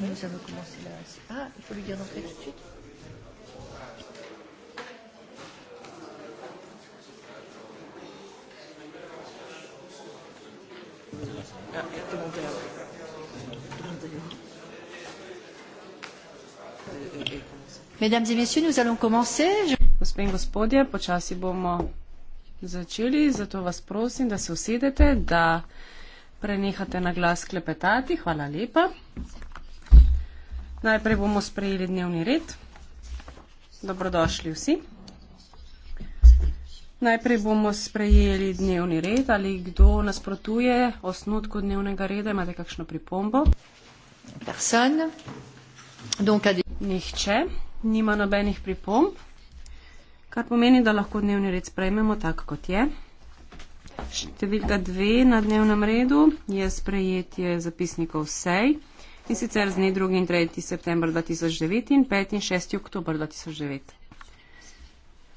Nous allons commencer là. Ah, il faut lui dire d'entrer tout de suite. Ah, Mesdames et messieurs, nous allons commencer. Gospe in gospodje, počasi bomo začeli, zato vas prosim, da se usedete, da prenehate na glas klepetati. Hvala lepa. Najprej bomo sprejeli dnevni red. Dobrodošli vsi. Najprej bomo sprejeli dnevni red. Ali kdo nasprotuje osnutku dnevnega reda? Imate kakšno pripombo? Nihče nima nobenih pripomb, kar pomeni, da lahko dnevni red sprejmemo tak, kot je. Številka dve na dnevnem redu je sprejetje zapisnikov sej in sicer z dne 2. in 3. september 2009 in 5. in 6. oktober 2009.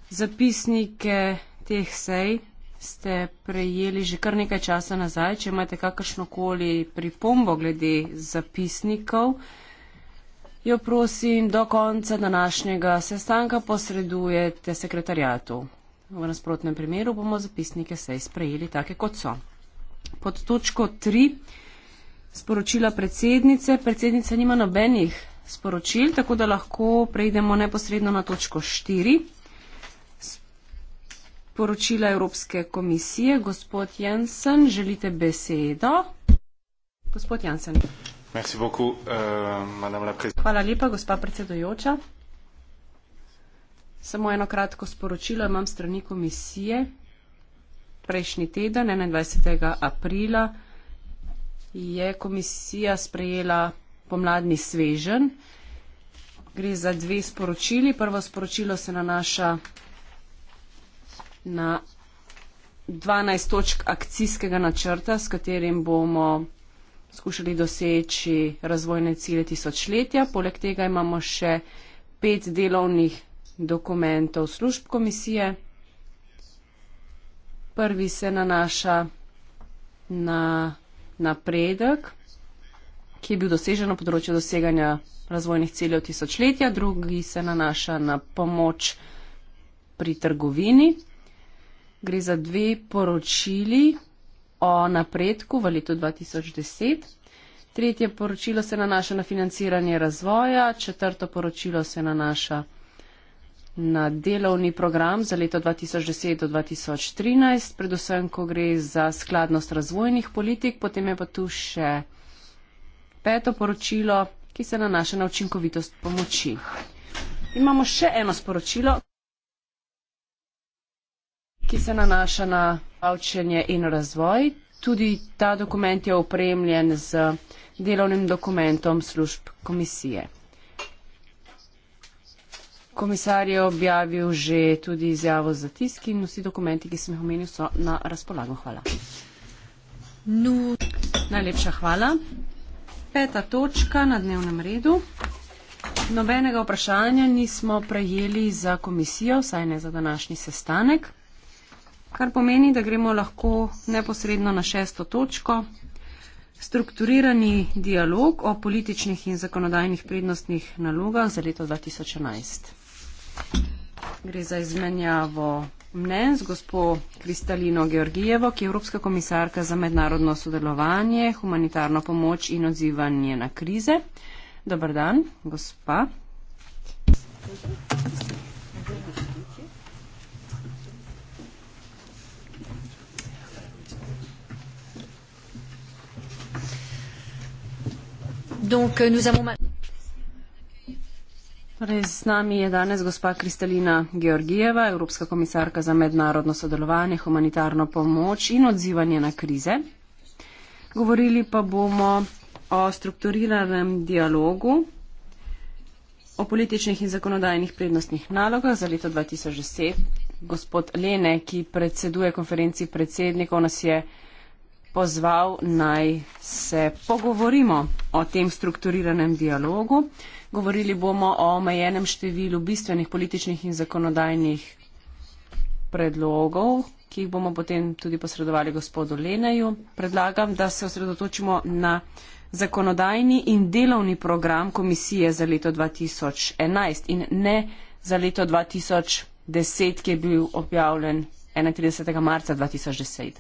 Zapisnike teh sej ste prejeli že kar nekaj časa nazaj. Če imate kakršnokoli pripombo glede zapisnikov, jo prosim do konca današnjega sestanka posredujete sekretarjatu. V nasprotnem primeru bomo zapisnike sej sprejeli take, kot so. Pod točko 3 sporočila predsednice. Predsednica nima nobenih sporočil, tako da lahko prejdemo neposredno na točko 4. Sporočila Evropske komisije. Gospod Jensen, želite besedo? Gospod Jensen. Euh, Hvala lepa, gospa predsedojoča. Samo eno kratko sporočilo imam strani komisije. Prejšnji teden, 21. aprila, je komisija sprejela pomladni svežen. Gre za dve sporočili. Prvo sporočilo se nanaša na 12 točk akcijskega načrta, s katerim bomo skušali doseči razvojne cilje tisočletja. Poleg tega imamo še pet delovnih dokumentov služb komisije. Prvi se nanaša na napredek, ki je bil dosežen na področju doseganja razvojnih ciljev tisočletja, drugi se nanaša na pomoč pri trgovini. Gre za dve poročili o napredku v letu 2010. Tretje poročilo se nanaša na financiranje razvoja, četrto poročilo se nanaša na na delovni program za leto 2010 do 2013, predvsem, ko gre za skladnost razvojnih politik. Potem je pa tu še peto poročilo, ki se nanaša na učinkovitost pomoči. Imamo še eno sporočilo, ki se nanaša na avčenje in razvoj. Tudi ta dokument je opremljen z delovnim dokumentom služb komisije komisar je objavil že tudi izjavo za tisk in vsi dokumenti, ki sem jih omenil, so na razpolago. Hvala. No. Najlepša hvala. Peta točka na dnevnem redu. Nobenega vprašanja nismo prejeli za komisijo, saj ne za današnji sestanek, kar pomeni, da gremo lahko neposredno na šesto točko. Strukturirani dialog o političnih in zakonodajnih prednostnih nalogah za leto 2011. Gre za izmenjavo mnen z gospo Kristalino Georgijevo, ki je Evropska komisarka za mednarodno sodelovanje, humanitarno pomoč in odzivanje na krize. Dobar dan, gospa. Donc, nous avons... Torej, z nami je danes gospa Kristalina Georgijeva, Evropska komisarka za mednarodno sodelovanje, humanitarno pomoč in odzivanje na krize. Govorili pa bomo o strukturiranem dialogu, o političnih in zakonodajnih prednostnih nalogah za leto 2010. Gospod Lene, ki predseduje konferenci predsednikov, nas je pozval naj se pogovorimo o tem strukturiranem dialogu. Govorili bomo o omejenem številu bistvenih političnih in zakonodajnih predlogov, ki jih bomo potem tudi posredovali gospodu Leneju. Predlagam, da se osredotočimo na zakonodajni in delovni program komisije za leto 2011 in ne za leto 2010, ki je bil objavljen 31. marca 2010.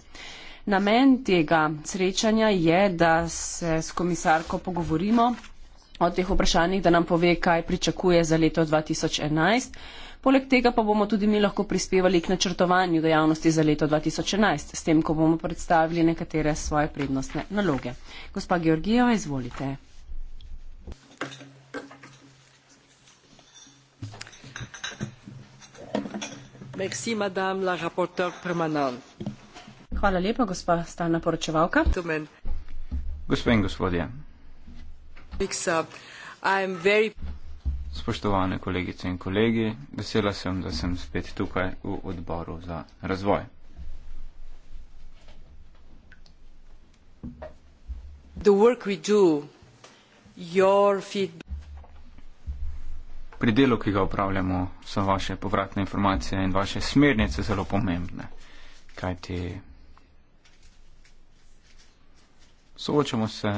Namen tega srečanja je, da se s komisarko pogovorimo o teh vprašanjih, da nam pove, kaj pričakuje za leto 2011. Poleg tega pa bomo tudi mi lahko prispevali k načrtovanju dejavnosti za leto 2011, s tem, ko bomo predstavili nekatere svoje prednostne naloge. Gospa Georgijeva, izvolite. Merci, madame la rapporteur permanent. Hvala lepa, gospa stalna poročevalka. Gospod in gospodje, Uh, very... Spoštovane kolegice in kolegi, vesela sem, da sem spet tukaj v odboru za razvoj. The work we do, your feedback. Pri delu, ki ga upravljamo, so vaše povratne informacije in vaše smernice zelo pomembne, kajti soočamo se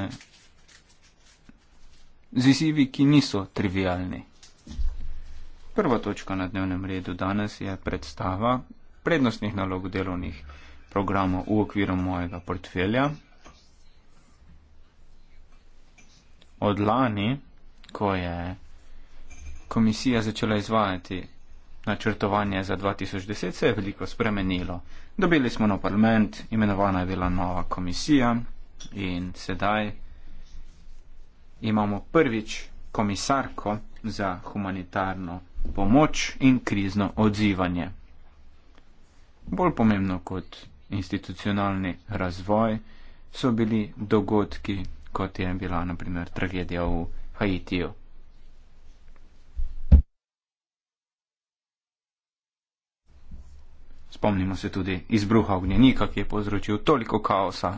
z izzivi, ki niso trivialni. Prva točka na dnevnem redu danes je predstava prednostnih nalog delovnih programov v okviru mojega portfelja. Od lani, ko je komisija začela izvajati načrtovanje za 2010, se je veliko spremenilo. Dobili smo na parlament, imenovana je bila nova komisija in sedaj imamo prvič komisarko za humanitarno pomoč in krizno odzivanje. Bolj pomembno kot institucionalni razvoj so bili dogodki, kot je bila naprimer tragedija v Haitiju. Spomnimo se tudi izbruha ognjenika, ki je povzročil toliko kaosa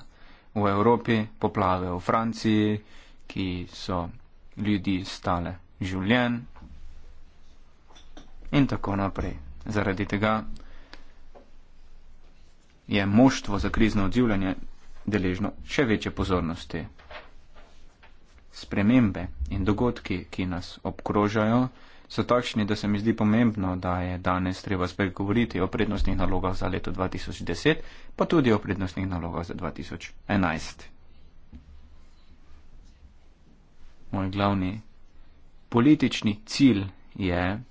v Evropi, poplave v Franciji, ki so ljudi stale življenj in tako naprej. Zaradi tega je moštvo za krizno odzivljanje deležno še večje pozornosti. Spremembe in dogodki, ki nas obkrožajo, so takšni, da se mi zdi pomembno, da je danes treba spet govoriti o prednostnih nalogah za leto 2010, pa tudi o prednostnih nalogah za 2011. moj glavni politični cilj je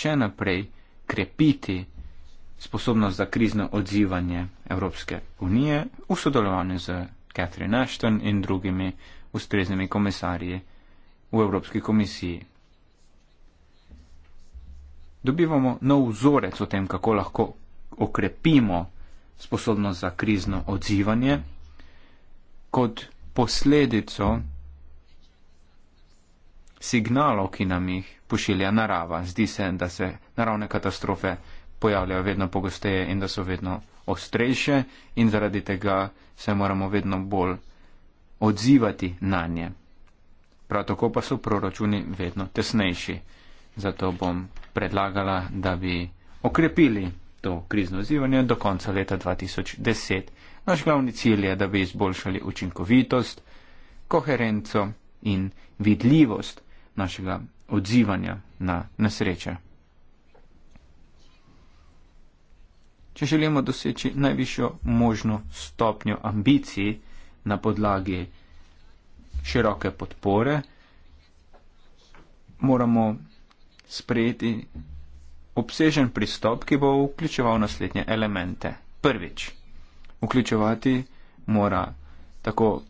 še naprej krepiti sposobnost za krizno odzivanje Evropske unije v sodelovanju z Catherine Ashton in drugimi ustreznimi komisarji v Evropski komisiji. Dobivamo nov vzorec o tem, kako lahko okrepimo sposobnost za krizno odzivanje kot posledico signalov, ki nam jih pošilja narava. Zdi se, da se naravne katastrofe pojavljajo vedno pogosteje in da so vedno ostrejše in zaradi tega se moramo vedno bolj odzivati na nje. Prav tako pa so proračuni vedno tesnejši. Zato bom predlagala, da bi okrepili to krizno odzivanje do konca leta 2010. Naš glavni cilj je, da bi izboljšali učinkovitost, koherenco in vidljivost našega odzivanja na nesreče. Če želimo doseči najvišjo možno stopnjo ambicij na podlagi široke podpore, moramo sprejeti obsežen pristop, ki bo vključeval naslednje elemente. Prvič vključevati mora tako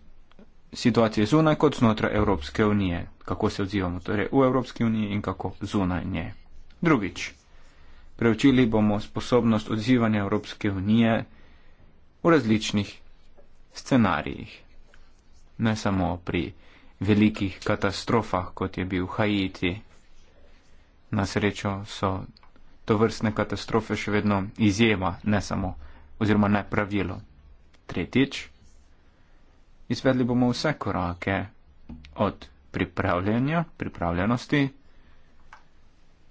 situacije zunaj kot znotraj Evropske unije, kako se odzivamo torej v Evropski uniji in kako zunaj nje. Drugič, preučili bomo sposobnost odzivanja Evropske unije v različnih scenarijih, ne samo pri velikih katastrofah, kot je bil Haiti. Na srečo so to vrstne katastrofe še vedno izjema, ne samo oziroma ne pravilo. Tretjič, izvedli bomo vse korake od pripravljanja, pripravljenosti.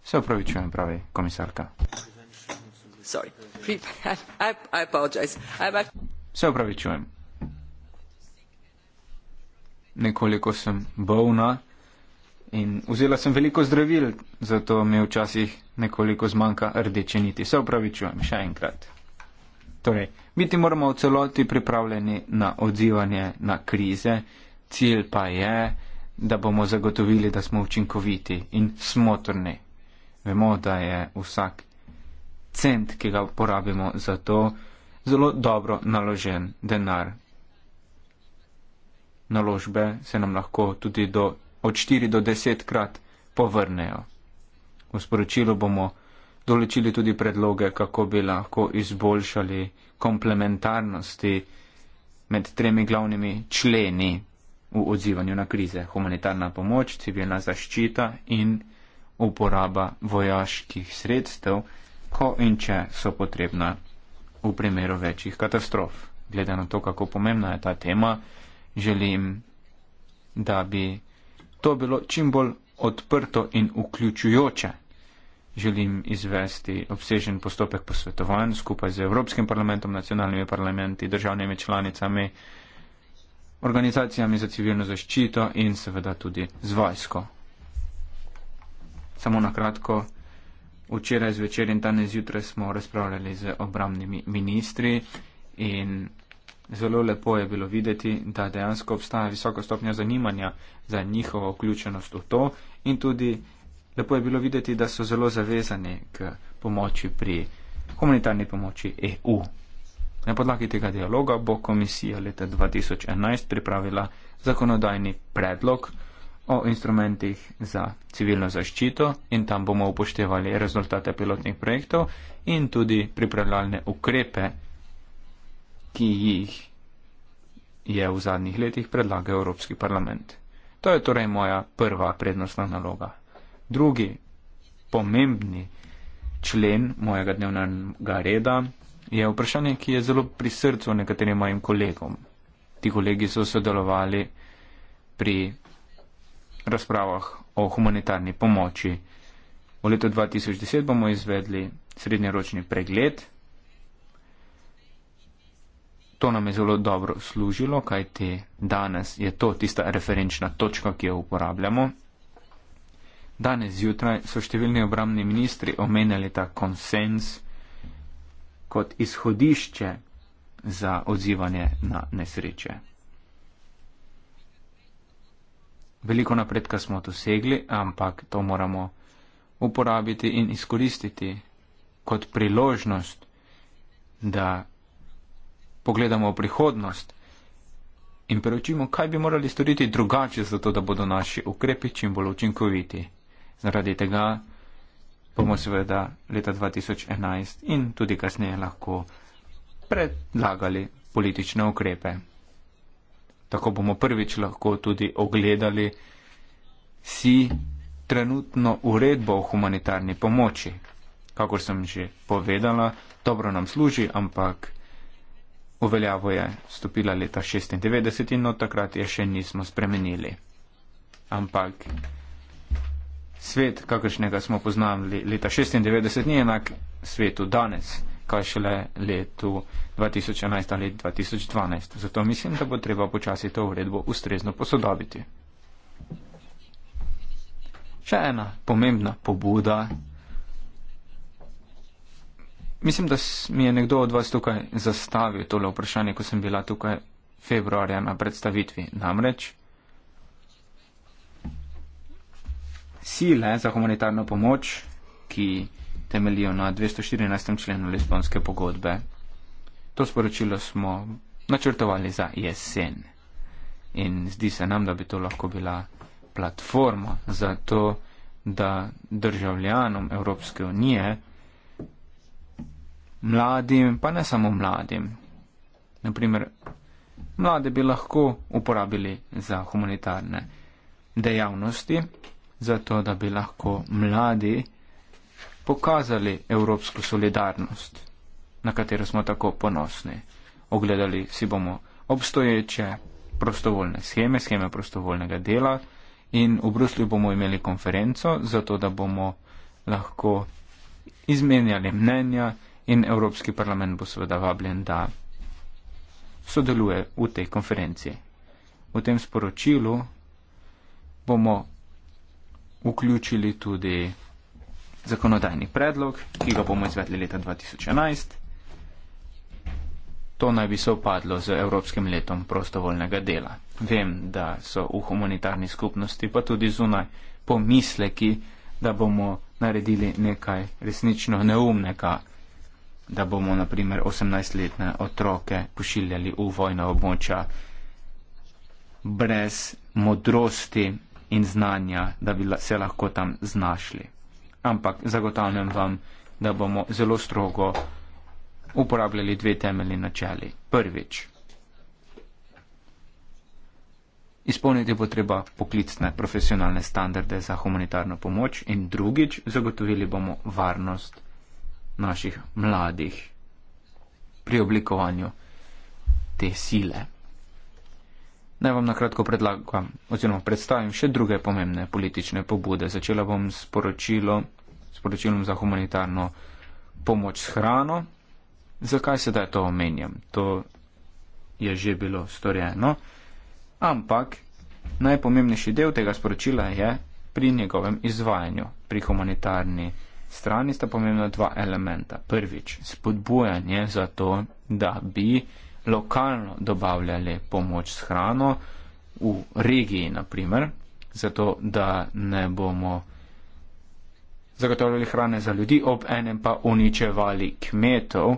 Se upravičujem, pravi komisarka. Se upravičujem. Nekoliko sem bolna in vzela sem veliko zdravil, zato mi včasih nekoliko zmanjka rdeče niti. Se upravičujem, še enkrat. Torej, biti moramo v celoti pripravljeni na odzivanje na krize, cilj pa je, da bomo zagotovili, da smo učinkoviti in smotrni. Vemo, da je vsak cent, ki ga porabimo za to, zelo dobro naložen denar. Naložbe se nam lahko tudi do, od 4 do 10 krat povrnejo. V sporočilu bomo določili tudi predloge, kako bi lahko izboljšali komplementarnosti med tremi glavnimi členi v odzivanju na krize. Humanitarna pomoč, civilna zaščita in uporaba vojaških sredstev, ko in če so potrebna v primeru večjih katastrof. Glede na to, kako pomembna je ta tema, želim, da bi to bilo čim bolj odprto in vključujoče želim izvesti obsežen postopek posvetovanj skupaj z Evropskim parlamentom, nacionalnimi parlamenti, državnimi članicami, organizacijami za civilno zaščito in seveda tudi z vojsko. Samo na kratko, včeraj zvečer in danes zjutraj smo razpravljali z obramnimi ministri in zelo lepo je bilo videti, da dejansko obstaja visoka stopnja zanimanja za njihovo vključenost v to in tudi Lepo je bilo videti, da so zelo zavezani k pomoči pri humanitarni pomoči EU. Na podlagi tega dialoga bo komisija leta 2011 pripravila zakonodajni predlog o instrumentih za civilno zaščito in tam bomo upoštevali rezultate pilotnih projektov in tudi pripravljalne ukrepe, ki jih je v zadnjih letih predlagal Evropski parlament. To je torej moja prva prednostna naloga. Drugi pomembni člen mojega dnevnega reda je vprašanje, ki je zelo pri srcu nekaterim mojim kolegom. Ti kolegi so sodelovali pri razpravah o humanitarni pomoči. V letu 2010 bomo izvedli srednjeročni pregled. To nam je zelo dobro služilo, kajti danes je to tista referenčna točka, ki jo uporabljamo Danes zjutraj so številni obramni ministri omenjali ta konsens kot izhodišče za odzivanje na nesreče. Veliko napredka smo dosegli, ampak to moramo uporabiti in izkoristiti kot priložnost, da pogledamo v prihodnost in preučimo, kaj bi morali storiti drugače, zato da bodo naši ukrepi čim bolj učinkoviti. Zaradi tega bomo seveda leta 2011 in tudi kasneje lahko predlagali politične ukrepe. Tako bomo prvič lahko tudi ogledali si trenutno uredbo o humanitarni pomoči. Kakor sem že povedala, dobro nam služi, ampak uveljavo je stopila leta 96 in od takrat je še nismo spremenili. Ampak svet, kakršnega smo poznali leta 96, ni enak svetu danes, kaj šele letu 2011 ali 2012. Zato mislim, da bo treba počasi to uredbo ustrezno posodobiti. Še ena pomembna pobuda. Mislim, da mi je nekdo od vas tukaj zastavil tole vprašanje, ko sem bila tukaj februarja na predstavitvi. Namreč, sile za humanitarno pomoč, ki temeljijo na 214. členu Lisbonske pogodbe. To sporočilo smo načrtovali za jesen in zdi se nam, da bi to lahko bila platforma za to, da državljanom Evropske unije, mladim, pa ne samo mladim, naprimer, mlade bi lahko uporabili za humanitarne dejavnosti zato da bi lahko mladi pokazali evropsko solidarnost, na katero smo tako ponosni. Ogledali si bomo obstoječe prostovoljne scheme, scheme prostovoljnega dela in v Bruslju bomo imeli konferenco, zato da bomo lahko izmenjali mnenja in Evropski parlament bo seveda vabljen, da sodeluje v tej konferenci. V tem sporočilu bomo vključili tudi zakonodajni predlog, ki ga bomo izvedli leta 2011. To naj bi se upadlo z Evropskim letom prostovoljnega dela. Vem, da so v humanitarni skupnosti, pa tudi zunaj, pomisleki, da bomo naredili nekaj resnično neumnega, da bomo naprimer 18-letne otroke pošiljali v vojna območja brez modrosti in znanja, da bi se lahko tam znašli. Ampak zagotavljam vam, da bomo zelo strogo uporabljali dve temeljni načeli. Prvič, izpolniti bo treba poklicne profesionalne standarde za humanitarno pomoč in drugič, zagotovili bomo varnost naših mladih pri oblikovanju te sile. Naj vam na kratko predlagam oziroma predstavim še druge pomembne politične pobude. Začela bom s, poročilo, s poročilom za humanitarno pomoč s hrano. Zakaj se da to omenjam? To je že bilo storjeno. Ampak najpomembnejši del tega sporočila je pri njegovem izvajanju. Pri humanitarni strani sta pomembna dva elementa. Prvič, spodbujanje za to, da bi lokalno dobavljali pomoč s hrano v regiji, naprimer, zato da ne bomo zagotavljali hrane za ljudi, ob enem pa uničevali kmetov,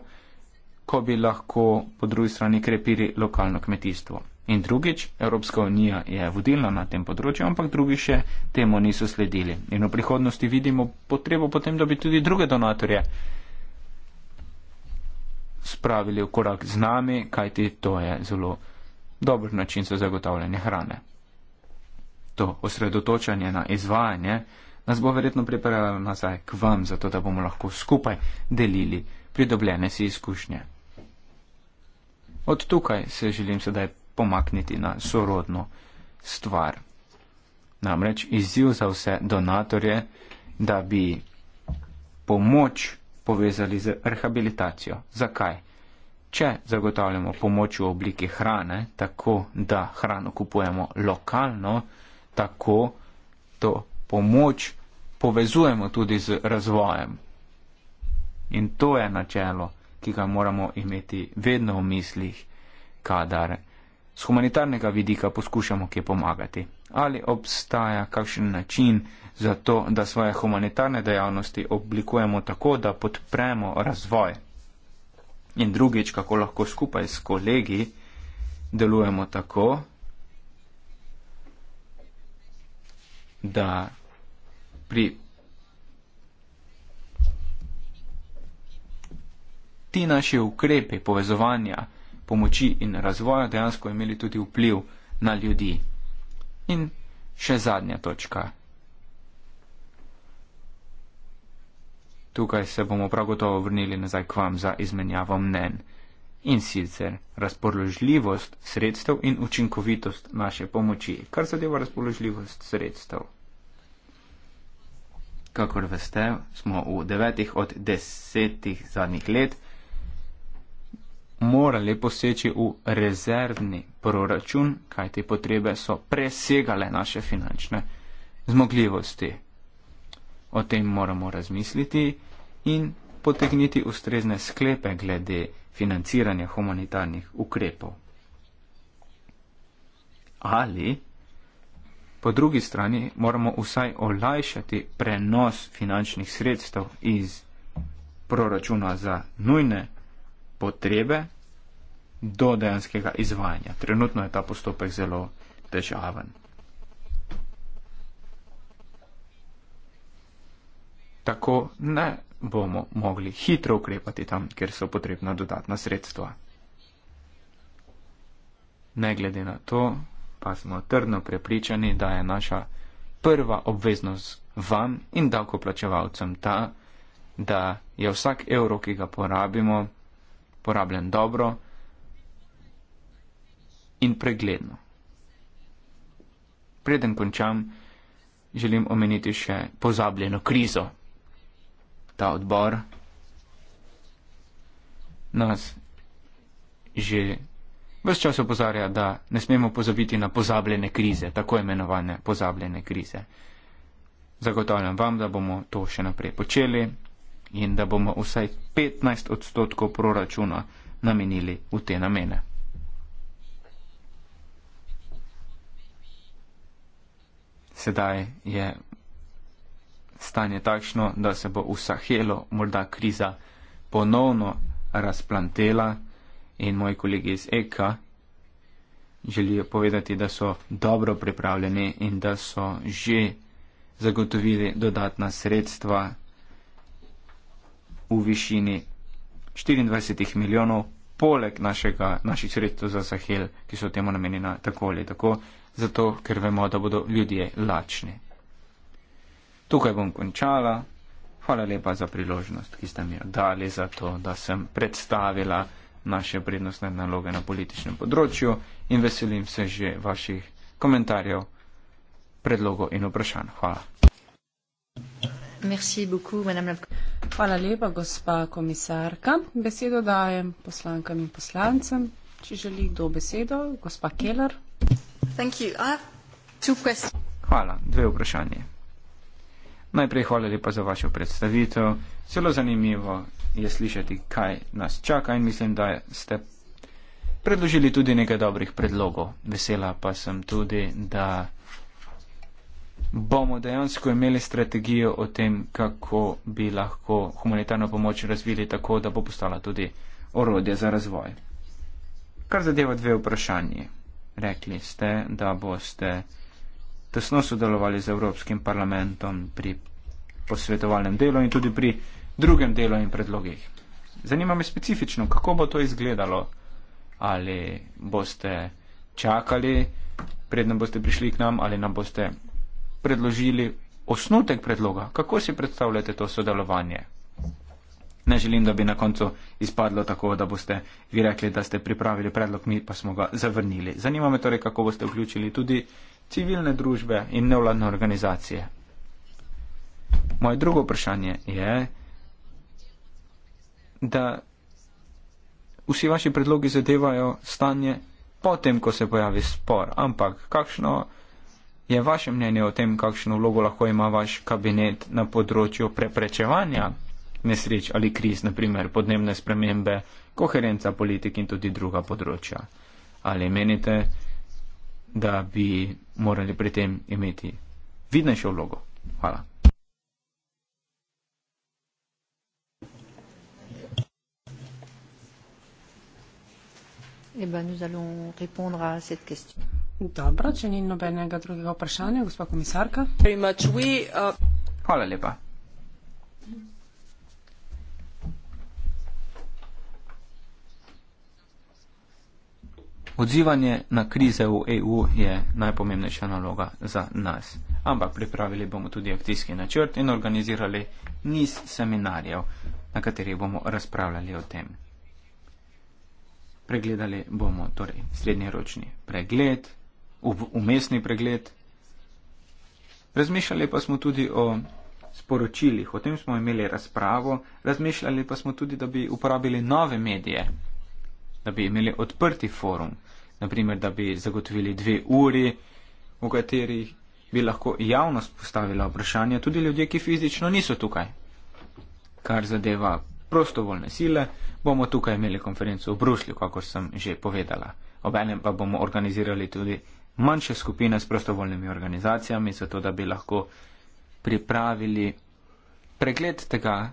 ko bi lahko po drugi strani krepili lokalno kmetijstvo. In drugič, Evropska unija je vodilna na tem področju, ampak drugi še temu niso sledili. In v prihodnosti vidimo potrebo potem, da bi tudi druge donatorje spravili v korak z nami, kajti to je zelo dober način za zagotavljanje hrane. To osredotočanje na izvajanje nas bo verjetno pripeljalo nazaj k vam, zato da bomo lahko skupaj delili pridobljene si izkušnje. Od tukaj se želim sedaj pomakniti na sorodno stvar. Namreč izziv za vse donatorje, da bi pomoč povezali z rehabilitacijo. Zakaj? Če zagotavljamo pomoč v obliki hrane, tako da hrano kupujemo lokalno, tako to pomoč povezujemo tudi z razvojem. In to je načelo, ki ga moramo imeti vedno v mislih, kadar z humanitarnega vidika poskušamo kje pomagati ali obstaja kakšen način za to, da svoje humanitarne dejavnosti oblikujemo tako, da podpremo razvoj. In drugič, kako lahko skupaj s kolegi delujemo tako, da pri ti naši ukrepi povezovanja pomoči in razvoja dejansko imeli tudi vpliv na ljudi. In še zadnja točka. Tukaj se bomo prav gotovo vrnili nazaj k vam za izmenjavo mnen. In sicer razpoložljivost sredstev in učinkovitost naše pomoči. Kar zadeva razpoložljivost sredstev. Kakor veste, smo v devetih od desetih zadnjih let morali poseči v rezervni proračun, kaj te potrebe so presegale naše finančne zmogljivosti. O tem moramo razmisliti in potegniti ustrezne sklepe glede financiranja humanitarnih ukrepov. Ali po drugi strani moramo vsaj olajšati prenos finančnih sredstev iz proračuna za nujne potrebe do dejanskega izvajanja. Trenutno je ta postopek zelo težaven. Tako ne bomo mogli hitro ukrepati tam, kjer so potrebna dodatna sredstva. Ne glede na to, pa smo trdno prepričani, da je naša prva obveznost vam in davkoplačevalcem ta, da je vsak evro, ki ga porabimo, uporabljen dobro in pregledno. Preden končam, želim omeniti še pozabljeno krizo. Ta odbor nas že vse čas opozarja, da ne smemo pozabiti na pozabljene krize, tako imenovane pozabljene krize. Zagotavljam vam, da bomo to še naprej počeli in da bomo vsaj 15 odstotkov proračuna namenili v te namene. Sedaj je stanje takšno, da se bo v Sahelu morda kriza ponovno razplantela in moji kolegi iz EKA želijo povedati, da so dobro pripravljeni in da so že zagotovili dodatna sredstva v višini 24 milijonov, poleg našega, naših sredstv za Sahel, ki so temu namenjena tako ali tako, zato ker vemo, da bodo ljudje lačni. Tukaj bom končala. Hvala lepa za priložnost, ki ste mi jo dali, za to, da sem predstavila naše prednostne naloge na političnem področju in veselim se že vaših komentarjev, predlogov in vprašanj. Hvala. Merci beaucoup, Hvala lepa, gospa komisarka. Besedo dajem poslankam in poslancem. Če želi kdo besedo, gospa Keller. Hvala, dve vprašanje. Najprej hvala lepa za vašo predstavitev. Zelo zanimivo je slišati, kaj nas čaka in mislim, da ste predložili tudi nekaj dobrih predlogov. Vesela pa sem tudi, da bomo dejansko imeli strategijo o tem, kako bi lahko humanitarno pomoč razvili tako, da bo postala tudi orodje za razvoj. Kar zadeva dve vprašanje. Rekli ste, da boste tesno sodelovali z Evropskim parlamentom pri posvetovalnem delu in tudi pri drugem delu in predlogih. Zanima me specifično, kako bo to izgledalo. Ali boste čakali, predem boste prišli k nam, ali nam boste predložili osnutek predloga. Kako si predstavljate to sodelovanje? Ne želim, da bi na koncu izpadlo tako, da boste vi rekli, da ste pripravili predlog, mi pa smo ga zavrnili. Zanima me torej, kako boste vključili tudi civilne družbe in nevladne organizacije. Moje drugo vprašanje je, da vsi vaši predlogi zadevajo stanje potem, ko se pojavi spor, ampak kakšno je vaše mnenje o tem, kakšno vlogo lahko ima vaš kabinet na področju preprečevanja nesreč ali kriz, naprimer podnebne spremembe, koherenca politik in tudi druga področja? Ali menite, da bi morali pri tem imeti vidnejšo vlogo? Hvala. Eh ben, nous allons répondre à cette question. Dobro, če ni nobenega drugega vprašanja, gospod komisarka. We, uh... Hvala lepa. Odzivanje na krize v EU je najpomembnejša naloga za nas, ampak pripravili bomo tudi akcijski načrt in organizirali niz seminarjev, na katerih bomo razpravljali o tem. Pregledali bomo torej srednjeročni pregled, umestni pregled. Razmišljali pa smo tudi o sporočilih, o tem smo imeli razpravo, razmišljali pa smo tudi, da bi uporabili nove medije, da bi imeli odprti forum, naprimer, da bi zagotovili dve uri, v katerih bi lahko javnost postavila vprašanja, tudi ljudje, ki fizično niso tukaj. Kar zadeva prostovoljne sile, bomo tukaj imeli konferenco v Bruslju, kako sem že povedala. Obenem pa bomo organizirali tudi manjše skupine s prostovoljnimi organizacijami, zato da bi lahko pripravili pregled tega,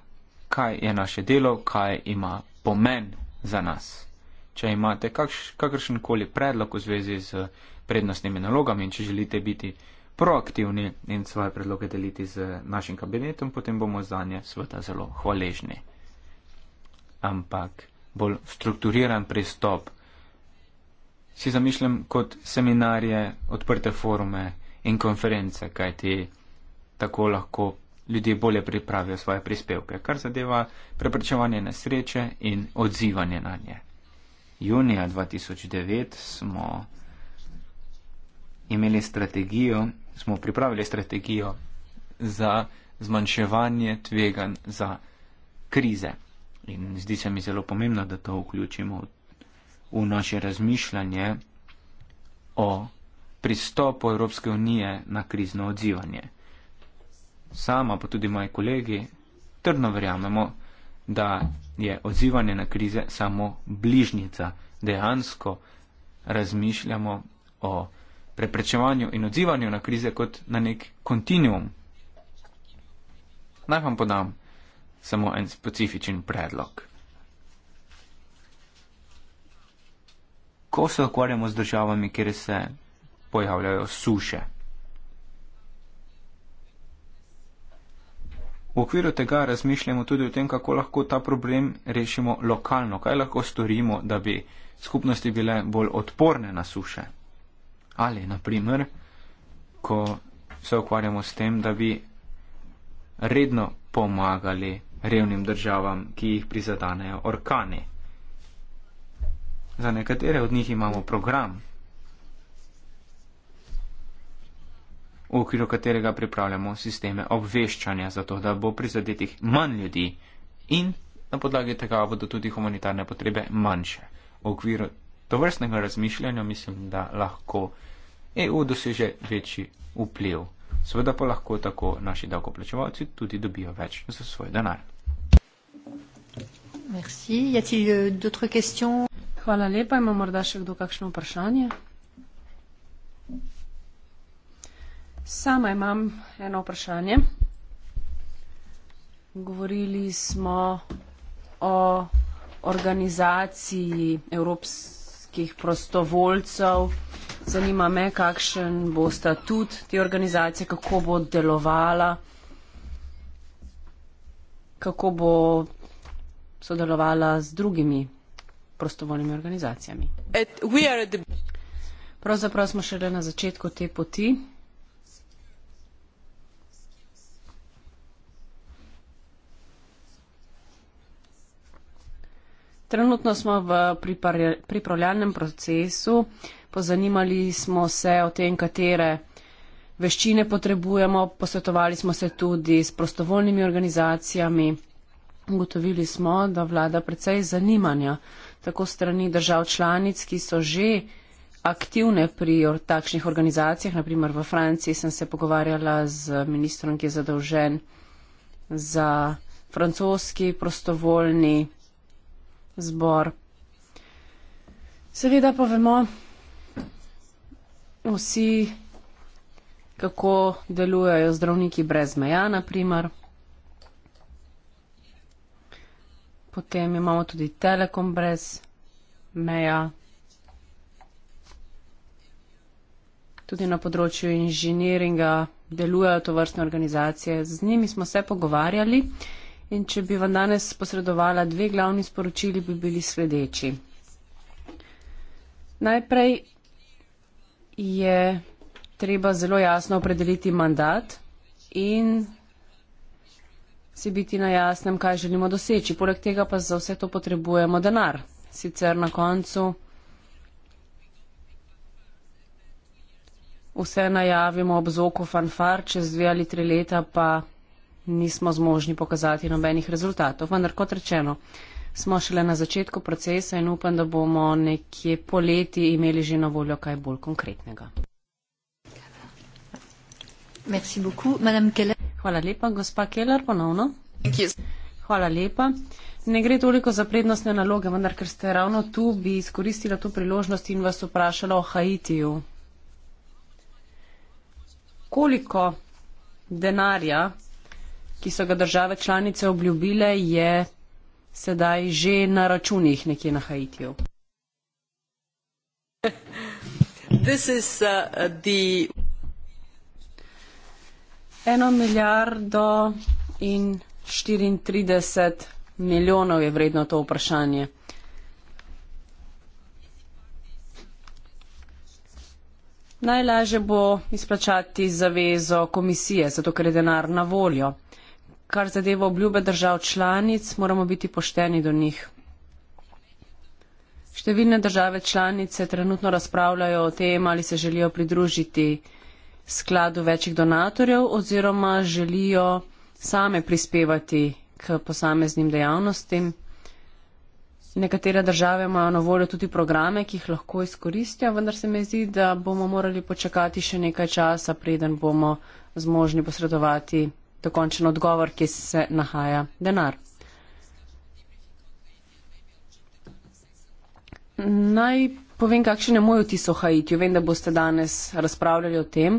kaj je naše delo, kaj ima pomen za nas. Če imate kakš, kakršenkoli predlog v zvezi z prednostnimi nalogami in če želite biti proaktivni in svoje predloge deliti z našim kabinetom, potem bomo za nje sveta zelo hvaležni. Ampak bolj strukturiran pristop si zamišljam kot seminarije, odprte forume in konference, kaj ti tako lahko ljudje bolje pripravijo svoje prispevke, kar zadeva preprečevanje nesreče in odzivanje na nje. Junija 2009 smo imeli strategijo, smo pripravili strategijo za zmanjševanje tvegan za krize. In zdi se mi zelo pomembno, da to vključimo v v naše razmišljanje o pristopu Evropske unije na krizno odzivanje. Sama, pa tudi moji kolegi, trdno verjamemo, da je odzivanje na krize samo bližnica. Dejansko razmišljamo o preprečevanju in odzivanju na krize kot na nek kontinuum. Naj vam podam samo en specifičen predlog. ko se ukvarjamo z državami, kjer se pojavljajo suše. V okviru tega razmišljamo tudi o tem, kako lahko ta problem rešimo lokalno, kaj lahko storimo, da bi skupnosti bile bolj odporne na suše. Ali, na primer, ko se ukvarjamo s tem, da bi redno pomagali revnim državam, ki jih prizadanejo orkani. Za nekatere od njih imamo program, v okviru katerega pripravljamo sisteme obveščanja, zato da bo prizadetih manj ljudi in na podlagi tega bodo tudi humanitarne potrebe manjše. V okviru tovrstnega razmišljanja mislim, da lahko EU doseže večji vpliv. Seveda pa lahko tako naši davkoplačevalci tudi dobijo več za svoj denar. Merci. Y a-t-il euh, d'autres questions? Hvala lepa. Ima morda še kdo kakšno vprašanje? Sama imam eno vprašanje. Govorili smo o organizaciji evropskih prostovoljcev. Zanima me, kakšen bo statut te organizacije, kako bo delovala, kako bo sodelovala z drugimi prostovoljnimi organizacijami. Pravzaprav smo šele na začetku te poti. Trenutno smo v pripravljalnem procesu. Pozanimali smo se o tem, katere veščine potrebujemo. Posvetovali smo se tudi s prostovoljnimi organizacijami. Ugotovili smo, da vlada precej zanimanja tako strani držav članic, ki so že aktivne pri takšnih organizacijah. Naprimer v Franciji sem se pogovarjala z ministrom, ki je zadolžen za francoski prostovoljni zbor. Seveda pa vemo vsi, kako delujejo zdravniki brez meja, naprimer. potem imamo tudi telekom brez meja. Tudi na področju inženiringa delujejo to vrstne organizacije. Z njimi smo se pogovarjali in če bi vam danes posredovala dve glavni sporočili, bi bili sledeči. Najprej je treba zelo jasno opredeliti mandat in si biti na jasnem, kaj želimo doseči. Poleg tega pa za vse to potrebujemo denar. Sicer na koncu vse najavimo ob zvoku fanfar, čez dve ali tri leta pa nismo zmožni pokazati nobenih rezultatov. Vendar kot rečeno, smo šele na začetku procesa in upam, da bomo nekje poleti imeli že na voljo kaj bolj konkretnega. Merci beaucoup. Madame Keller. Hvala lepa, gospa Keller, ponovno. Hvala lepa. Ne gre toliko za prednostne naloge, vendar ker ste ravno tu, bi izkoristila to priložnost in vas vprašala o Haitiju. Koliko denarja, ki so ga države članice obljubile, je sedaj že na računih nekje na Haitiju? This is uh, the Eno milijardo in 34 milijonov je vredno to vprašanje. Najlažje bo izplačati zavezo komisije, zato ker je denar na voljo. Kar zadeva obljube držav članic, moramo biti pošteni do njih. Številne države članice trenutno razpravljajo o tem, ali se želijo pridružiti skladu večjih donatorjev oziroma želijo same prispevati k posameznim dejavnostim. Nekatere države imajo na voljo tudi programe, ki jih lahko izkoristijo, vendar se mi zdi, da bomo morali počakati še nekaj časa, preden bomo zmožni posredovati dokončen odgovor, kje se nahaja denar. Naj Povem, kakšen je moj vtis o Haitiju. Vem, da boste danes razpravljali o tem.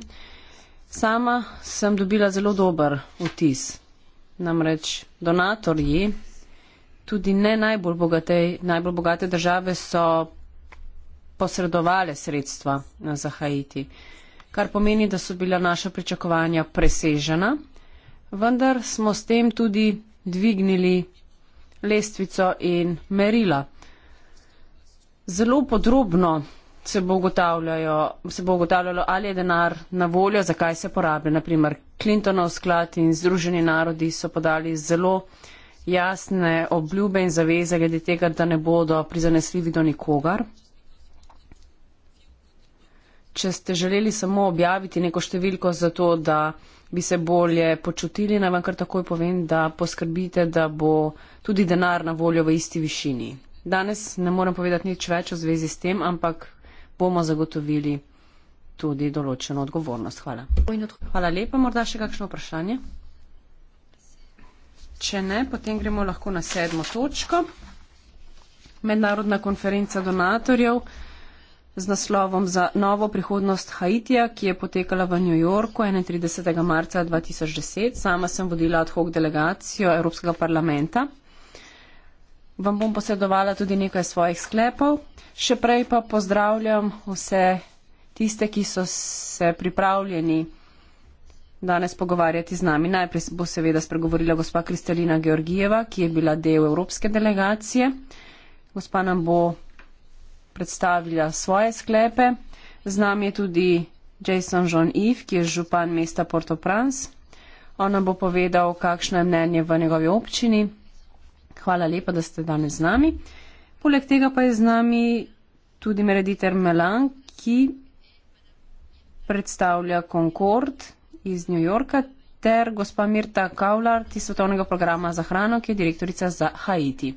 Sama sem dobila zelo dober vtis. Namreč donatorji, tudi ne najbolj, bogate, najbolj bogate države, so posredovali sredstva eh, za Haiti. Kar pomeni, da so bila naša pričakovanja presežena, vendar smo s tem tudi dvignili lestvico in merila zelo podrobno se bo, se bo ugotavljalo, ali je denar na voljo, zakaj se porablja. Naprimer, Clintonov sklad in Združeni narodi so podali zelo jasne obljube in zaveze glede tega, da ne bodo prizanesljivi do nikogar. Če ste želeli samo objaviti neko številko za to, da bi se bolje počutili, naj vam kar takoj povem, da poskrbite, da bo tudi denar na voljo v isti višini. Danes ne morem povedati nič več v zvezi s tem, ampak bomo zagotovili tudi določeno odgovornost. Hvala. Hvala lepa. Morda še kakšno vprašanje? Če ne, potem gremo lahko na sedmo točko. Mednarodna konferenca donatorjev z naslovom za novo prihodnost Haitija, ki je potekala v New Yorku 31. marca 2010. Sama sem vodila ad hoc delegacijo Evropskega parlamenta vam bom posredovala tudi nekaj svojih sklepov. Še prej pa pozdravljam vse tiste, ki so se pripravljeni danes pogovarjati z nami. Najprej bo seveda spregovorila gospa Kristalina Georgijeva, ki je bila del Evropske delegacije. Gospa nam bo predstavila svoje sklepe. Z nami je tudi Jason John Eve, ki je župan mesta Port-au-Prince. Ona bo povedal, kakšno je mnenje v njegovi občini, hvala lepa, da ste danes z nami. Poleg tega pa je z nami tudi mereditelj Melan, ki predstavlja Concord iz New Yorka ter gospa Mirta Kavlar iz Svetovnega programa za hrano, ki je direktorica za Haiti.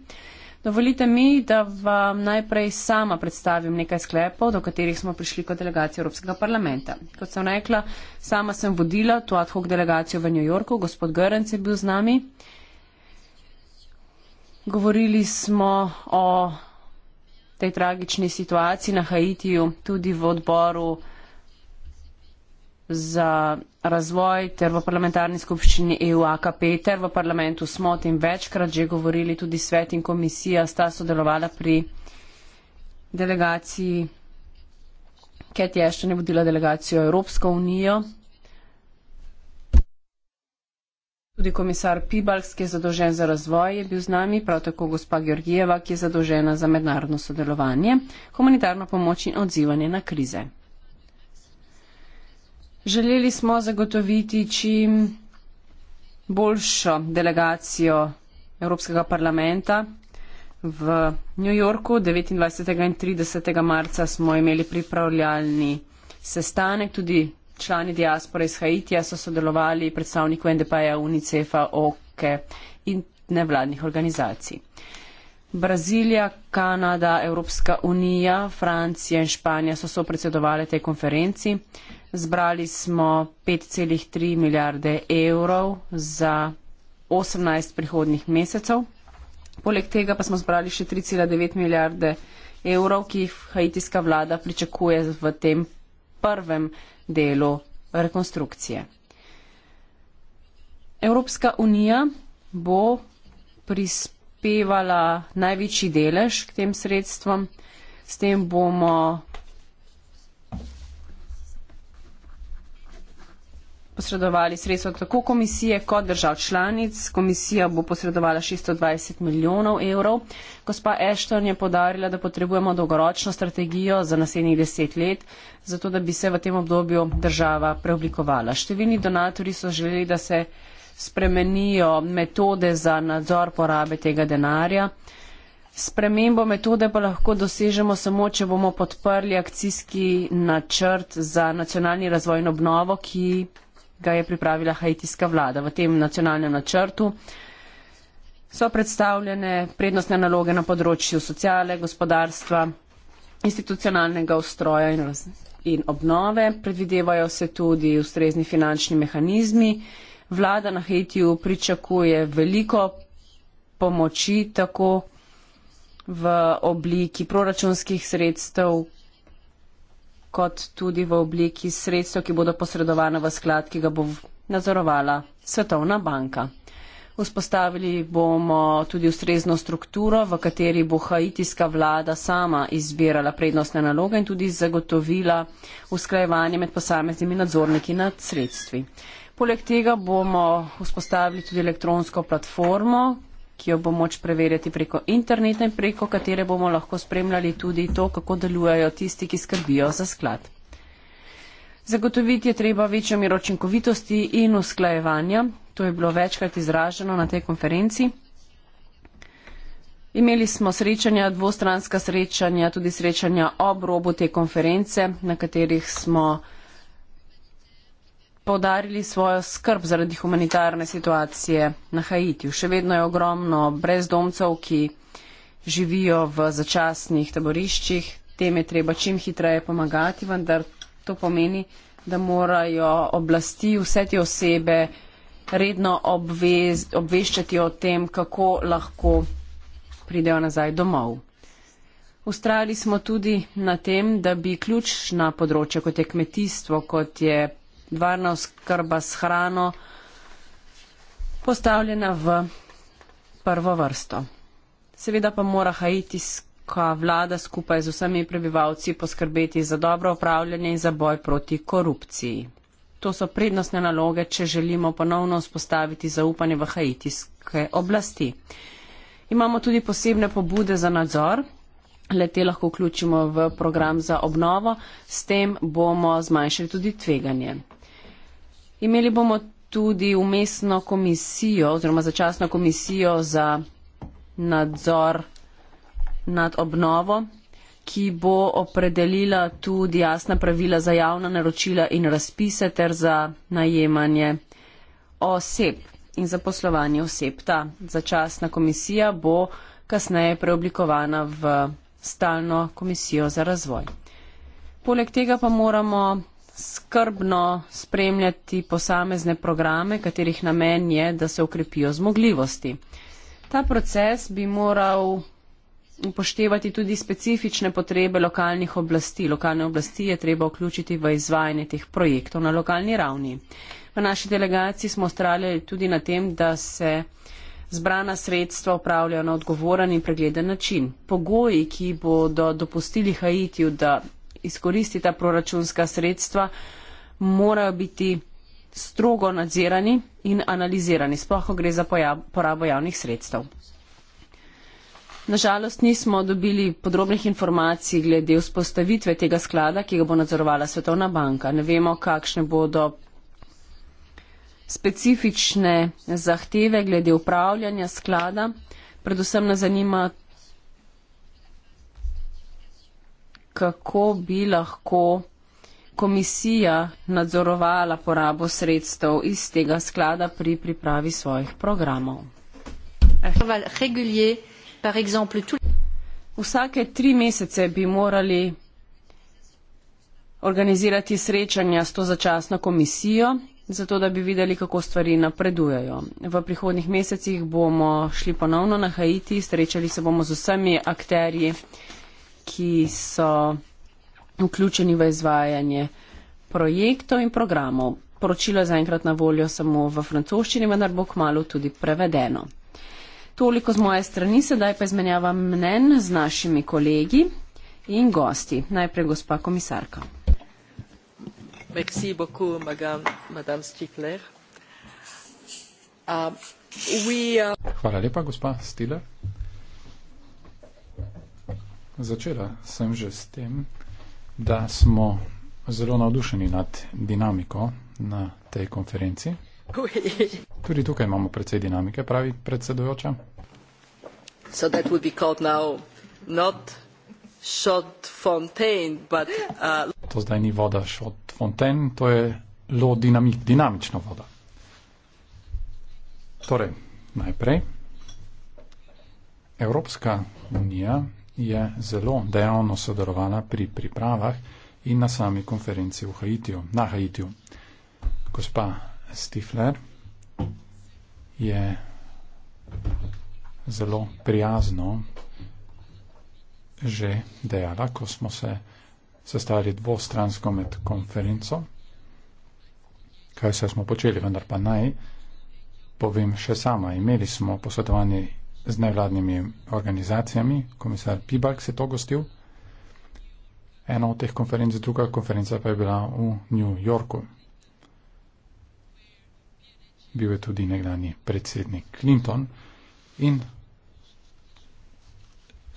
Dovolite mi, da vam najprej sama predstavim nekaj sklepov, do katerih smo prišli kot delegacija Evropskega parlamenta. Kot sem rekla, sama sem vodila to ad hoc delegacijo v New Yorku, gospod Görenc je bil z nami. Govorili smo o tej tragični situaciji na Haitiju, tudi v odboru za razvoj ter v parlamentarni skupščini EU-AKP ter v parlamentu smo o tem večkrat že govorili, tudi svet in komisija sta sodelovala pri delegaciji, Ketja je še ne vodila delegacijo Evropsko unijo. Tudi komisar Pibalks, ki je zadolžen za razvoj, je bil z nami, prav tako gospa Georgijeva, ki je zadolžena za mednarodno sodelovanje, humanitarno pomoč in odzivanje na krize. Želeli smo zagotoviti čim boljšo delegacijo Evropskega parlamenta. V New Yorku 29. in 30. marca smo imeli pripravljalni sestanek, tudi člani diaspore iz Haitija so sodelovali predstavniku NDP-ja, UNICEF-a, OKE in nevladnih organizacij. Brazilija, Kanada, Evropska unija, Francija in Španija so sopredsedovali tej konferenci. Zbrali smo 5,3 milijarde evrov za 18 prihodnih mesecev. Poleg tega pa smo zbrali še 3,9 milijarde evrov, ki jih haitijska vlada pričakuje v tem prvem delu rekonstrukcije. Evropska unija bo prispevala največji delež k tem sredstvom, s tem bomo posredovali sredstva tako komisije kot držav članic. Komisija bo posredovala 620 milijonov evrov. Gospa Ashton je podarila, da potrebujemo dolgoročno strategijo za naslednjih deset let, zato da bi se v tem obdobju država preoblikovala. Številni donatori so želeli, da se spremenijo metode za nadzor porabe tega denarja. Spremembo metode pa lahko dosežemo samo, če bomo podprli akcijski načrt za nacionalni razvoj in obnovo, ki ga je pripravila haitijska vlada. V tem nacionalnem načrtu so predstavljene prednostne naloge na področju sociale, gospodarstva, institucionalnega ustroja in, in obnove. Predvidevajo se tudi ustrezni finančni mehanizmi. Vlada na Haitiju pričakuje veliko pomoči tako v obliki proračunskih sredstev, kot tudi v obliki sredstev, ki bodo posredovane v sklad, ki ga bo nadzorovala Svetovna banka. Vzpostavili bomo tudi ustrezno strukturo, v kateri bo haitijska vlada sama izbirala prednostne naloge in tudi zagotovila usklajevanje med posameznimi nadzorniki nad sredstvi. Poleg tega bomo vzpostavili tudi elektronsko platformo, ki jo bo moč preverjati preko interneta in preko katere bomo lahko spremljali tudi to, kako delujejo tisti, ki skrbijo za sklad. Zagotoviti je treba večjo mero učinkovitosti in usklajevanja. To je bilo večkrat izraženo na tej konferenci. Imeli smo srečanja, dvostranska srečanja, tudi srečanja ob robu te konference, na katerih smo podarili svojo skrb zaradi humanitarne situacije na Haitiju. Še vedno je ogromno brezdomcev, ki živijo v začasnih taboriščih. Tem je treba čim hitreje pomagati, vendar to pomeni, da morajo oblasti vse te osebe redno obvez, obveščati o tem, kako lahko pridejo nazaj domov. Ustrajali smo tudi na tem, da bi ključna področja, kot je kmetijstvo, kot je varna oskrba s hrano postavljena v prvo vrsto. Seveda pa mora haitijska vlada skupaj z vsemi prebivalci poskrbeti za dobro upravljanje in za boj proti korupciji. To so prednostne naloge, če želimo ponovno vzpostaviti zaupanje v haitijske oblasti. Imamo tudi posebne pobude za nadzor, le te lahko vključimo v program za obnovo, s tem bomo zmanjšali tudi tveganje. Imeli bomo tudi umestno komisijo oziroma začasno komisijo za nadzor nad obnovo, ki bo opredelila tudi jasna pravila za javna naročila in razpise ter za najemanje oseb in za poslovanje oseb. Ta začasna komisija bo kasneje preoblikovana v stalno komisijo za razvoj. Poleg tega pa moramo skrbno spremljati posamezne programe, katerih namen je, da se ukrepijo zmogljivosti. Ta proces bi moral upoštevati tudi specifične potrebe lokalnih oblasti. Lokalne oblasti je treba vključiti v izvajanje teh projektov na lokalni ravni. V naši delegaciji smo ustrajali tudi na tem, da se zbrana sredstva upravljajo na odgovoren in pregleden način. Pogoji, ki bodo dopustili Haitiju, da izkoristi ta proračunska sredstva, morajo biti strogo nadzirani in analizirani, sploh ko gre za porabo javnih sredstev. Nažalost nismo dobili podrobnih informacij glede vzpostavitve tega sklada, ki ga bo nadzorovala Svetovna banka. Ne vemo, kakšne bodo specifične zahteve glede upravljanja sklada. Predvsem nas zanima, kako bi lahko komisija nadzorovala porabo sredstev iz tega sklada pri pripravi svojih programov. Vsake tri mesece bi morali organizirati srečanja s to začasno komisijo, zato da bi videli, kako stvari napredujejo. V prihodnih mesecih bomo šli ponovno na Haiti, srečali se bomo z vsemi akterji ki so vključeni v izvajanje projektov in programov. Poročilo je zaenkrat na voljo samo v francoščini, vendar bo kmalo tudi prevedeno. Toliko z moje strani, sedaj pa izmenjava mnen z našimi kolegi in gosti. Najprej gospa komisarka. Ah, ah. Hvala lepa, gospa Stiller začela sem že s tem, da smo zelo navdušeni nad dinamiko na tej konferenci. Tudi tukaj imamo precej dinamike, pravi predsedujoča. So that would be called now not shot fontaine, but. Uh... To zdaj ni voda shot fontaine, to je lo dinamik, dinamična voda. Torej, najprej. Evropska unija je zelo dejavno sodelovala pri pripravah in na sami konferenci v Haitiju, na Haitiju. Gospa Stifler je zelo prijazno že dejala, ko smo se sestali dvostransko med konferenco, kaj se smo počeli, vendar pa naj povem še sama. Imeli smo posvetovanje z nevladnimi organizacijami, komisar Pibak se to gostil. Ena od teh konferenc, druga konferenca pa je bila v New Yorku. Bil je tudi nekdani predsednik Clinton in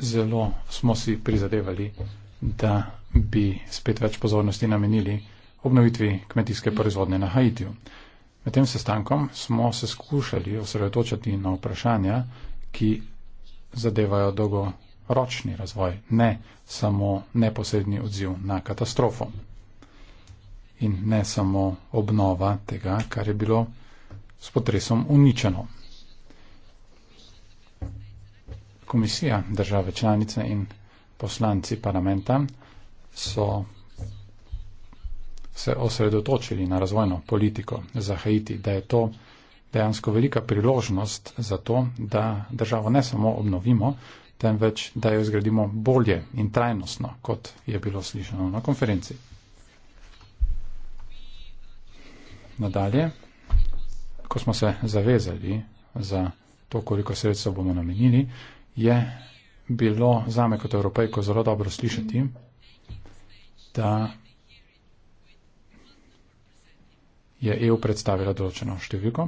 zelo smo si prizadevali, da bi spet več pozornosti namenili obnovitvi kmetijske proizvodne na Haitiju. Med tem sestankom smo se skušali osredotočati na vprašanja, ki zadevajo dolgoročni razvoj, ne samo neposredni odziv na katastrofo in ne samo obnova tega, kar je bilo s potresom uničeno. Komisija države članice in poslanci parlamenta so se osredotočili na razvojno politiko za Haiti, da je to dejansko velika priložnost za to, da državo ne samo obnovimo, temveč da jo zgradimo bolje in trajnostno, kot je bilo slišano na konferenci. Nadalje, ko smo se zavezali za to, koliko sredstva bomo namenili, je bilo zame kot evropejko zelo dobro slišati, da je EU predstavila določeno številko.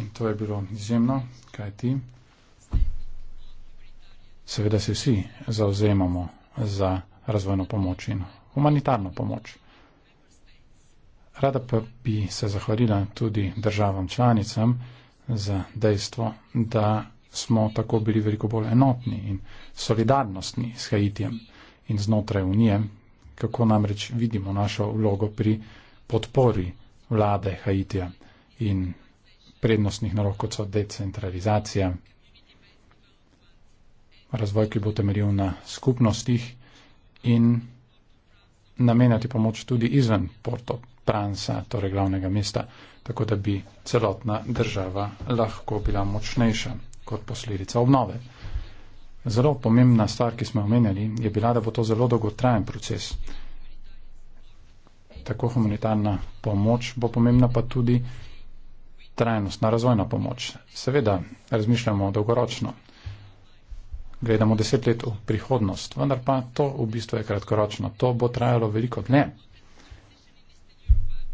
In to je bilo izjemno, kaj ti? Seveda se vsi zauzemamo za razvojno pomoč in humanitarno pomoč. Rada pa bi se zahvalila tudi državam članicam za dejstvo, da smo tako bili veliko bolj enotni in solidarnostni s Haitijem in znotraj Unije, kako namreč vidimo našo vlogo pri podpori vlade Haitija in prednostnih nalog, kot so decentralizacija, razvoj, ki bo temeljil na skupnostih in namenjati pomoč tudi izven Porto Pransa, torej glavnega mesta, tako da bi celotna država lahko bila močnejša kot posledica obnove. Zelo pomembna stvar, ki smo omenjali, je bila, da bo to zelo dolgotrajen proces. Tako humanitarna pomoč bo pomembna pa tudi trajnostna razvojna pomoč. Seveda, razmišljamo dolgoročno, gledamo deset let v prihodnost, vendar pa to v bistvu je kratkoročno. To bo trajalo veliko dne.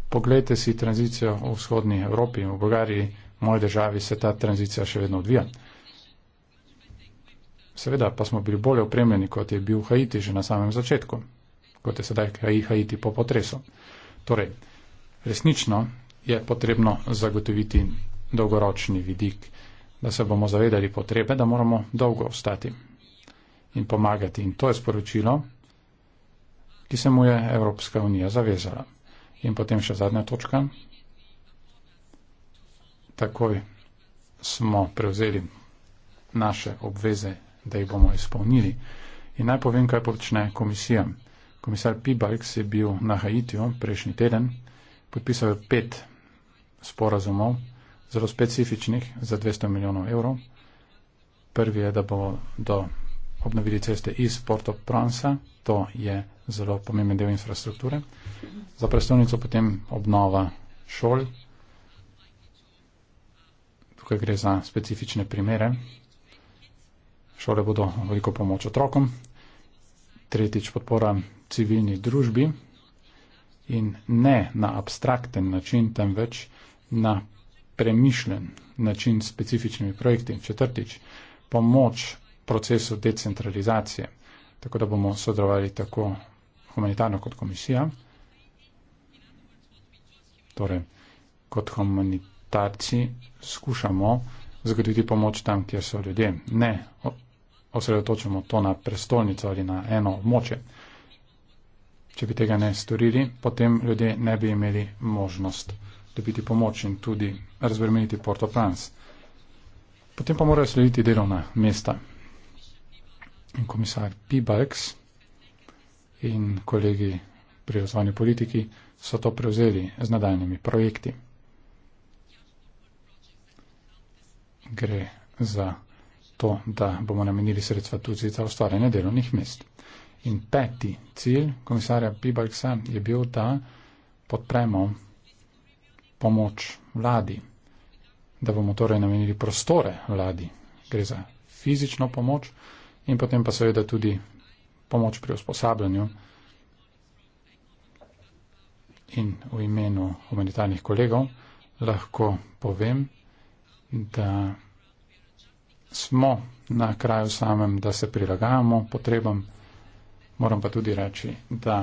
Poglejte si tranzicijo v vzhodni Evropi, v Bolgariji, v moji državi se ta tranzicija še vedno odvija. Seveda pa smo bili bolje opremljeni, kot je bil Haiti že na samem začetku, kot je sedaj Haiti po potresu. Torej, resnično je potrebno zagotoviti dolgoročni vidik, da se bomo zavedali potrebe, da moramo dolgo ostati in pomagati. In to je sporočilo, ki se mu je Evropska unija zavezala. In potem še zadnja točka. Takoj smo prevzeli naše obveze, da jih bomo izpolnili. In naj povem, kaj počne komisija. Komisar Pibalks je bil na Haitiju prejšnji teden, podpisal je pet sporazumov, zelo specifičnih, za 200 milijonov evrov. Prvi je, da bomo do obnovili ceste iz Porto Pransa, to je zelo pomemben del infrastrukture. Za prestolnico potem obnova šol. Tukaj gre za specifične primere. Šole bodo veliko pomoč otrokom. Tretjič podpora civilni družbi in ne na abstrakten način, temveč na premišljen način s specifičnimi projekti. Četrtič, pomoč procesu decentralizacije, tako da bomo sodelovali tako humanitarno kot komisija, torej kot humanitarci skušamo zagotoviti pomoč tam, kjer so ljudje. Ne osredotočamo to na prestolnico ali na eno območje. Če bi tega ne storili, potem ljudje ne bi imeli možnost dobiti pomoč in tudi razbremeniti Port-au-Prince. Potem pa morajo slediti delovna mesta. In komisar Pibarks in kolegi pri razvojni politiki so to prevzeli z nadaljnimi projekti. Gre za to, da bomo namenili sredstva tudi za ustvarjanje delovnih mest. In peti cilj komisarja Pibarksa je bil, da podpremo pomoč vladi, da bomo torej namenili prostore vladi. Gre za fizično pomoč in potem pa seveda tudi pomoč pri usposabljanju in v imenu humanitarnih kolegov lahko povem, da smo na kraju samem, da se prilagajamo potrebam, moram pa tudi reči, da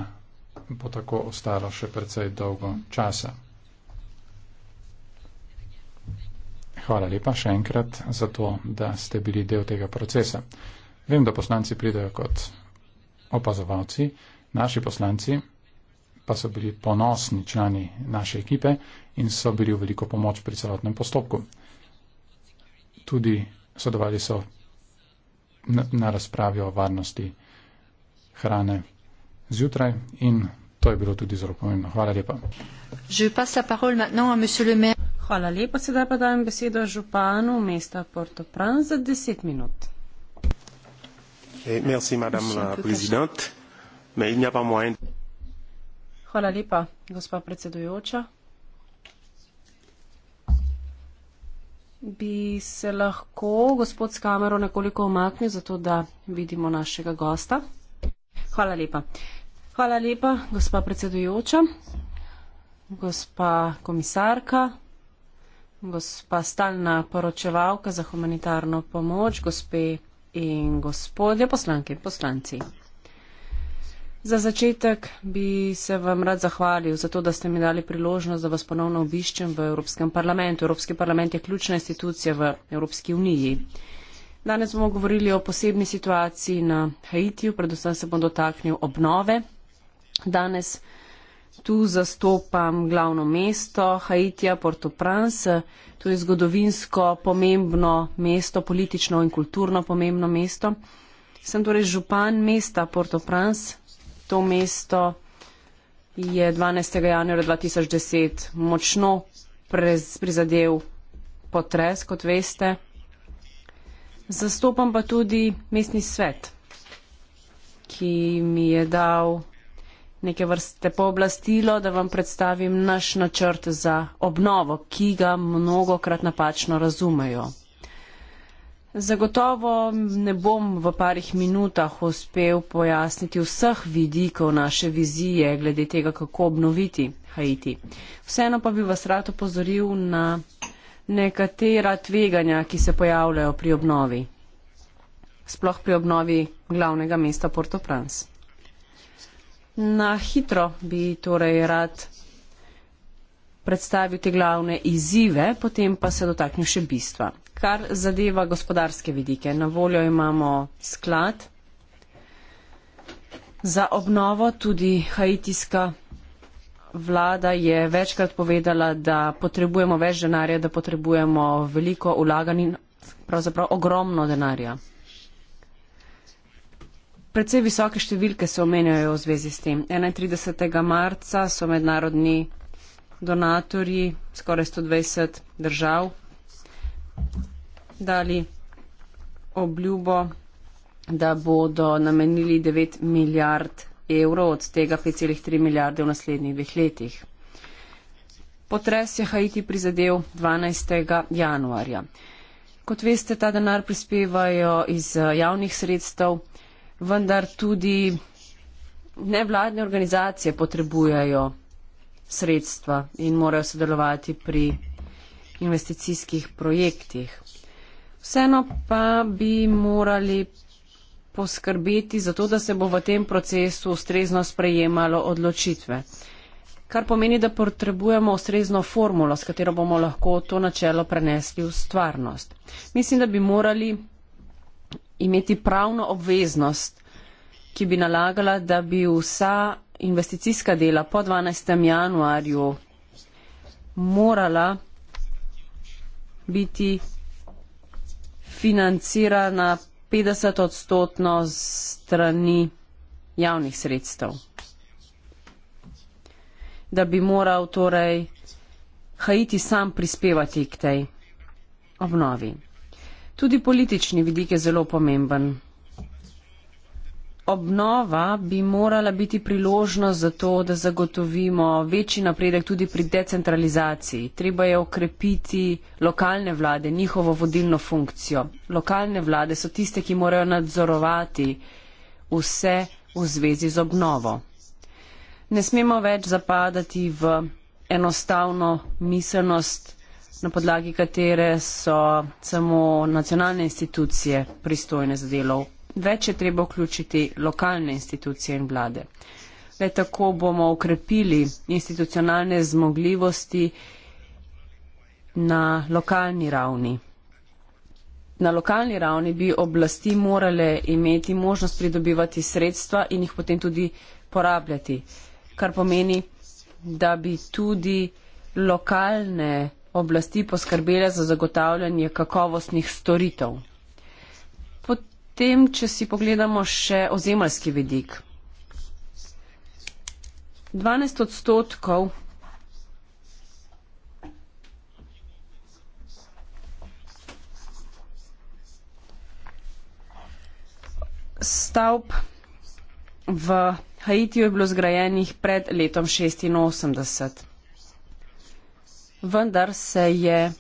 bo tako ostalo še precej dolgo časa. Hvala lepa še enkrat za to, da ste bili del tega procesa. Vem, da poslanci pridejo kot opazovalci, naši poslanci pa so bili ponosni člani naše ekipe in so bili v veliko pomoč pri celotnem postopku. Tudi sodelovali so na razpravi o varnosti hrane zjutraj in to je bilo tudi zelo pomembno. Hvala lepa. Hvala lepa, sedaj pa dajem besedo županu mesta Portopran za deset minut. Eh, Hvala lepa, gospa predsedujoča. Bi se lahko gospod s kamero nekoliko omaknil, zato da vidimo našega gosta? Hvala lepa. Hvala lepa, gospa predsedujoča, gospa komisarka, gospa stalna poročevalka za humanitarno pomoč, gospe in gospodje poslanke in poslanci. Za začetek bi se vam rad zahvalil za to, da ste mi dali priložnost, da vas ponovno obiščem v Evropskem parlamentu. Evropski parlament je ključna institucija v Evropski uniji. Danes bomo govorili o posebni situaciji na Haitiju, predvsem se bom dotaknil obnove. Danes Tu zastopam glavno mesto Haitija, Port-au-Prince, to je zgodovinsko pomembno mesto, politično in kulturno pomembno mesto. Sem torej župan mesta Port-au-Prince. To mesto je 12. januarja 2010 močno prizadel potres, kot veste. Zastopam pa tudi mestni svet, ki mi je dal neke vrste pooblastilo, da vam predstavim naš načrt za obnovo, ki ga mnogo krat napačno razumejo. Zagotovo ne bom v parih minutah uspel pojasniti vseh vidikov naše vizije glede tega, kako obnoviti Haiti. Vseeno pa bi vas rad opozoril na nekatera tveganja, ki se pojavljajo pri obnovi, sploh pri obnovi glavnega mesta Port-au-Prince. Na hitro bi torej rad predstavil te glavne izzive, potem pa se dotaknil še bistva. Kar zadeva gospodarske vidike, na voljo imamo sklad za obnovo, tudi haitijska vlada je večkrat povedala, da potrebujemo več denarja, da potrebujemo veliko ulaganj in pravzaprav ogromno denarja. Predvsej visoke številke se omenjajo v zvezi s tem. 31. marca so mednarodni donatorji skoraj 120 držav dali obljubo, da bodo namenili 9 milijard evrov, od tega 5,3 milijarde v naslednjih dveh letih. Potres je Haiti prizadel 12. januarja. Kot veste, ta denar prispevajo iz javnih sredstev vendar tudi nevladne organizacije potrebujajo sredstva in morajo sodelovati pri investicijskih projektih. Vseeno pa bi morali poskrbeti za to, da se bo v tem procesu ustrezno sprejemalo odločitve. Kar pomeni, da potrebujemo ustrezno formulo, s katero bomo lahko to načelo prenesli v stvarnost. Mislim, da bi morali imeti pravno obveznost, ki bi nalagala, da bi vsa investicijska dela po 12. januarju morala biti financirana 50 odstotno strani javnih sredstev. Da bi moral torej Haiti sam prispevati k tej obnovi tudi politični vidik je zelo pomemben. Obnova bi morala biti priložnost za to, da zagotovimo večji napredek tudi pri decentralizaciji. Treba je okrepiti lokalne vlade, njihovo vodilno funkcijo. Lokalne vlade so tiste, ki morajo nadzorovati vse v zvezi z obnovo. Ne smemo več zapadati v enostavno miselnost na podlagi katere so samo nacionalne institucije pristojne za delo. Več je treba vključiti lokalne institucije in vlade. Le tako bomo ukrepili institucionalne zmogljivosti na lokalni ravni. Na lokalni ravni bi oblasti morale imeti možnost pridobivati sredstva in jih potem tudi porabljati, kar pomeni, da bi tudi lokalne oblasti poskrbele za zagotavljanje kakovostnih storitev. Potem, če si pogledamo še ozemalski vidik. 12 odstotkov stavb v Haitiju je bilo zgrajenih pred letom 86 vendar se je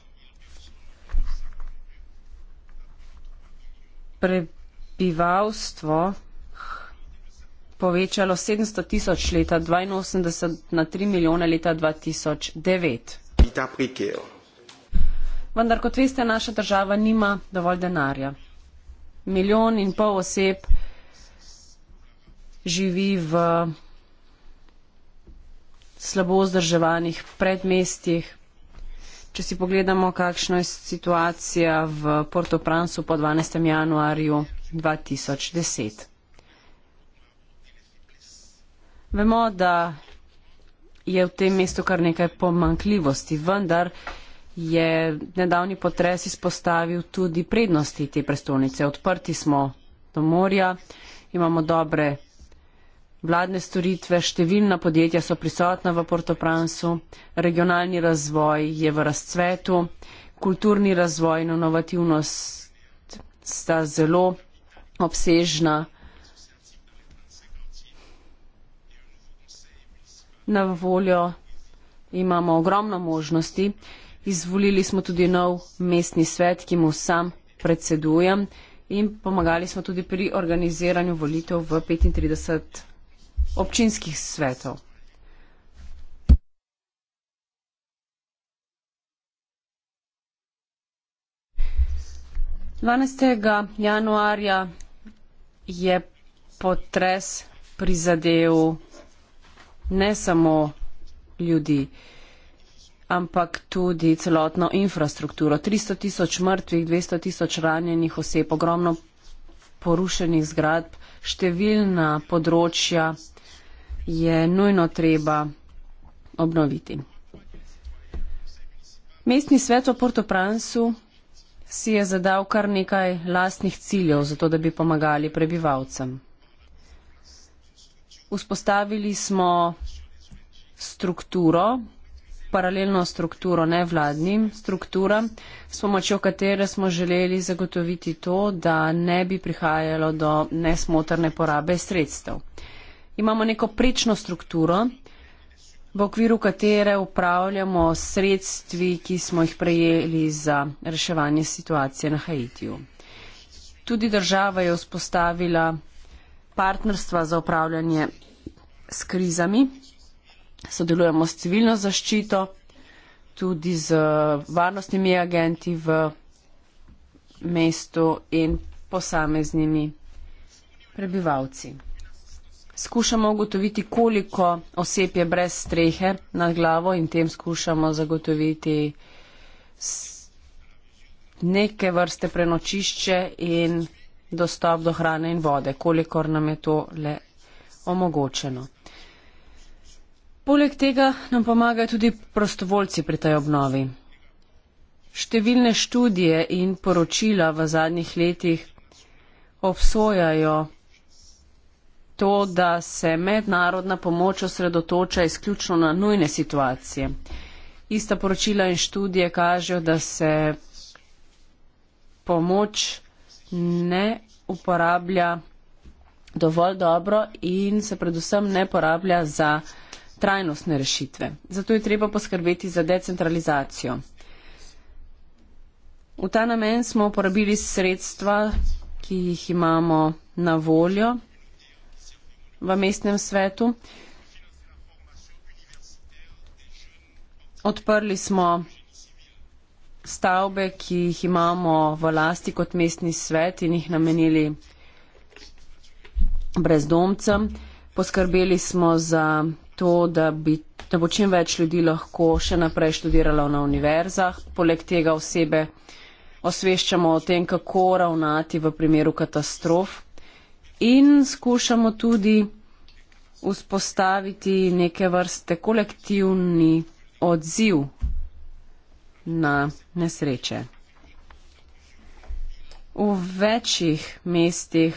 prebivalstvo povečalo 700 tisoč leta 82 na 3 milijone leta 2009. Vendar, kot veste, naša država nima dovolj denarja. Milijon in pol oseb živi v slabo vzdrževanih predmestjih, Če si pogledamo, kakšna je situacija v Portopransu po 12. januarju 2010. Vemo, da je v tem mestu kar nekaj pomankljivosti, vendar je nedavni potres izpostavil tudi prednosti te prestolnice. Odprti smo do morja, imamo dobre vladne storitve, številna podjetja so prisotna v Portopransu, regionalni razvoj je v razcvetu, kulturni razvoj in inovativnost sta zelo obsežna. Na voljo imamo ogromno možnosti. Izvolili smo tudi nov mestni svet, ki mu sam predsedujem in pomagali smo tudi pri organiziranju volitev v 35 občinskih svetov. Dvanajstega januarja je potres prizadel ne samo ljudi, ampak tudi celotno infrastrukturo. 300 tisoč mrtvih, 200 tisoč ranjenih oseb, ogromno porušenih zgradb, številna področja je nujno treba obnoviti. Mestni svet v Portopransu si je zadal kar nekaj lastnih ciljev, zato da bi pomagali prebivalcem. Vzpostavili smo strukturo, paralelno strukturo nevladnim strukturam, s pomočjo katere smo želeli zagotoviti to, da ne bi prihajalo do nesmotrne porabe sredstev imamo neko prečno strukturo, v okviru katere upravljamo sredstvi, ki smo jih prejeli za reševanje situacije na Haitiju. Tudi država je vzpostavila partnerstva za upravljanje s krizami, sodelujemo s civilno zaščito, tudi z varnostnimi agenti v mestu in posameznimi prebivalci skušamo ugotoviti, koliko oseb je brez strehe nad glavo in tem skušamo zagotoviti neke vrste prenočišče in dostop do hrane in vode, kolikor nam je to le omogočeno. Poleg tega nam pomagajo tudi prostovoljci pri tej obnovi. Številne študije in poročila v zadnjih letih obsojajo to, da se mednarodna pomoč osredotoča izključno na nujne situacije. Ista poročila in študije kažejo, da se pomoč ne uporablja dovolj dobro in se predvsem ne porablja za trajnostne rešitve. Zato je treba poskrbeti za decentralizacijo. V ta namen smo uporabili sredstva, ki jih imamo na voljo v mestnem svetu. Odprli smo stavbe, ki jih imamo v lasti kot mestni svet in jih namenili brezdomcem. Poskrbeli smo za to, da, bi, da bo čim več ljudi lahko še naprej študiralo na univerzah. Poleg tega osebe osveščamo o tem, kako ravnati v primeru katastrof in skušamo tudi vzpostaviti neke vrste kolektivni odziv na nesreče. V večjih mestih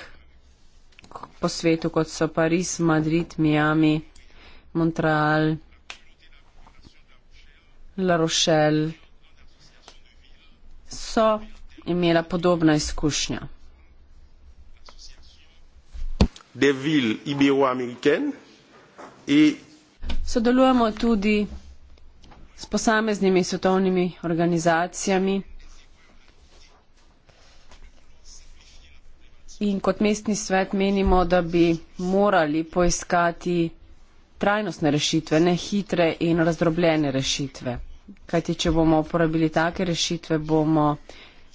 po svetu, kot so Pariz, Madrid, Miami, Montreal, La Rochelle, so imela podobna izkušnja des villes ibéro américaines et Sodelujemo tudi s posameznimi svetovnimi organizacijami in kot mestni svet menimo, da bi morali poiskati trajnostne rešitve, ne hitre in razdrobljene rešitve. Kajti, če bomo uporabili take rešitve, bomo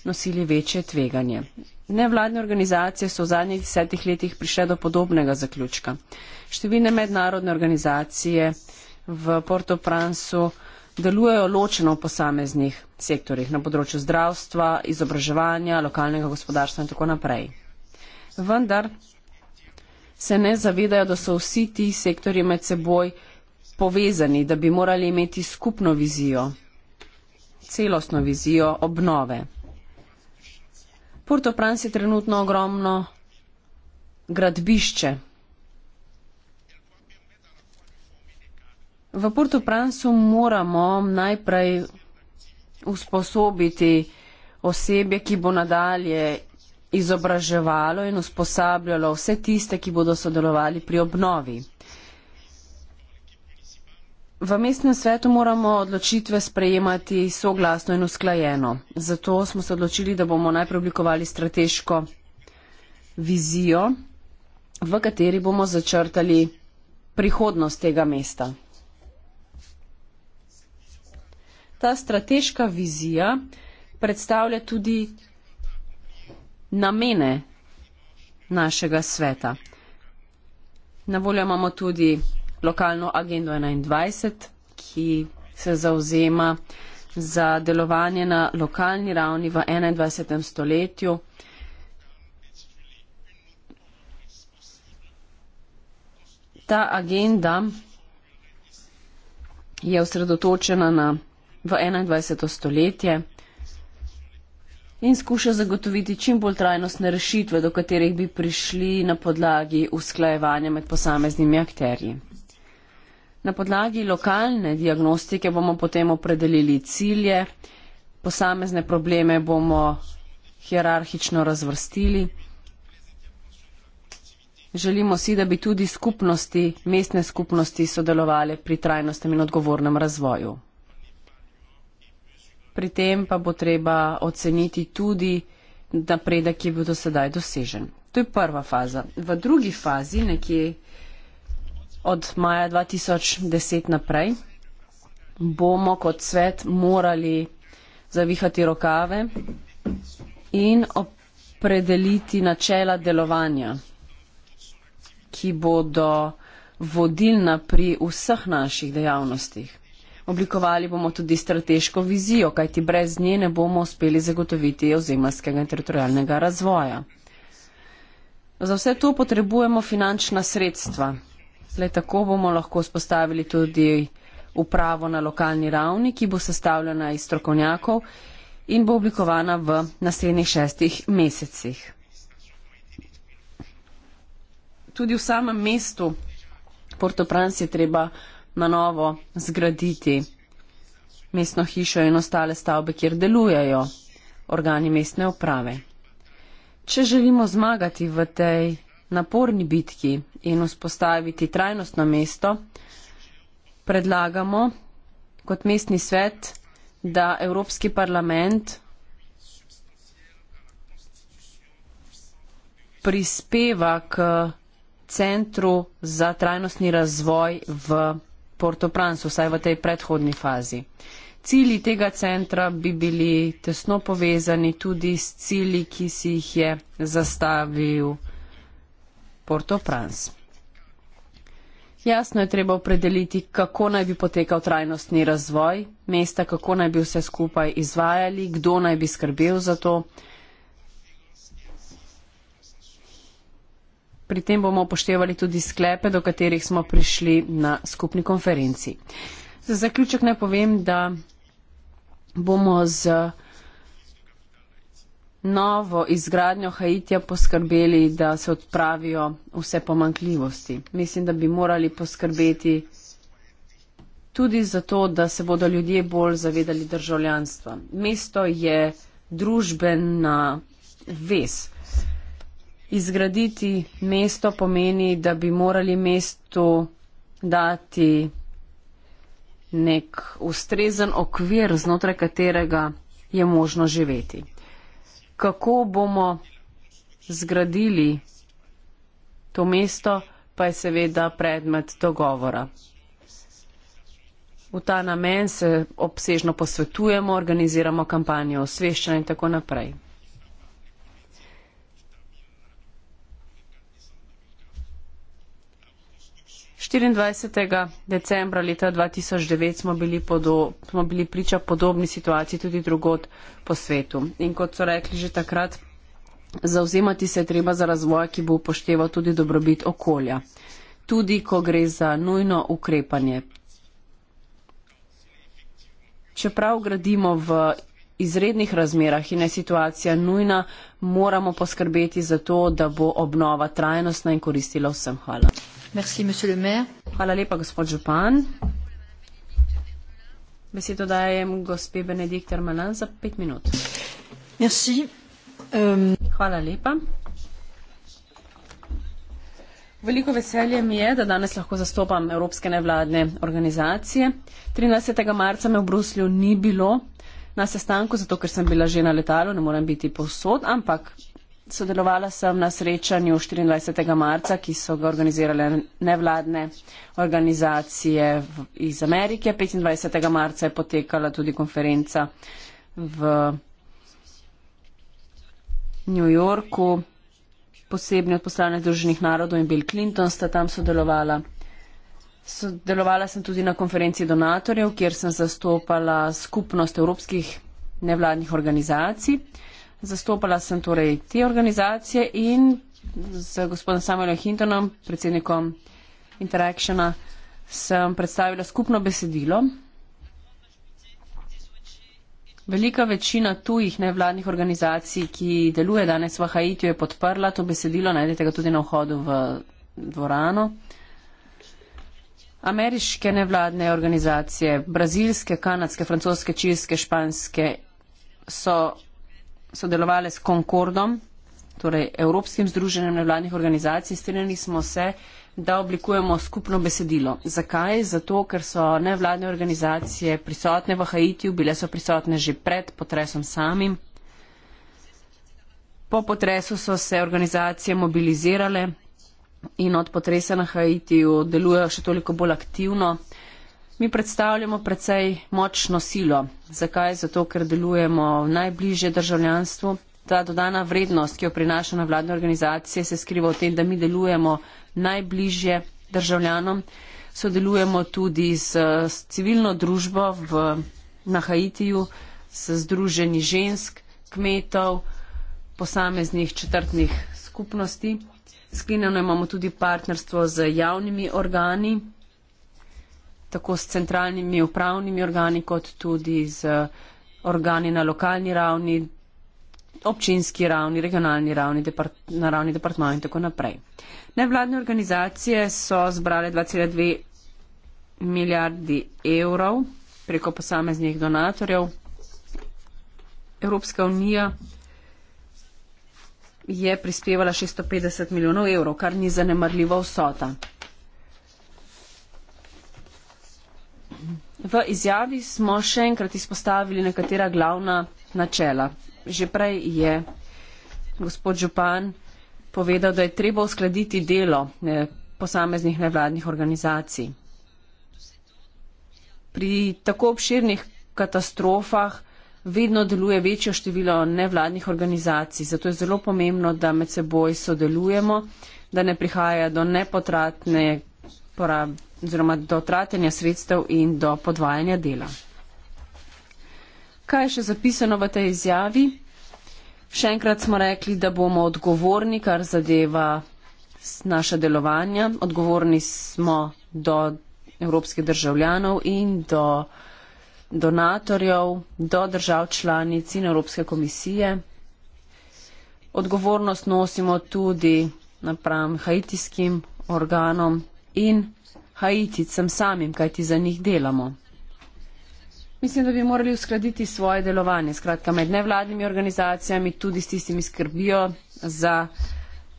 nosili večje tveganje. Nevladne organizacije so v zadnjih desetih letih prišle do podobnega zaključka. Številne mednarodne organizacije v Port-au-Prince delujejo ločeno v posameznih sektorjih na področju zdravstva, izobraževanja, lokalnega gospodarstva in tako naprej. Vendar se ne zavedajo, da so vsi ti sektori med seboj povezani, da bi morali imeti skupno vizijo, celostno vizijo obnove. Portopran je trenutno ogromno gradbišče. V Portopransu moramo najprej usposobiti osebje, ki bo nadalje izobraževalo in usposabljalo vse tiste, ki bodo sodelovali pri obnovi. V mestnem svetu moramo odločitve sprejemati soglasno in usklajeno. Zato smo se odločili, da bomo najprej oblikovali strateško vizijo, v kateri bomo začrtali prihodnost tega mesta. Ta strateška vizija predstavlja tudi namene našega sveta. Na voljo imamo tudi lokalno agendo 21, ki se zauzema za delovanje na lokalni ravni v 21. stoletju. Ta agenda je osredotočena na v 21. stoletje in skuša zagotoviti čim bolj trajnostne rešitve, do katerih bi prišli na podlagi usklajevanja med posameznimi akterji. Na podlagi lokalne diagnostike bomo potem opredelili cilje, posamezne probleme bomo hierarhično razvrstili. Želimo si, da bi tudi skupnosti, mestne skupnosti sodelovali pri trajnostnem in odgovornem razvoju. Pri tem pa bo treba oceniti tudi napredek, ki je bil do sedaj dosežen. To je prva faza. V drugi fazi, nekje od maja 2010 naprej bomo kot svet morali zavihati rokave in opredeliti načela delovanja, ki bodo vodilna pri vseh naših dejavnostih. Oblikovali bomo tudi strateško vizijo, kajti brez nje ne bomo uspeli zagotoviti ozemljskega in teritorijalnega razvoja. Za vse to potrebujemo finančna sredstva. Le tako bomo lahko spostavili tudi upravo na lokalni ravni, ki bo sestavljena iz strokovnjakov in bo oblikovana v naslednjih šestih mesecih. Tudi v samem mestu Portopranc je treba na novo zgraditi mestno hišo in ostale stavbe, kjer delujejo organi mestne uprave. Če želimo zmagati v tej naporni bitki in vzpostaviti trajnostno mesto, predlagamo kot mestni svet, da Evropski parlament prispeva k centru za trajnostni razvoj v Portopransu, vsaj v tej predhodni fazi. Cilji tega centra bi bili tesno povezani tudi s cilji, ki si jih je zastavil Port-au-Prince. Jasno je treba opredeliti, kako naj bi potekal trajnostni razvoj mesta, kako naj bi vse skupaj izvajali, kdo naj bi skrbel za to. Pri tem bomo upoštevali tudi sklepe, do katerih smo prišli na skupni konferenci. Za zaključek naj povem, da bomo z novo izgradnjo Haitija poskrbeli, da se odpravijo vse pomankljivosti. Mislim, da bi morali poskrbeti tudi zato, da se bodo ljudje bolj zavedali državljanstva. Mesto je družbena ves. Izgraditi mesto pomeni, da bi morali mestu dati nek ustrezen okvir, znotraj katerega je možno živeti kako bomo zgradili to mesto, pa je seveda predmet dogovora. V ta namen se obsežno posvetujemo, organiziramo kampanjo osveščanja in tako naprej. 24. decembra leta 2009 smo bili, podo, smo bili priča podobni situaciji tudi drugot po svetu. In kot so rekli že takrat, zauzemati se je treba za razvoj, ki bo upošteval tudi dobrobit okolja. Tudi, ko gre za nujno ukrepanje. Čeprav gradimo v izrednih razmerah in je situacija nujna, moramo poskrbeti za to, da bo obnova trajnostna in koristila vsem. Hvala. Merci, monsieur le maire. Hvala lepa, gospod Župan. Besedo dajem gospe Benedikte Armelan za pet minut. Merci. Um, um... Hvala lepa. Veliko veselje mi je, da danes lahko zastopam Evropske nevladne organizacije. 13. marca me v Bruslju ni bilo na sestanku, zato ker sem bila že na letalu, ne morem biti povsod, ampak sodelovala sem na srečanju 24. marca, ki so ga organizirale nevladne organizacije iz Amerike. 25. marca je potekala tudi konferenca v New Yorku, posebni od poslane Združenih narodov in Bill Clinton sta tam sodelovala. Sodelovala sem tudi na konferenci donatorjev, kjer sem zastopala skupnost evropskih nevladnih organizacij. Zastopala sem torej te organizacije in z gospodom Samuelom Hintonom, predsednikom Interactiona, sem predstavila skupno besedilo. Velika večina tujih nevladnih organizacij, ki deluje danes v Haitiju, je podprla to besedilo, najdete ga tudi na vhodu v dvorano. Ameriške nevladne organizacije, brazilske, kanadske, francoske, čilske, španske so sodelovali s Concordom, torej Evropskim združenjem nevladnih organizacij, strinjali smo se, da oblikujemo skupno besedilo. Zakaj? Zato, ker so nevladne organizacije prisotne v Haitiju, bile so prisotne že pred potresom samim. Po potresu so se organizacije mobilizirale in od potresa na Haitiju delujejo še toliko bolj aktivno mi predstavljamo precej močno silo. Zakaj? Zato, ker delujemo v najbližje državljanstvu. Ta dodana vrednost, ki jo prinaša na vladne organizacije, se skriva v tem, da mi delujemo najbližje državljanom. Sodelujemo tudi s civilno družbo v, na Haitiju, s združeni žensk, kmetov, posameznih četrtnih skupnosti. Sklenjeno imamo tudi partnerstvo z javnimi organi, tako s centralnimi upravnimi organi, kot tudi z organi na lokalni ravni, občinski ravni, regionalni ravni, depart, na ravni departmanov in tako naprej. Nevladne organizacije so zbrale 2,2 milijardi evrov preko posameznih donatorjev. Evropska unija je prispevala 650 milijonov evrov, kar ni zanemrljiva vsota. V izjavi smo še enkrat izpostavili nekatera glavna načela. Že prej je gospod Župan povedal, da je treba uskladiti delo eh, posameznih nevladnih organizacij. Pri tako obširnih katastrofah vedno deluje večjo število nevladnih organizacij, zato je zelo pomembno, da med seboj sodelujemo, da ne prihaja do nepotratne porabe oziroma do tratenja sredstev in do podvajanja dela. Kaj je še zapisano v tej izjavi? Še enkrat smo rekli, da bomo odgovorni, kar zadeva naša delovanja. Odgovorni smo do evropskih državljanov in do donatorjev, do držav članic in Evropske komisije. Odgovornost nosimo tudi napram haitijskim organom in Haiticem samim, kaj ti za njih delamo. Mislim, da bi morali uskladiti svoje delovanje, skratka med nevladnimi organizacijami, tudi s tistimi skrbijo za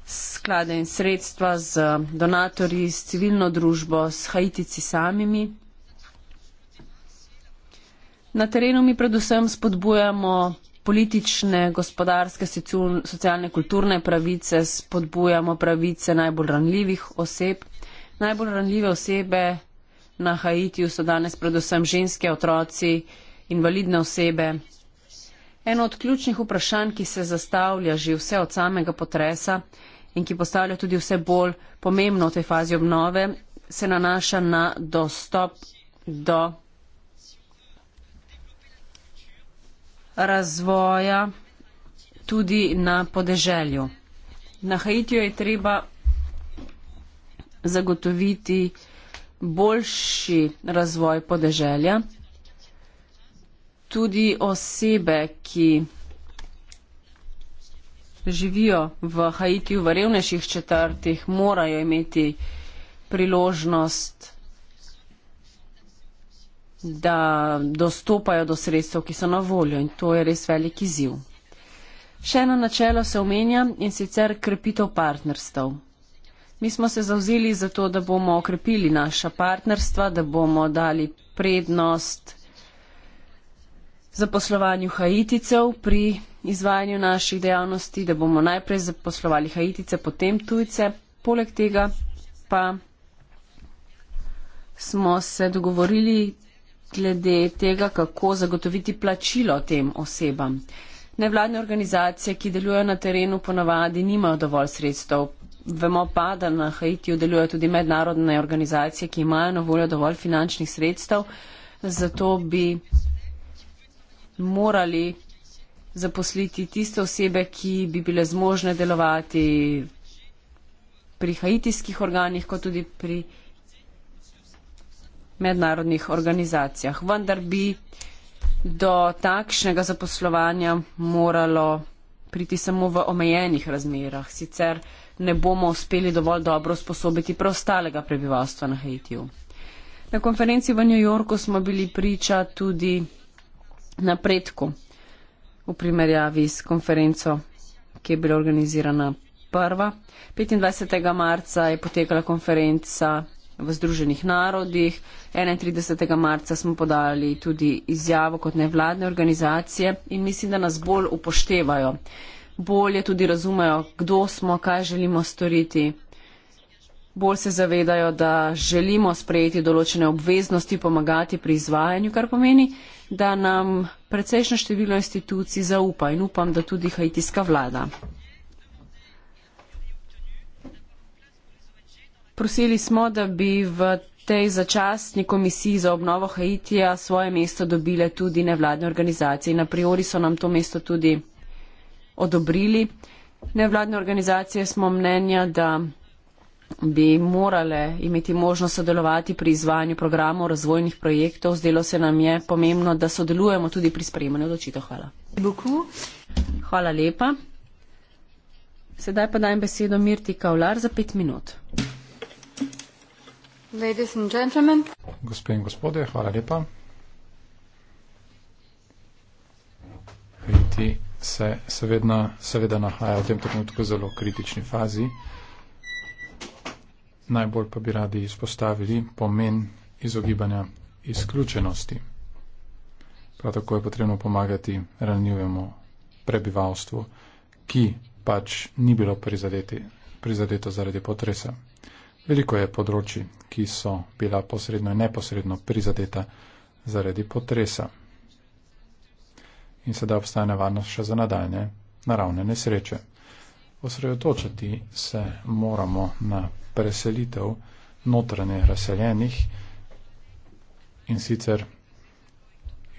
sklade in sredstva, z donatorji, s civilno družbo, s Haitici samimi. Na terenu mi predvsem spodbujamo politične, gospodarske, socialne, kulturne pravice, spodbujamo pravice najbolj ranljivih oseb, Najbolj ranljive osebe na Haitiju so danes predvsem ženske, otroci, invalidne osebe. Eno od ključnih vprašanj, ki se zastavlja že vse od samega potresa in ki postavlja tudi vse bolj pomembno v tej fazi obnove, se nanaša na dostop do razvoja tudi na podeželju. Na Haitiju je treba zagotoviti boljši razvoj podeželja. Tudi osebe, ki živijo v Haitiju v revnejših četrtih, morajo imeti priložnost, da dostopajo do sredstev, ki so na voljo in to je res veliki ziv. Še eno načelo se omenja in sicer krepitev partnerstv. Mi smo se zauzeli za to, da bomo okrepili naša partnerstva, da bomo dali prednost zaposlovanju Haiticev pri izvajanju naših dejavnosti, da bomo najprej zaposlovali Haitice, potem tujce. Poleg tega pa smo se dogovorili glede tega, kako zagotoviti plačilo tem osebam. Nevladne organizacije, ki delujejo na terenu, ponavadi nimajo dovolj sredstev Vemo pa, da na Haitiju delujejo tudi mednarodne organizacije, ki imajo na voljo dovolj finančnih sredstev, zato bi morali zaposliti tiste osebe, ki bi bile zmožne delovati pri haitijskih organih, kot tudi pri mednarodnih organizacijah. Vendar bi do takšnega zaposlovanja moralo priti samo v omejenih razmerah. Sicer ne bomo uspeli dovolj dobro sposobiti preostalega prebivalstva na Haitiju. Na konferenci v New Yorku smo bili priča tudi napredku v primerjavi s konferenco, ki je bila organizirana prva. 25. marca je potekala konferenca v Združenih narodih, 31. marca smo podali tudi izjavo kot nevladne organizacije in mislim, da nas bolj upoštevajo bolje tudi razumejo, kdo smo, kaj želimo storiti. Bolj se zavedajo, da želimo sprejeti določene obveznosti, pomagati pri izvajanju, kar pomeni, da nam precejšno število institucij zaupa in upam, da tudi haitijska vlada. Prosili smo, da bi v tej začasni komisiji za obnovo Haitija svoje mesto dobile tudi nevladne organizacije. Na priori so nam to mesto tudi odobrili. Nevladne organizacije smo mnenja, da bi morale imeti možnost sodelovati pri izvajanju programov razvojnih projektov. Zdelo se nam je pomembno, da sodelujemo tudi pri sprejemanju odločitev. Hvala. Hvala lepa. Sedaj pa dajem besedo Mirti Kavlar za pet minut. Gospe in gospode, hvala lepa. Hvala lepa se seveda, seveda nahaja v tem trenutku v zelo kritični fazi. Najbolj pa bi radi izpostavili pomen izogibanja izključenosti. Prav tako je potrebno pomagati ranjivemu prebivalstvu, ki pač ni bilo prizadeti, prizadeto zaradi potresa. Veliko je področji, ki so bila posredno in neposredno prizadeta zaradi potresa in sedaj obstaja nevarnost še za nadaljne naravne nesreče. Osredotočiti se moramo na preselitev notranje razseljenih in sicer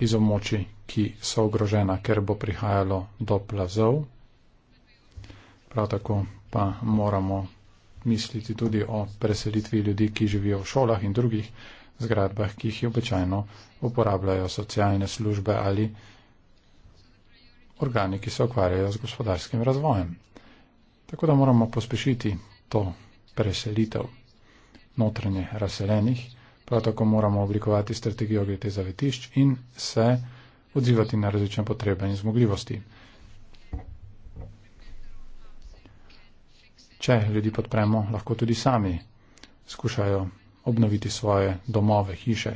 iz območij, ki so ogrožena, ker bo prihajalo do plazov. Prav tako pa moramo misliti tudi o preselitvi ljudi, ki živijo v šolah in drugih zgradbah, ki jih običajno uporabljajo socialne službe ali službe organi, ki se ukvarjajo z gospodarskim razvojem. Tako da moramo pospešiti to preselitev notranje razseljenih, prav tako moramo oblikovati strategijo glede zavetišč in se odzivati na različne potrebe in zmogljivosti. Če ljudi podpremo, lahko tudi sami skušajo obnoviti svoje domove, hiše.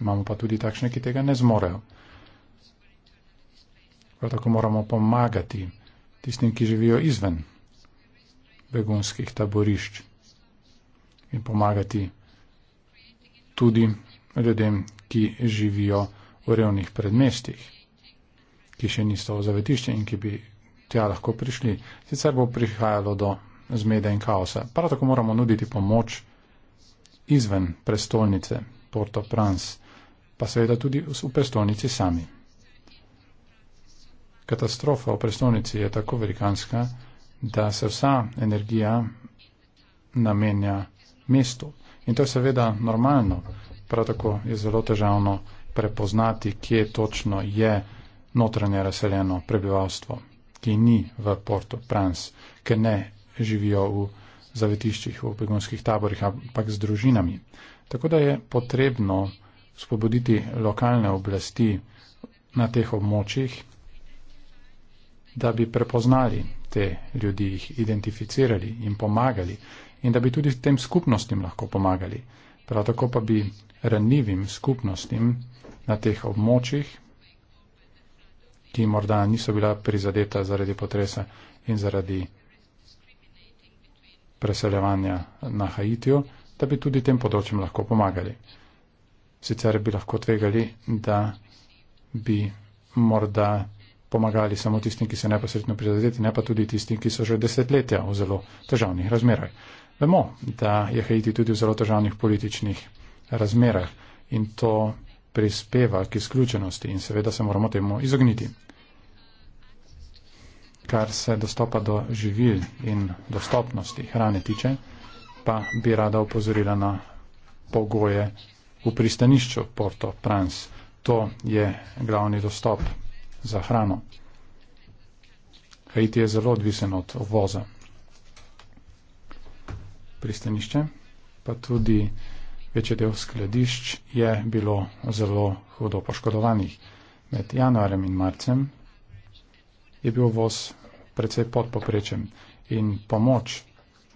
Imamo pa tudi takšne, ki tega ne zmorejo. Prav tako moramo pomagati tistim, ki živijo izven begunskih taborišč in pomagati tudi ljudem, ki živijo v revnih predmestih, ki še niso v zavetišče in ki bi tja lahko prišli. Sicer bo prihajalo do zmede in kaosa. Prav tako moramo nuditi pomoč izven prestolnice Porto Prans, pa seveda tudi v prestolnici sami katastrofa v prestolnici je tako velikanska, da se vsa energija namenja mestu. In to je seveda normalno. Prav tako je zelo težavno prepoznati, kje točno je notranje razseljeno prebivalstvo, ki ni v Porto Prans, ki ne živijo v zavetiščih, v begunskih taborih, ampak z družinami. Tako da je potrebno spobuditi lokalne oblasti na teh območjih da bi prepoznali te ljudi, jih identificirali in pomagali in da bi tudi tem skupnostim lahko pomagali. Prav tako pa bi ranljivim skupnostim na teh območjih, ki morda niso bila prizadeta zaradi potresa in zaradi preseljevanja na Haitijo, da bi tudi tem področjem lahko pomagali. Sicer bi lahko tvegali, da bi morda pomagali samo tistim, ki so neposredno prizadeti, ne pa tudi tistim, ki so že desetletja v zelo težavnih razmerah. Vemo, da je Haiti tudi v zelo težavnih političnih razmerah in to prispeva k izključenosti in seveda se moramo temu izogniti. Kar se dostopa do živil in dostopnosti hrane tiče, pa bi rada opozorila na pogoje v pristanišču Porto Prans. To je glavni dostop za hrano. Haiti je zelo odvisen od voza. Pristanišče, pa tudi večji del skladišč je bilo zelo hudo poškodovanih. Med januarjem in marcem je bil voz predvsej pod poprečjem in pomoč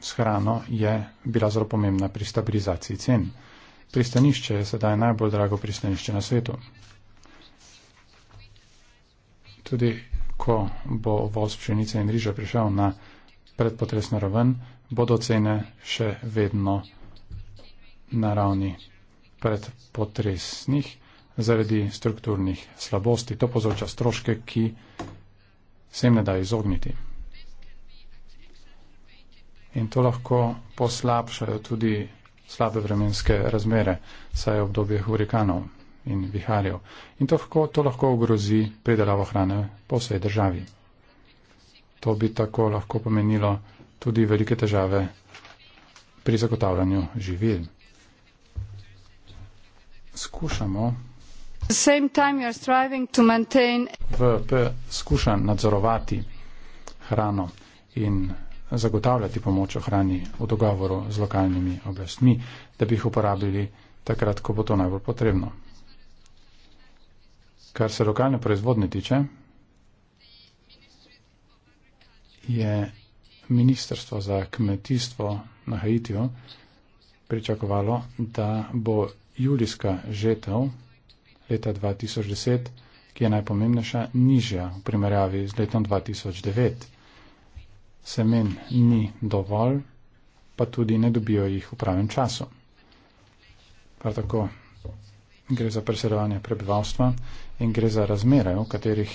s hrano je bila zelo pomembna pri stabilizaciji cen. Pristanišče je sedaj najbolj drago pristanišče na svetu tudi ko bo voz pšenice in riža prišel na predpotresno raven, bodo cene še vedno na ravni predpotresnih zaradi strukturnih slabosti. To povzroča stroške, ki se jim ne da izogniti. In to lahko poslabšajo tudi slabe vremenske razmere, saj je obdobje hurikanov in viharjev. In to lahko, to lahko ogrozi predelavo hrane po vsej državi. To bi tako lahko pomenilo tudi velike težave pri zagotavljanju živil. Skušamo. V P skuša nadzorovati hrano in zagotavljati pomoč o hrani v dogovoru z lokalnimi oblastmi, da bi jih uporabili takrat, ko bo to najbolj potrebno. Kar se lokalne proizvodne tiče, je Ministrstvo za kmetijstvo na Haitiju pričakovalo, da bo julijska žetev leta 2010, ki je najpomembnejša, nižja v primerjavi z letom 2009. Semen ni dovolj, pa tudi ne dobijo jih v pravem času. Prav tako gre za preseljevanje prebivalstva in gre za razmere, v katerih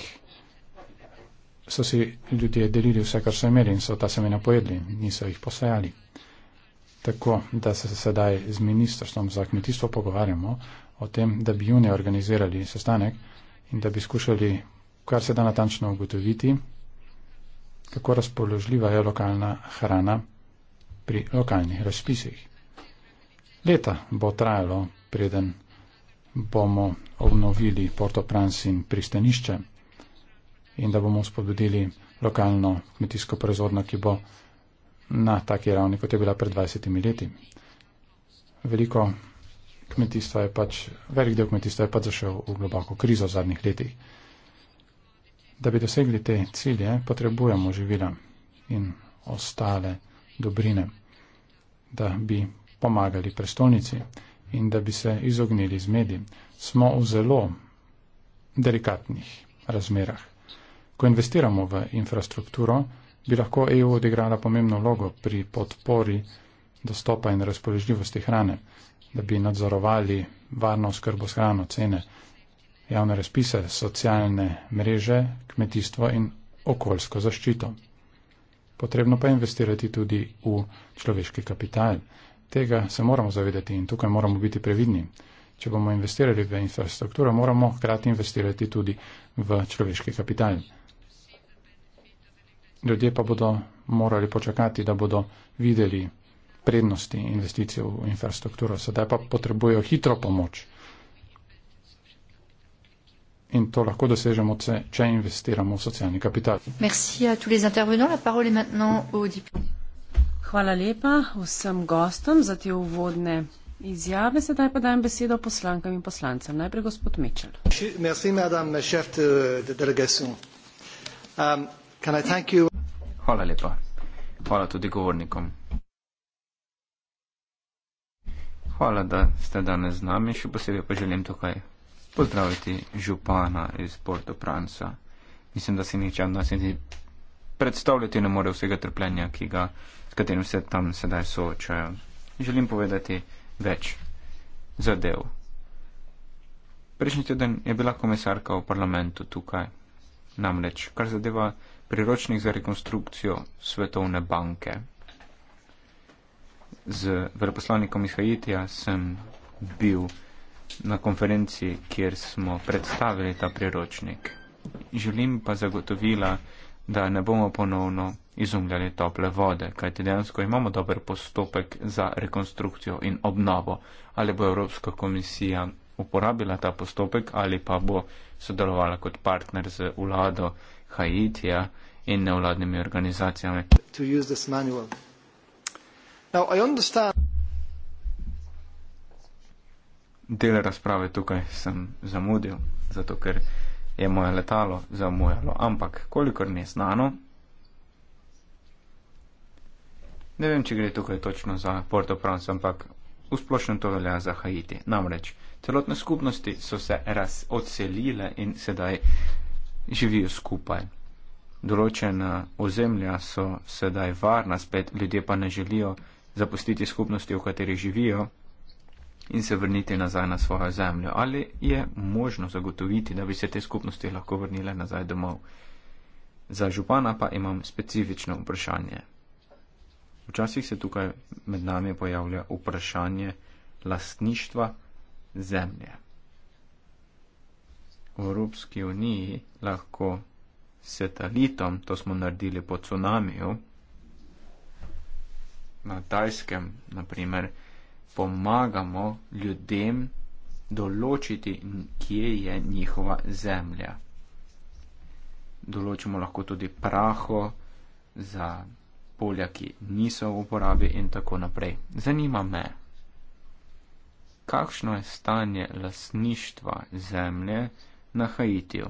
so si ljudje delili vse, kar so imeli in so ta semena pojedli, niso jih posajali. Tako, da se sedaj z ministrstvom za kmetijstvo pogovarjamo o tem, da bi junija organizirali sestanek in da bi skušali kar se da natančno ugotoviti, kako razpoložljiva je lokalna hrana pri lokalnih razpisih. Leta bo trajalo, preden bomo obnovili Portopras in pristanišče in da bomo spodbudili lokalno kmetijsko proizvodno, ki bo na taki ravni, kot je bila pred 20 leti. Veliko kmetijstva je pač, velik del kmetijstva je pač zašel v globoko krizo v zadnjih letih. Da bi dosegli te cilje, potrebujemo živila in ostale dobrine, da bi pomagali prestolnici in da bi se izognili zmedi, smo v zelo delikatnih razmerah. Ko investiramo v infrastrukturo, bi lahko EU odigrala pomembno vlogo pri podpori dostopa in razpoložljivosti hrane, da bi nadzorovali varno skrbo s hrano, cene, javne razpise, socialne mreže, kmetijstvo in okoljsko zaščito. Potrebno pa je investirati tudi v človeški kapital. Tega se moramo zavedati in tukaj moramo biti previdni. Če bomo investirali v infrastrukturo, moramo hkrati investirati tudi v človeški kapital. Ljudje pa bodo morali počakati, da bodo videli prednosti investicij v infrastrukturo. Sedaj pa potrebujejo hitro pomoč. In to lahko dosežemo, če investiramo v socialni kapital. Merci a tous les intervenants. La parole est maintenant au diplomat. Hvala lepa vsem gostom za te uvodne izjave. Sedaj pa dajem besedo poslankam in poslancem. Najprej gospod Mičel. Euh, um, Hvala lepa. Hvala tudi govornikom. Hvala, da ste danes z nami. Še posebej pa želim tukaj pozdraviti župana iz Porto Pransa. Mislim, da se nihče od nas ni predstavljati ne more vsega trpljenja, ki ga s katerim se tam sedaj soočajo. Želim povedati več zadev. Prejšnji teden je bila komisarka v parlamentu tukaj, namreč kar zadeva priročnik za rekonstrukcijo Svetovne banke. Z veleposlanikom iz Haitija sem bil na konferenci, kjer smo predstavili ta priročnik. Želim pa zagotovila, da ne bomo ponovno izumljali tople vode, kajti dejansko imamo dober postopek za rekonstrukcijo in obnovo. Ali bo Evropska komisija uporabila ta postopek ali pa bo sodelovala kot partner z vlado Haitija in nevladnimi organizacijami. Del razprave tukaj sem zamudil, zato ker je moje letalo zamujalo, ampak kolikor mi je znano, ne vem, če gre tukaj točno za Porto Prance, ampak v splošnem to velja za Haiti. Namreč, celotne skupnosti so se razodselile in sedaj živijo skupaj. Določena ozemlja so sedaj varna, spet ljudje pa ne želijo zapustiti skupnosti, v kateri živijo in se vrniti nazaj na svojo zemljo? Ali je možno zagotoviti, da bi se te skupnosti lahko vrnile nazaj domov? Za župana pa imam specifično vprašanje. Včasih se tukaj med nami pojavlja vprašanje lastništva zemlje. V Evropski uniji lahko satelitom, to smo naredili po tsunamiju, na Tajskem, naprimer, pomagamo ljudem določiti, kje je njihova zemlja. Določimo lahko tudi praho za polja, ki niso v uporabi in tako naprej. Zanima me, kakšno je stanje lasništva zemlje na Haitiju?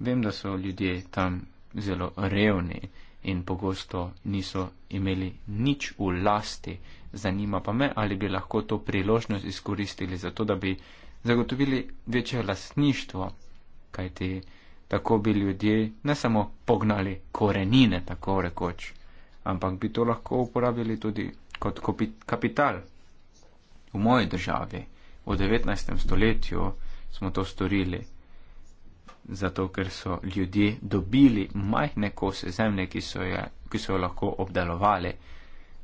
Vem, da so ljudje tam zelo revni in pogosto niso imeli nič v lasti. Zanima pa me, ali bi lahko to priložnost izkoristili za to, da bi zagotovili večje lastništvo, kajti tako bi ljudje ne samo pognali korenine, tako rekoč, ampak bi to lahko uporabili tudi kot kapital. V moji državi, v 19. stoletju, smo to storili zato ker so ljudje dobili majhne kose zemlje, ki so, je, ki so jo lahko obdelovali.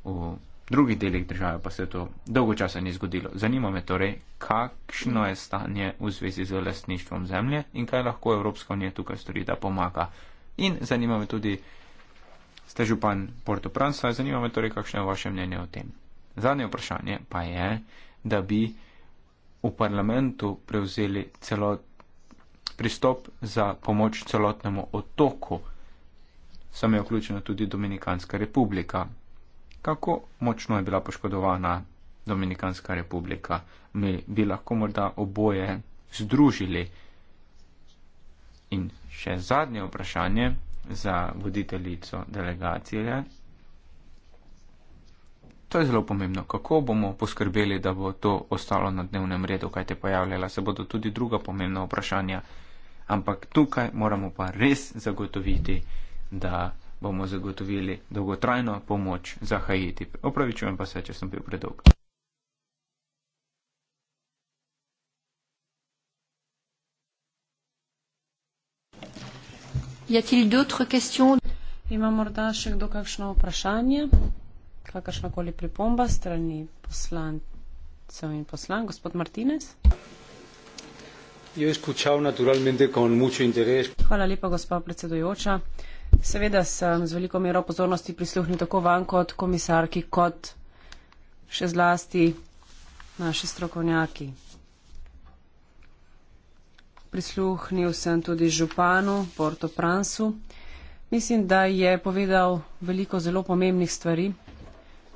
V drugih delih države pa se to dolgo časa ni zgodilo. Zanima me torej, kakšno je stanje v zvezi z lastništvom zemlje in kaj lahko Evropska unija tukaj stori, da pomaga. In zanima me tudi, ste župan Porto Pransa, zanima me torej, kakšno je vaše mnenje o tem. Zadnje vprašanje pa je, da bi v parlamentu prevzeli celot pristop za pomoč celotnemu otoku. Sama je vključena tudi Dominikanska republika. Kako močno je bila poškodovana Dominikanska republika? Mi bi lahko morda oboje združili. In še zadnje vprašanje za voditeljico delegacije. To je zelo pomembno. Kako bomo poskrbeli, da bo to ostalo na dnevnem redu, kajte pojavljala se bodo tudi druga pomembna vprašanja ampak tukaj moramo pa res zagotoviti, da bomo zagotovili dolgotrajno pomoč za Haiti. Opravičujem pa se, če sem bil predolg. Ima morda še kdo kakšno vprašanje, kakršnakoli pripomba strani poslancev in poslan, gospod Martinez? Jo je skučal naturalmente kon mučo interes. Hvala lepa, gospa predsedujoča. Seveda sem z veliko mero pozornosti prisluhnil tako vam kot komisarki, kot še zlasti naši strokovnjaki. Prisluhnil sem tudi županu Porto Pransu. Mislim, da je povedal veliko zelo pomembnih stvari.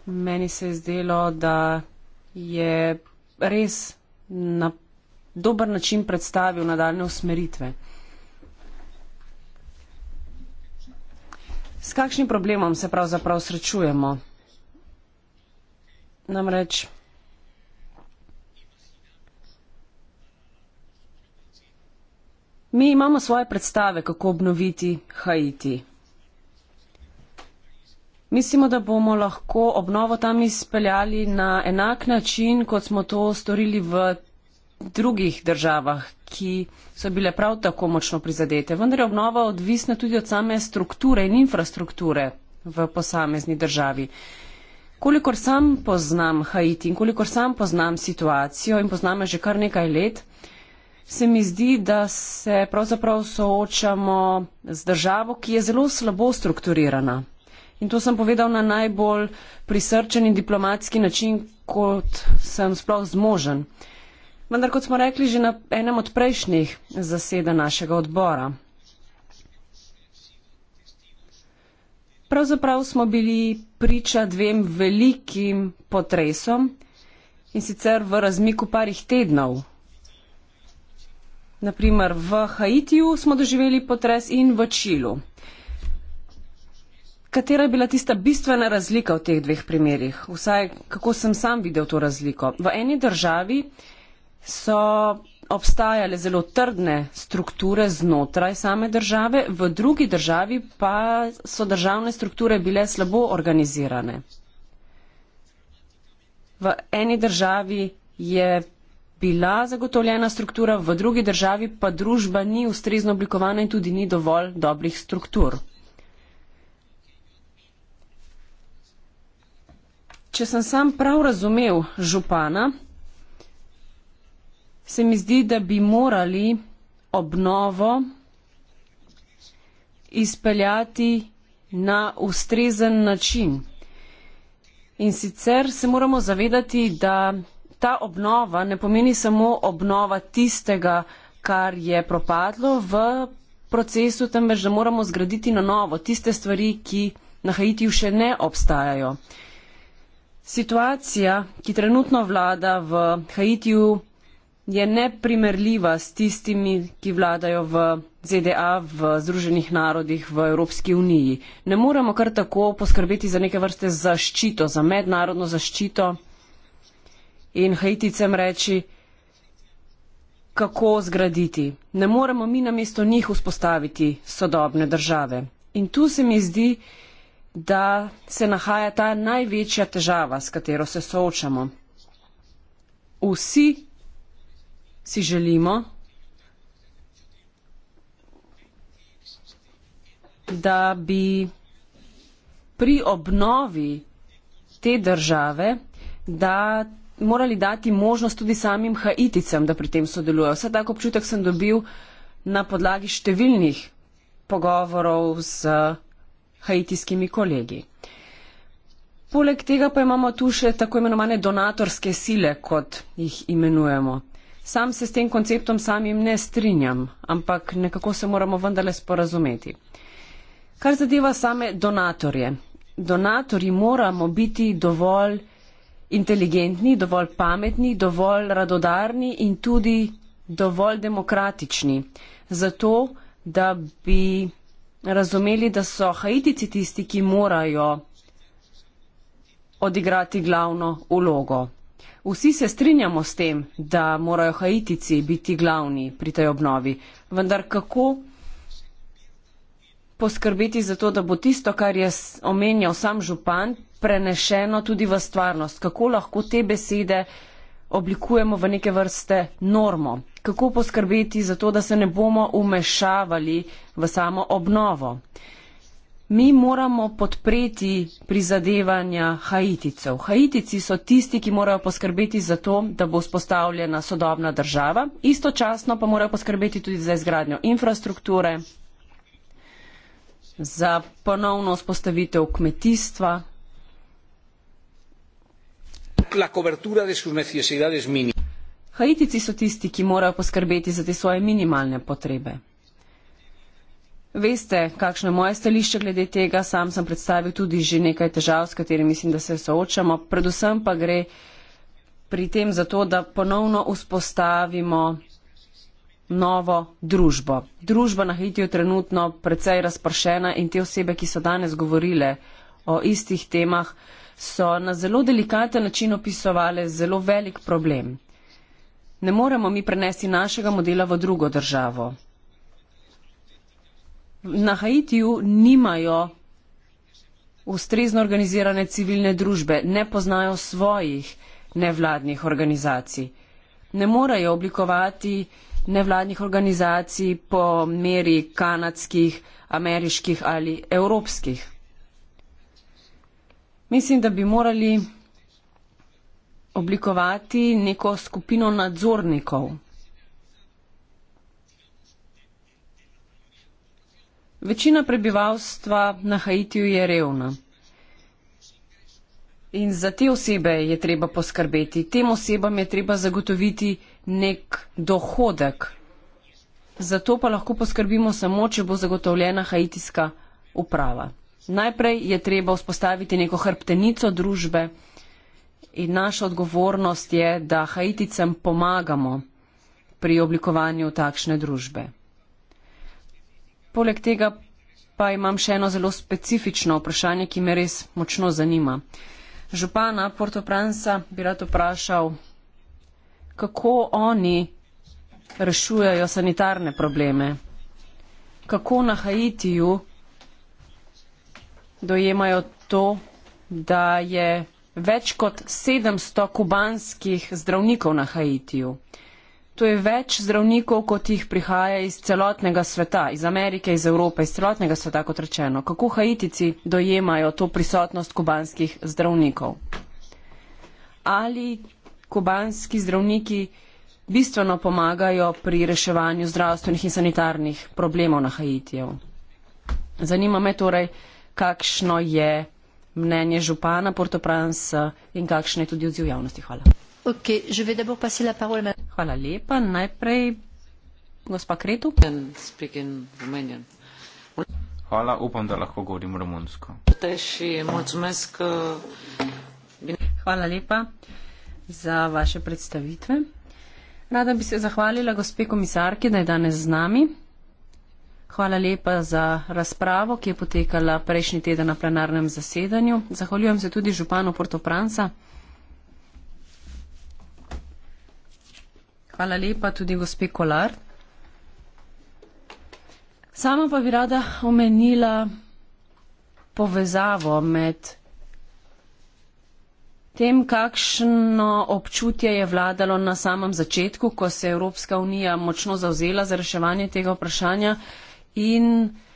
Meni se je zdelo, da je res na dober način predstavil nadaljne usmeritve. S kakšnim problemom se pravzaprav srečujemo? Namreč mi imamo svoje predstave, kako obnoviti Haiti. Mislimo, da bomo lahko obnovo tam izpeljali na enak način, kot smo to storili v drugih državah, ki so bile prav tako močno prizadete. Vendar je obnova odvisna tudi od same strukture in infrastrukture v posamezni državi. Kolikor sam poznam Haiti in kolikor sam poznam situacijo in poznam jo že kar nekaj let, se mi zdi, da se pravzaprav soočamo z državo, ki je zelo slabo strukturirana. In to sem povedal na najbolj prisrčen in diplomatski način, kot sem sploh zmožen. Vendar, kot smo rekli že na enem od prejšnjih zaseda našega odbora. Pravzaprav smo bili priča dvem velikim potresom in sicer v razmiku parih tednov. Naprimer, v Haitiju smo doživeli potres in v Čilu. Katera je bila tista bistvena razlika v teh dveh primerjih? Vsaj kako sem sam videl to razliko? V eni državi so obstajale zelo trdne strukture znotraj same države, v drugi državi pa so državne strukture bile slabo organizirane. V eni državi je bila zagotovljena struktura, v drugi državi pa družba ni ustrezno oblikovana in tudi ni dovolj dobrih struktur. Če sem sam prav razumel župana, se mi zdi, da bi morali obnovo izpeljati na ustrezen način. In sicer se moramo zavedati, da ta obnova ne pomeni samo obnova tistega, kar je propadlo v procesu, temveč da moramo zgraditi na novo tiste stvari, ki na Haitiju še ne obstajajo. Situacija, ki trenutno vlada v Haitiju, je neprimerljiva s tistimi, ki vladajo v ZDA, v Združenih narodih, v Evropski uniji. Ne moremo kar tako poskrbeti za neke vrste zaščito, za mednarodno zaščito in Haiticem reči, kako zgraditi. Ne moremo mi na mesto njih vzpostaviti sodobne države. In tu se mi zdi, da se nahaja ta največja težava, s katero se soočamo. Vsi si želimo, da bi pri obnovi te države da morali dati možnost tudi samim Haiticam, da pri tem sodelujejo. Vse tako občutek sem dobil na podlagi številnih pogovorov z haitijskimi kolegi. Poleg tega pa imamo tu še tako imenovane donatorske sile, kot jih imenujemo. Sam se s tem konceptom samim ne strinjam, ampak nekako se moramo vendarle sporazumeti. Kar zadeva same donatorje. Donatori moramo biti dovolj inteligentni, dovolj pametni, dovolj radodarni in tudi dovolj demokratični, zato da bi razumeli, da so haitici tisti, ki morajo odigrati glavno ulogo Vsi se strinjamo s tem, da morajo Haitici biti glavni pri tej obnovi, vendar kako poskrbeti za to, da bo tisto, kar je omenjal sam župan, prenešeno tudi v stvarnost? Kako lahko te besede oblikujemo v neke vrste normo? Kako poskrbeti za to, da se ne bomo umešavali v samo obnovo? mi moramo podpreti prizadevanja Haiticev. Haitici so tisti, ki morajo poskrbeti za to, da bo vzpostavljena sodobna država, istočasno pa morajo poskrbeti tudi za izgradnjo infrastrukture, za ponovno vzpostavitev kmetijstva. Haitici so tisti, ki morajo poskrbeti za te svoje minimalne potrebe. Veste, kakšno je moje stališče glede tega, sam sem predstavil tudi že nekaj težav, s katerimi mislim, da se soočamo. Predvsem pa gre pri tem za to, da ponovno vzpostavimo novo družbo. Družba na Haitiju je trenutno precej razpršena in te osebe, ki so danes govorile o istih temah, so na zelo delikaten način opisovali zelo velik problem. Ne moremo mi prenesti našega modela v drugo državo na Haitiju nimajo ustrezno organizirane civilne družbe, ne poznajo svojih nevladnih organizacij. Ne morajo oblikovati nevladnih organizacij po meri kanadskih, ameriških ali evropskih. Mislim, da bi morali oblikovati neko skupino nadzornikov Večina prebivalstva na Haitiju je revna. In za te osebe je treba poskrbeti. Tem osebam je treba zagotoviti nek dohodek. Zato pa lahko poskrbimo samo, če bo zagotovljena haitijska uprava. Najprej je treba vzpostaviti neko hrbtenico družbe in naša odgovornost je, da haiticem pomagamo pri oblikovanju takšne družbe. Poleg tega pa imam še eno zelo specifično vprašanje, ki me res močno zanima. Župana Porto Pransa bi rad vprašal, kako oni rešujejo sanitarne probleme, kako na Haitiju dojemajo to, da je več kot 700 kubanskih zdravnikov na Haitiju. To je več zdravnikov, kot jih prihaja iz celotnega sveta, iz Amerike, iz Evrope, iz celotnega sveta, kot rečeno. Kako Haitici dojemajo to prisotnost kubanskih zdravnikov? Ali kubanski zdravniki bistveno pomagajo pri reševanju zdravstvenih in sanitarnih problemov na Haitiju? Zanima me torej, kakšno je mnenje župana Portopransa in kakšen je tudi odziv javnosti. Hvala. Hvala lepa. Najprej gospa Kretu. Hvala, upam, da lahko govorim romunsko. Hvala lepa za vaše predstavitve. Rada bi se zahvalila gospe komisarki, da je danes z nami. Hvala lepa za razpravo, ki je potekala prejšnji teden na plenarnem zasedanju. Zahvaljujem se tudi županu Portopransa. Hvala lepa tudi gospe Kolar. Sama pa bi rada omenila povezavo med tem, kakšno občutje je vladalo na samem začetku, ko se je Evropska unija močno zauzela za reševanje tega vprašanja in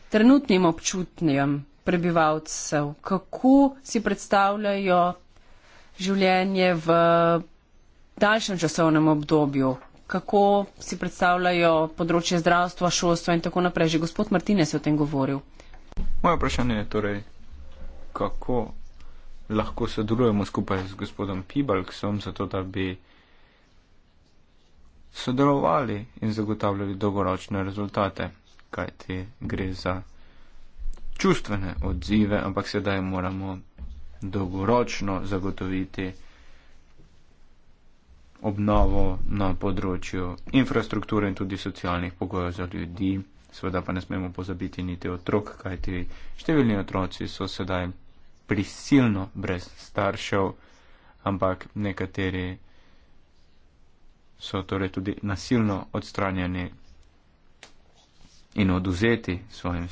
trenutnim občutnjem prebivalcev, kako si predstavljajo življenje v daljšem časovnem obdobju, kako si predstavljajo področje zdravstva, šolstva in tako naprej. Že gospod Martinez je o tem govoril. Moje vprašanje je torej, kako lahko sodelujemo skupaj z gospodom Pibalksom, zato da bi sodelovali in zagotavljali dolgoročne rezultate, kajti gre za čustvene odzive, ampak sedaj moramo dolgoročno zagotoviti obnovo na področju infrastrukture in tudi socialnih pogojev za ljudi. Sveda pa ne smemo pozabiti niti otrok, kajti številni otroci so sedaj prisilno brez staršev, ampak nekateri so torej tudi nasilno odstranjeni in oduzeti svojim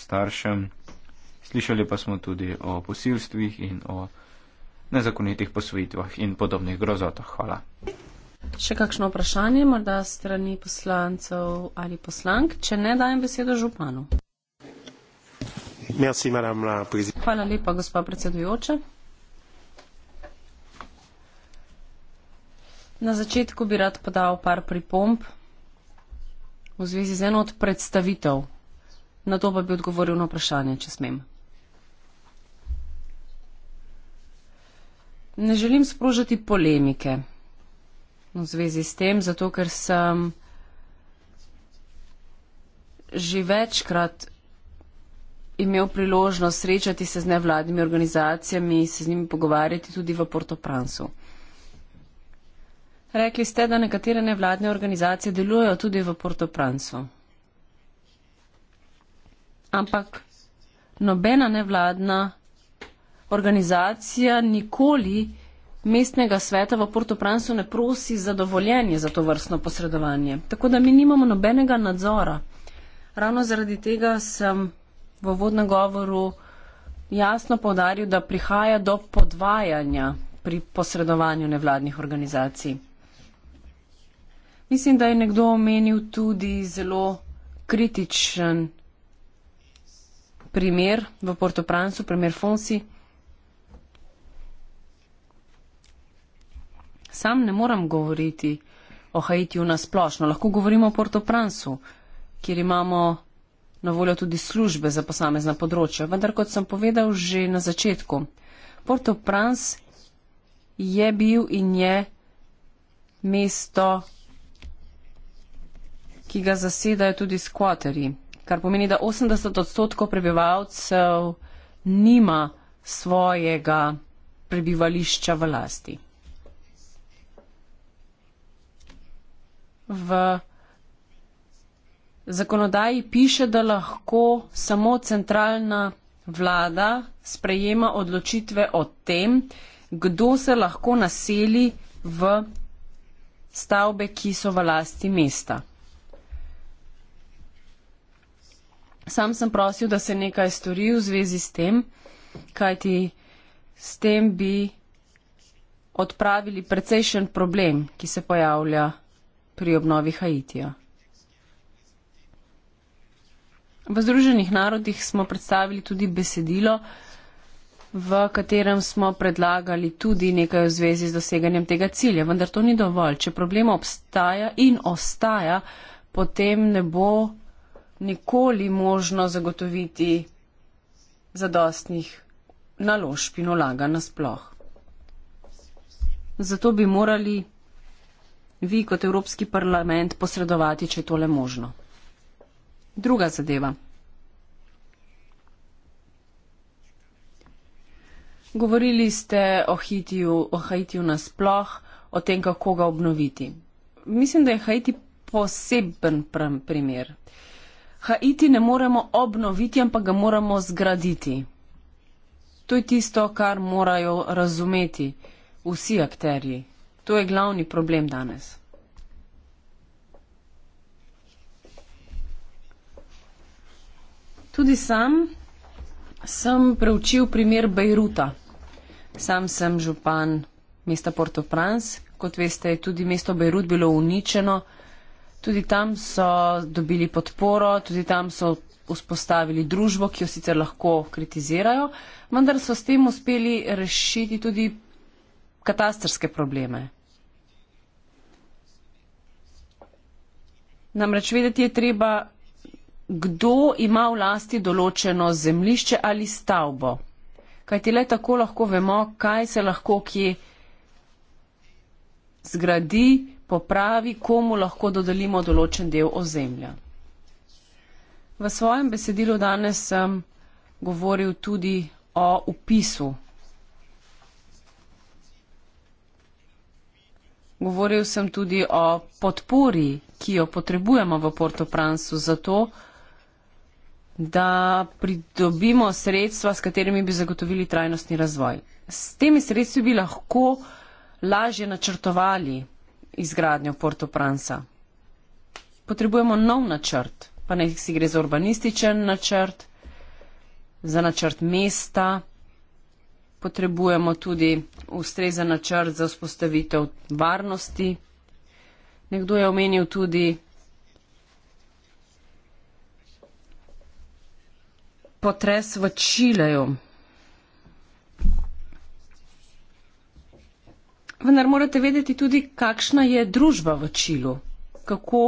staršem. Slišali pa smo tudi o posilstvih in o nezakonitih posvojitvah in podobnih grozotah. Hvala. Še kakšno vprašanje, morda strani poslancev ali poslank, če ne dajem besedo županu? Hvala lepa, gospa predsedujoča. Na začetku bi rad podal par pripomb v zvezi z eno od predstavitev. Na to pa bi odgovoril na vprašanje, če smem. ne želim sprožati polemike v zvezi s tem, zato ker sem že večkrat imel priložnost srečati se z nevladnimi organizacijami in se z njimi pogovarjati tudi v Portopransu. Rekli ste, da nekatere nevladne organizacije delujejo tudi v Portopransu. Ampak nobena nevladna organizacija nikoli mestnega sveta v Portopransu ne prosi za dovoljenje za to vrstno posredovanje. Tako da mi nimamo nobenega nadzora. Ravno zaradi tega sem v vodnem govoru jasno povdaril, da prihaja do podvajanja pri posredovanju nevladnih organizacij. Mislim, da je nekdo omenil tudi zelo kritičen primer v Portoprancu, primer Fonsi. Sam ne morem govoriti o Haitiju na splošno, lahko govorimo o Portopransu, kjer imamo na voljo tudi službe za posamezna področja. Vendar, kot sem povedal že na začetku, Portoprans je bil in je mesto, ki ga zasedajo tudi skvaterji, kar pomeni, da 80 odstotkov prebivalcev nima svojega prebivališča v lasti. v zakonodaji piše, da lahko samo centralna vlada sprejema odločitve o tem, kdo se lahko naseli v stavbe, ki so v lasti mesta. Sam sem prosil, da se nekaj stori v zvezi s tem, kajti s tem bi odpravili precejšen problem, ki se pojavlja pri obnovi Haitija. V Združenih narodih smo predstavili tudi besedilo, v katerem smo predlagali tudi nekaj v zvezi z doseganjem tega cilja, vendar to ni dovolj. Če problem obstaja in ostaja, potem ne bo nikoli možno zagotoviti zadostnih naložb in olaga nasploh. Zato bi morali vi kot Evropski parlament posredovati, če je tole možno. Druga zadeva. Govorili ste o Haitiju, o Haitiju nasploh, o tem, kako ga obnoviti. Mislim, da je Haiti poseben primer. Haiti ne moremo obnoviti, ampak ga moramo zgraditi. To je tisto, kar morajo razumeti vsi akterji. To je glavni problem danes. Tudi sam sem preučil primer Bejruta. Sam sem župan mesta Port-au-Prince. Kot veste, je tudi mesto Bejrut bilo uničeno. Tudi tam so dobili podporo, tudi tam so vzpostavili družbo, ki jo sicer lahko kritizirajo, vendar so s tem uspeli rešiti tudi katastrske probleme. Namreč vedeti je treba, kdo ima v lasti določeno zemljišče ali stavbo. Kaj ti le tako lahko vemo, kaj se lahko kje zgradi, popravi, komu lahko dodelimo določen del ozemlja. V svojem besedilu danes sem govoril tudi o upisu. Govoril sem tudi o podpori ki jo potrebujemo v Portofransu za to, da pridobimo sredstva, s katerimi bi zagotovili trajnostni razvoj. S temi sredstvi bi lahko lažje načrtovali izgradnjo Portofransa. Potrebujemo nov načrt, pa ne si gre za urbanističen načrt, za načrt mesta. Potrebujemo tudi ustrezen načrt za vzpostavitev varnosti Nekdo je omenil tudi potres v Čileju. Vendar morate vedeti tudi, kakšna je družba v Čilu, kako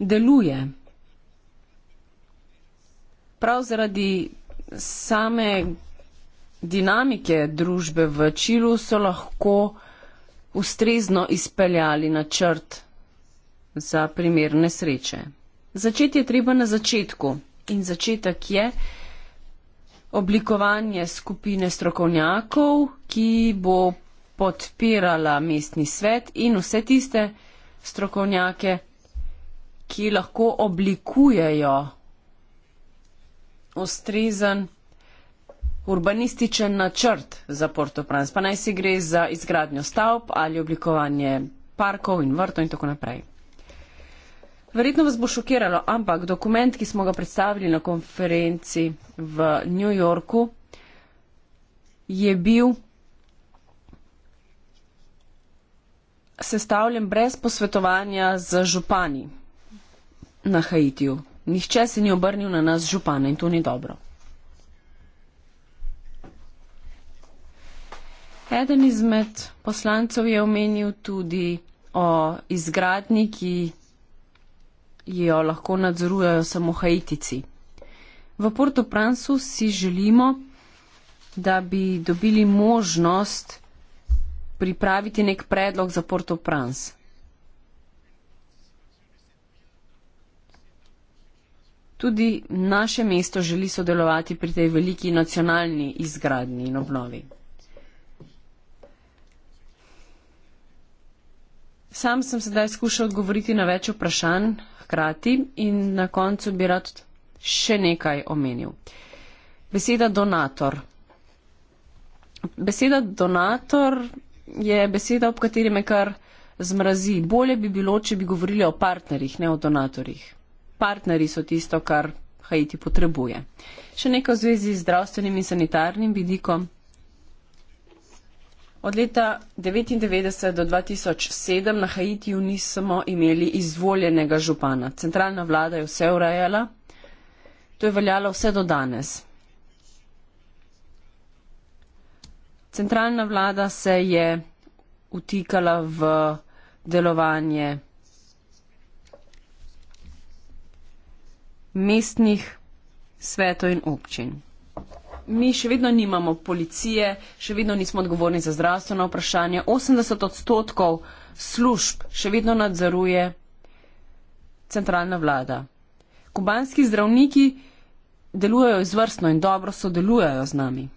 deluje. Prav zaradi same dinamike družbe v Čilu so lahko ustrezno izpeljali načrt za primer nesreče. Začeti je treba na začetku in začetek je oblikovanje skupine strokovnjakov, ki bo podpirala mestni svet in vse tiste strokovnjake, ki lahko oblikujejo ustrezen urbanističen načrt za Portopranc, pa naj si gre za izgradnjo stavb ali oblikovanje parkov in vrtov in tako naprej. Verjetno vas bo šokiralo, ampak dokument, ki smo ga predstavili na konferenci v New Yorku, je bil sestavljen brez posvetovanja z župani na Haitiju. Nihče se ni obrnil na nas župane in to ni dobro. Eden izmed poslancev je omenil tudi o izgradni, ki jo lahko nadzorujejo samo haitici. V Porto Pransu si želimo, da bi dobili možnost pripraviti nek predlog za Porto Prans. Tudi naše mesto želi sodelovati pri tej veliki nacionalni izgradnji in obnovi. Sam sem sedaj skušal odgovoriti na več vprašanj hkrati in na koncu bi rad še nekaj omenil. Beseda donator. Beseda donator je beseda, ob kateri me kar zmrazi. Bolje bi bilo, če bi govorili o partnerjih, ne o donatorjih. Partneri so tisto, kar Haiti potrebuje. Še nekaj v zvezi z zdravstvenim in sanitarnim vidikom. Od leta 1999 do 2007 na Haitiju nismo imeli izvoljenega župana. Centralna vlada je vse urejala. To je veljalo vse do danes. Centralna vlada se je utikala v delovanje mestnih svetov in občin mi še vedno nimamo policije, še vedno nismo odgovorni za zdravstveno vprašanje. 80 odstotkov služb še vedno nadzoruje centralna vlada. Kubanski zdravniki delujejo izvrstno in dobro sodelujejo z nami.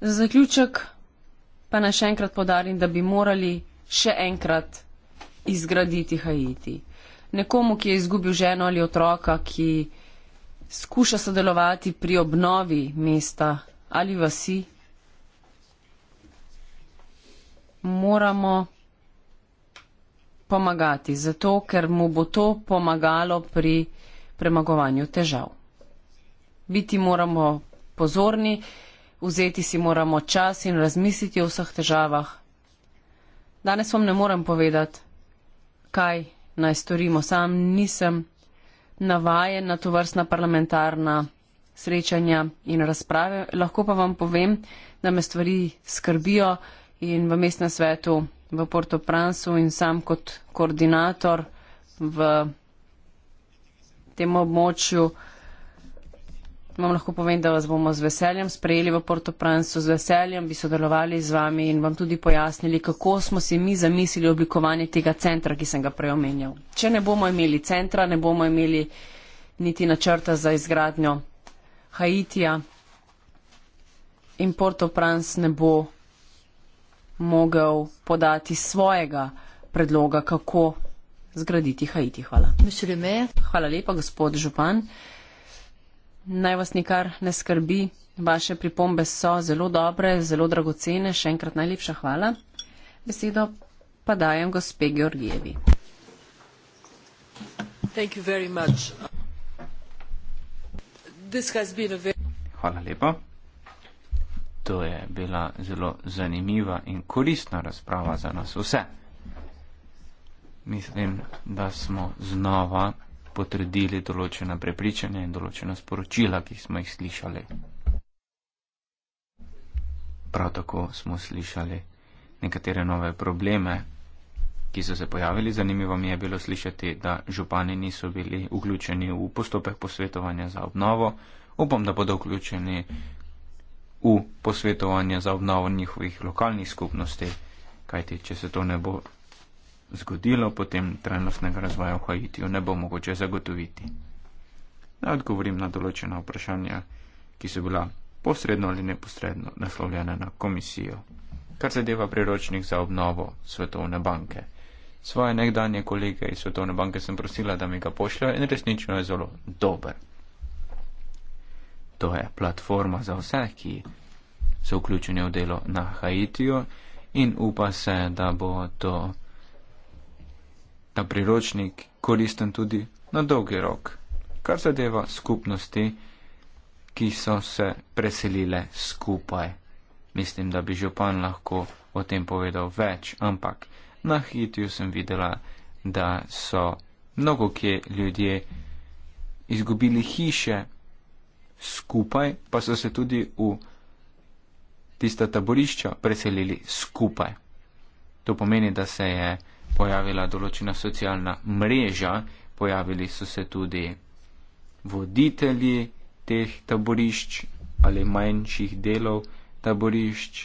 Za zaključek pa naj še enkrat podarim, da bi morali še enkrat izgraditi Haiti nekomu, ki je izgubil ženo ali otroka, ki skuša sodelovati pri obnovi mesta ali vasi, moramo pomagati, zato ker mu bo to pomagalo pri premagovanju težav. Biti moramo pozorni, vzeti si moramo čas in razmisliti o vseh težavah. Danes vam ne morem povedati, kaj naj storimo. Sam nisem navajen na to vrstna parlamentarna srečanja in razprave. Lahko pa vam povem, da me stvari skrbijo in v mestnem svetu v Porto Pransu in sam kot koordinator v tem območju uh, vam lahko povem, da vas bomo z veseljem sprejeli v Porto Prancu, z veseljem bi sodelovali z vami in vam tudi pojasnili, kako smo si mi zamislili oblikovanje tega centra, ki sem ga preomenjal. Če ne bomo imeli centra, ne bomo imeli niti načrta za izgradnjo Haitija in Porto Pranc ne bo mogel podati svojega predloga, kako zgraditi Haiti. Hvala. Hvala lepa, gospod Župan. Naj vas nikar ne skrbi, vaše pripombe so zelo dobre, zelo dragocene. Še enkrat najlepša hvala. Besedo pa dajem gospe Georgijevi. Hvala lepa. To je bila zelo zanimiva in koristna razprava za nas vse. Mislim, da smo znova potrdili določena prepričanja in določena sporočila, ki smo jih slišali. Prav tako smo slišali nekatere nove probleme, ki so se pojavili. Zanimivo mi je bilo slišati, da župani niso bili vključeni v postopek posvetovanja za obnovo. Upam, da bodo vključeni v posvetovanje za obnovo njihovih lokalnih skupnosti, kajti če se to ne bo zgodilo, potem trenutnega razvoja v Haitiju ne bo mogoče zagotoviti. Naj odgovorim na določena vprašanja, ki so bila posredno ali neposredno naslovljena na komisijo. Kar zadeva priročnik za obnovo Svetovne banke. Svoje nekdanje kolege iz Svetovne banke sem prosila, da mi ga pošljajo in resnično je zelo dober. To je platforma za vse, ki so vključeni v delo na Haitiju in upa se, da bo to ta priročnik koristen tudi na dolgi rok, kar zadeva skupnosti, ki so se preselile skupaj. Mislim, da bi župan lahko o tem povedal več, ampak na hitju sem videla, da so mnogo kje ljudje izgubili hiše skupaj, pa so se tudi v tista taborišča preselili skupaj. To pomeni, da se je pojavila določena socialna mreža, pojavili so se tudi voditelji teh taborišč ali manjših delov taborišč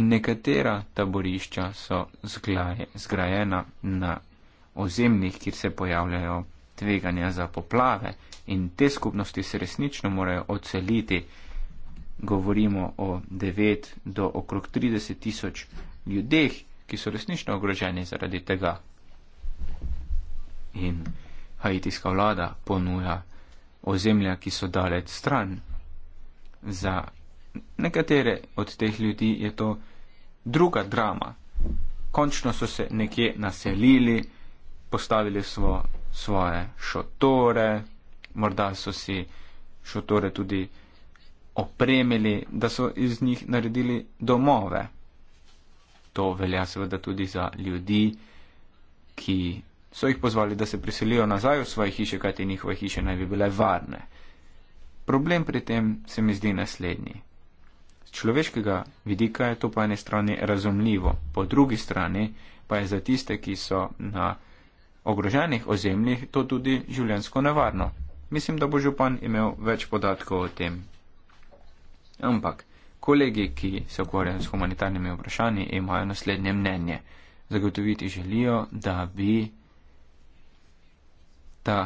in nekatera taborišča so zgrajena na ozemnih, kjer se pojavljajo tveganja za poplave in te skupnosti se resnično morajo oceliti. Govorimo o 9 do okrog 30 tisoč ljudeh, ki so resnično ogroženi zaradi tega. In haitijska vlada ponuja ozemlja, ki so daleč stran. Za nekatere od teh ljudi je to druga drama. Končno so se nekje naselili, postavili svo, svoje šotore, morda so si šotore tudi opremili, da so iz njih naredili domove to velja seveda tudi za ljudi, ki so jih pozvali, da se priselijo nazaj v svoje hiše, kajti njihove hiše naj bi bile varne. Problem pri tem se mi zdi naslednji. Z človeškega vidika je to po eni strani razumljivo, po drugi strani pa je za tiste, ki so na ogroženih ozemljih, to tudi življensko nevarno. Mislim, da bo župan imel več podatkov o tem. Ampak, Kolegi, ki se ukvarjajo s humanitarnimi vprašanji, imajo naslednje mnenje. Zagotoviti želijo, da bi ta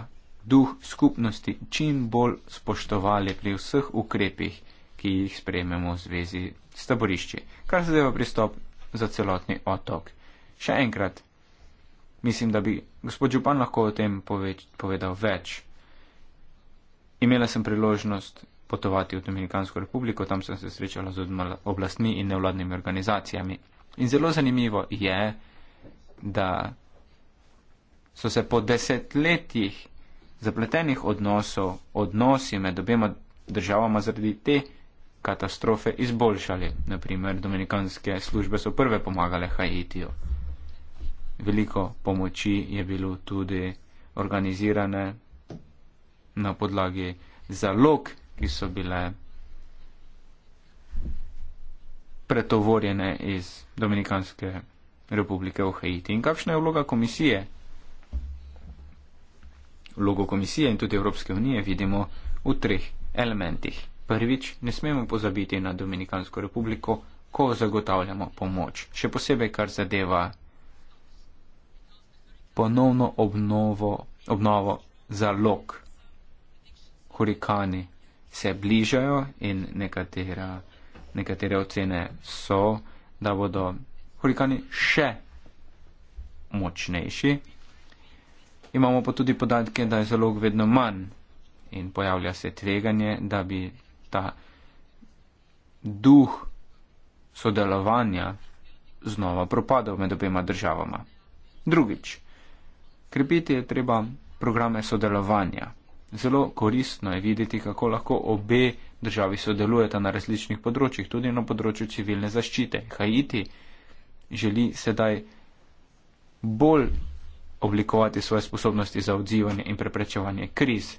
duh skupnosti čim bolj spoštovali pri vseh ukrepih, ki jih sprejmemo v zvezi s taborišči, kar se zdaj pristop za celotni otok. Še enkrat, mislim, da bi gospod Župan lahko o tem poveč, povedal več. Imela sem priložnost potovati v Dominikansko republiko, tam sem se srečala z oblastmi in nevladnimi organizacijami. In zelo zanimivo je, da so se po desetletjih zapletenih odnosov odnosi med obema državama zaradi te katastrofe izboljšali. Naprimer, dominikanske službe so prve pomagale Haitiju. Veliko pomoči je bilo tudi organizirane na podlagi zalog ki so bile pretovorjene iz Dominikanske republike v Haiti. In kakšna je vloga komisije? Vlogo komisije in tudi Evropske unije vidimo v treh elementih. Prvič, ne smemo pozabiti na Dominikansko republiko, ko zagotavljamo pomoč. Še posebej, kar zadeva ponovno obnovo, obnovo zalog, hurikani, se bližajo in nekatera, nekatere ocene so, da bodo hurikani še močnejši. Imamo pa tudi podatke, da je zalog vedno manj in pojavlja se tveganje, da bi ta duh sodelovanja znova propadel med obema državama. Drugič, krepiti je treba programe sodelovanja. Zelo koristno je videti, kako lahko obe državi sodelujeta na različnih področjih, tudi na področju civilne zaščite. Haiti želi sedaj bolj oblikovati svoje sposobnosti za odzivanje in preprečevanje kriz,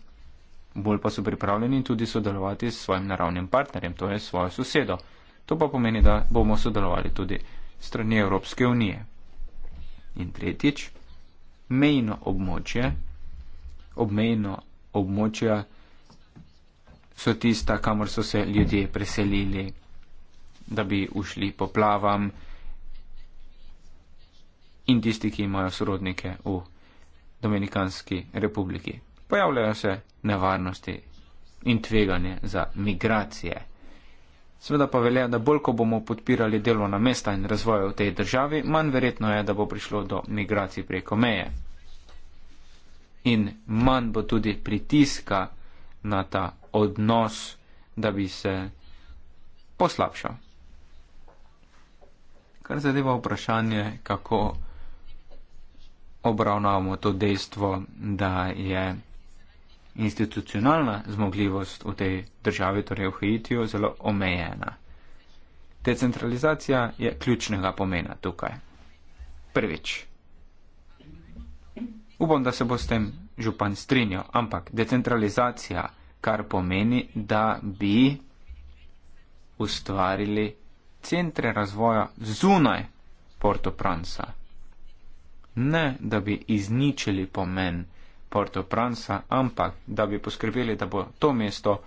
bolj pa so pripravljeni tudi sodelovati s svojim naravnim partnerjem, to je svojo sosedo. To pa pomeni, da bomo sodelovali tudi strani Evropske unije. In tretjič, mejno območje, obmejno območja so tista, kamor so se ljudje preselili, da bi ušli poplavam in tisti, ki imajo sorodnike v Dominikanski republiki. Pojavljajo se nevarnosti in tveganje za migracije. Sveda pa velja, da bolj, ko bomo podpirali delovna mesta in razvoj v tej državi, manj verjetno je, da bo prišlo do migracij preko meje in manj bo tudi pritiska na ta odnos, da bi se poslabšal. Kar zadeva vprašanje, kako obravnavamo to dejstvo, da je institucionalna zmogljivost v tej državi, torej v Haitiju, zelo omejena. Decentralizacija je ključnega pomena tukaj. Prvič, Upam, da se bo s tem župan strinjal, ampak decentralizacija, kar pomeni, da bi ustvarili centre razvoja zunaj Porto Pransa. Ne, da bi izničili pomen Porto Pransa, ampak da bi poskrbeli, da bo to mesto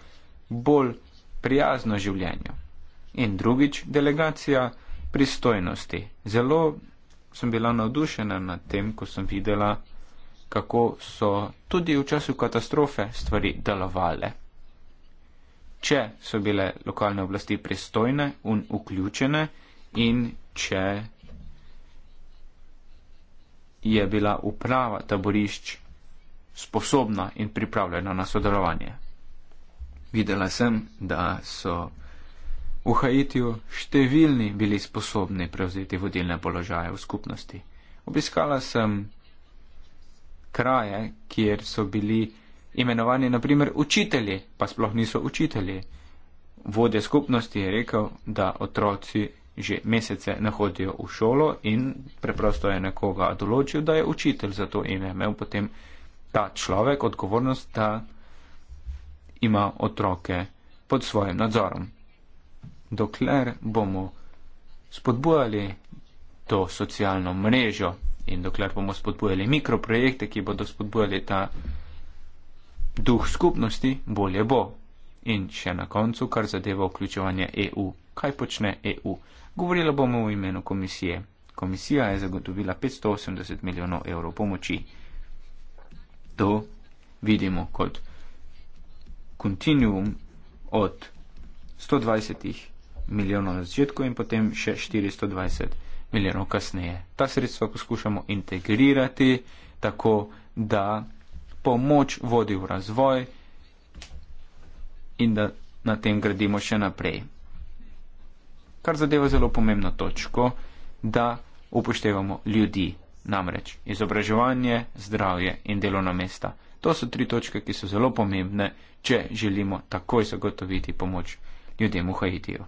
bolj prijazno življenju. In drugič, delegacija pristojnosti. Zelo sem bila navdušena nad tem, ko sem videla kako so tudi v času katastrofe stvari delovale. Če so bile lokalne oblasti pristojne in vključene in če je bila uprava taborišč sposobna in pripravljena na sodelovanje. Videla sem, da so v Haitiju številni bili sposobni prevzeti vodilne položaje v skupnosti. Obiskala sem kraje, kjer so bili imenovani, naprimer, učitelji, pa sploh niso učitelji. Vode skupnosti je rekel, da otroci že mesece ne hodijo v šolo in preprosto je nekoga določil, da je učitelj za to in je imel potem ta človek odgovornost, da ima otroke pod svojim nadzorom. Dokler bomo spodbujali to socialno mrežo, In dokler bomo spodbujali mikroprojekte, ki bodo spodbujali ta duh skupnosti, bolje bo. In še na koncu, kar zadeva vključevanje EU. Kaj počne EU? Govorila bomo v imenu komisije. Komisija je zagotovila 580 milijonov evrov pomoči. To vidimo kot kontinuum od 120 milijonov na začetku in potem še 420 milijonov milijonov kasneje. Ta sredstva poskušamo integrirati tako, da pomoč vodi v razvoj in da na tem gradimo še naprej. Kar zadeva zelo pomembno točko, da upoštevamo ljudi, namreč izobraževanje, zdravje in delovna mesta. To so tri točke, ki so zelo pomembne, če želimo takoj zagotoviti pomoč ljudem v Haitiju.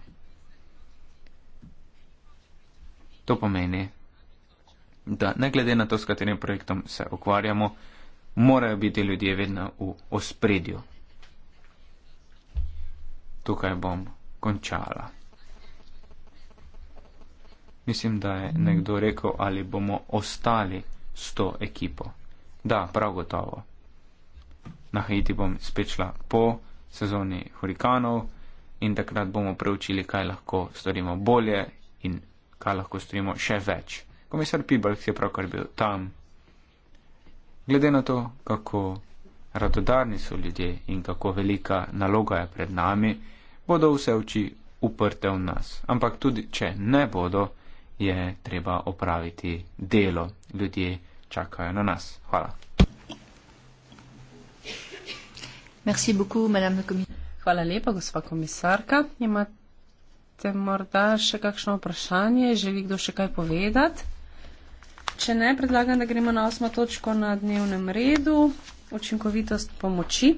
To pomeni, da ne glede na to, s katerim projektom se ukvarjamo, morajo biti ljudje vedno v ospredju. Tukaj bom končala. Mislim, da je nekdo rekel, ali bomo ostali s to ekipo. Da, prav gotovo. Na Haiti bom spet šla po sezoni hurikanov in takrat bomo preučili, kaj lahko storimo bolje in kaj lahko storimo še več. Komisar Pibalks je pravkar bil tam. Glede na to, kako radodarni so ljudje in kako velika naloga je pred nami, bodo vse oči uprte v nas. Ampak tudi, če ne bodo, je treba opraviti delo. Ljudje čakajo na nas. Hvala. Merci beaucoup, Madame la Commissaire. Hvala lepa, gospa komisarka. Imate imate morda še kakšno vprašanje, želi kdo še kaj povedati? Če ne, predlagam, da gremo na osmo točko na dnevnem redu. Učinkovitost pomoči.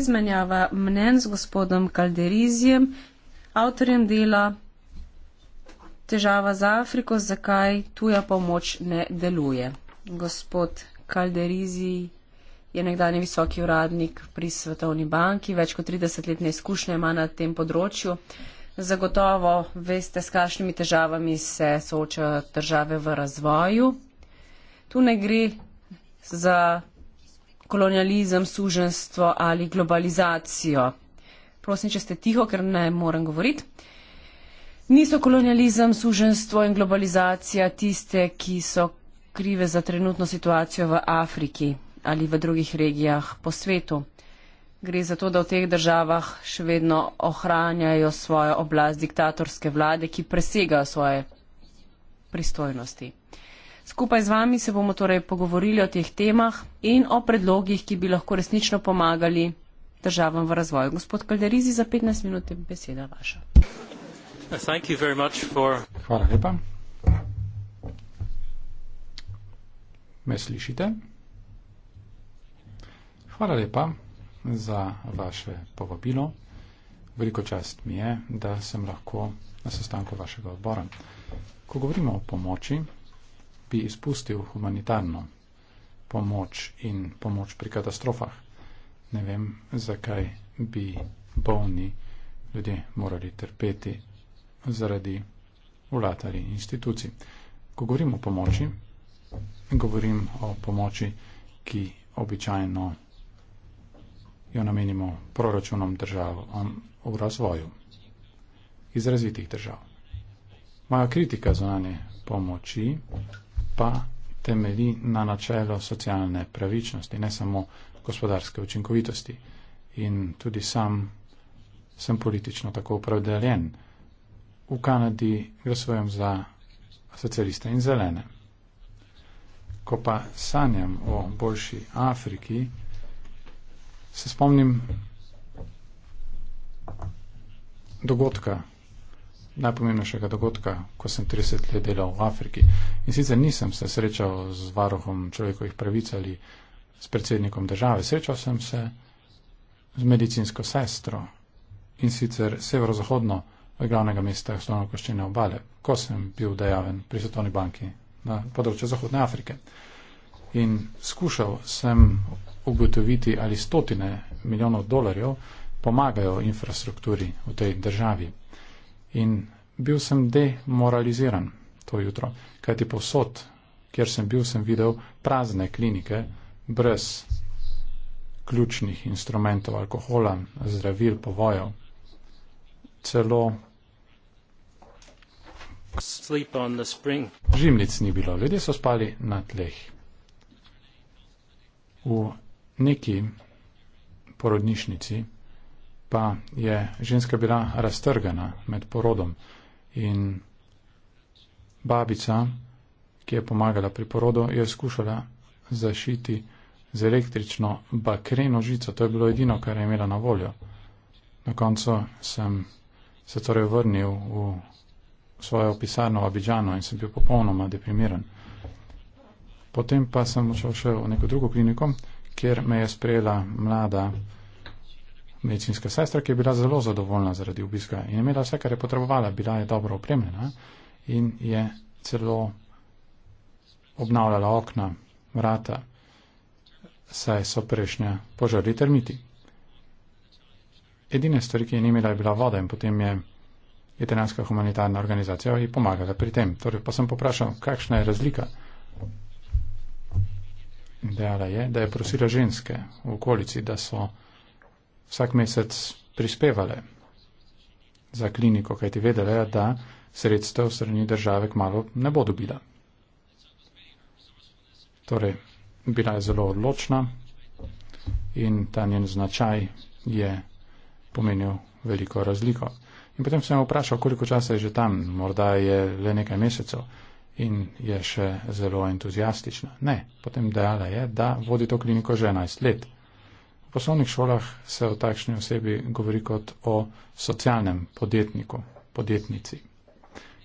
Izmenjava mnen z gospodom Kalderizijem, avtorjem dela Težava za Afriko, zakaj tuja pomoč ne deluje. Gospod Kalderizij je nekdanji visoki uradnik pri Svetovni banki, več kot 30 letne izkušnje ima na tem področju. Zagotovo veste, s kakšnimi težavami se soočajo države v razvoju. Tu ne gre za kolonializem, suženstvo ali globalizacijo. Prosim, če ste tiho, ker ne morem govoriti. Niso kolonializem, suženstvo in globalizacija tiste, ki so krive za trenutno situacijo v Afriki ali v drugih regijah po svetu. Gre za to, da v teh državah še vedno ohranjajo svojo oblast diktatorske vlade, ki presega svoje pristojnosti. Skupaj z vami se bomo torej pogovorili o teh temah in o predlogih, ki bi lahko resnično pomagali državam v razvoju. Gospod Kalderizi, za 15 minut je beseda vaša. For... Hvala lepa. Me slišite? Hvala lepa za vaše povabilo. Veliko čast mi je, da sem lahko na sestanku vašega odbora. Ko govorimo o pomoči, bi izpustil humanitarno pomoč in pomoč pri katastrofah. Ne vem, zakaj bi bolni ljudje morali trpeti zaradi vlatari institucij. Ko govorim o pomoči, govorim o pomoči, ki običajno jo namenimo proračunom držav um, v razvoju, iz razvitih držav. Moja kritika zvane pomoči pa temelji na načelo socialne pravičnosti, ne samo gospodarske učinkovitosti. In tudi sam sem politično tako upravdeljen. V Kanadi glasujem za socialiste in zelene. Ko pa sanjam o boljši Afriki, se spomnim dogodka, najpomembnejšega dogodka, ko sem 30 let delal v Afriki. In sicer nisem se srečal z varohom človekovih pravic ali s predsednikom države, srečal sem se z medicinsko sestro in sicer severozahodno od glavnega mesta Slovenko koščene obale, ko sem bil dejaven pri Svetovni banki na področju Zahodne Afrike. In skušal sem ugotoviti, ali stotine milijonov dolarjev pomagajo infrastrukturi v tej državi. In bil sem demoraliziran to jutro, kajti povsod, kjer sem bil, sem videl prazne klinike brez ključnih instrumentov, alkohola, zdravil, povojev. Celo žimnic ni bilo, ljudje so spali na tleh. V neki porodnišnici pa je ženska bila raztrgana med porodom in babica, ki je pomagala pri porodu, je skušala zašiti z električno bakreno žico. To je bilo edino, kar je imela na voljo. Na koncu sem se torej vrnil v svojo pisarno v Abidžano in sem bil popolnoma deprimiran. Potem pa sem šel še v neko drugo kliniko, kjer me je sprejela mlada medicinska sestra, ki je bila zelo zadovoljna zaradi obiska in imela vse, kar je potrebovala. Bila je dobro opremljena in je celo obnavljala okna, vrata, saj so prejšnja požarli termiti. Edine stvari, ki je imela, je bila voda in potem je italijanska humanitarna organizacija ji pomagala pri tem. Torej pa sem poprašal, kakšna je razlika dejala je, da je prosila ženske v okolici, da so vsak mesec prispevale za kliniko, kajti vedela je, da sredstev strani države kmalo ne bo dobila. Torej, bila je zelo odločna in ta njen značaj je pomenil veliko razliko. In potem sem jo vprašal, koliko časa je že tam, morda je le nekaj mesecev in je še zelo entuzijastična. Ne, potem dejala je, da vodi to kliniko že 11 let. V poslovnih šolah se o takšni osebi govori kot o socialnem podjetniku, podjetnici.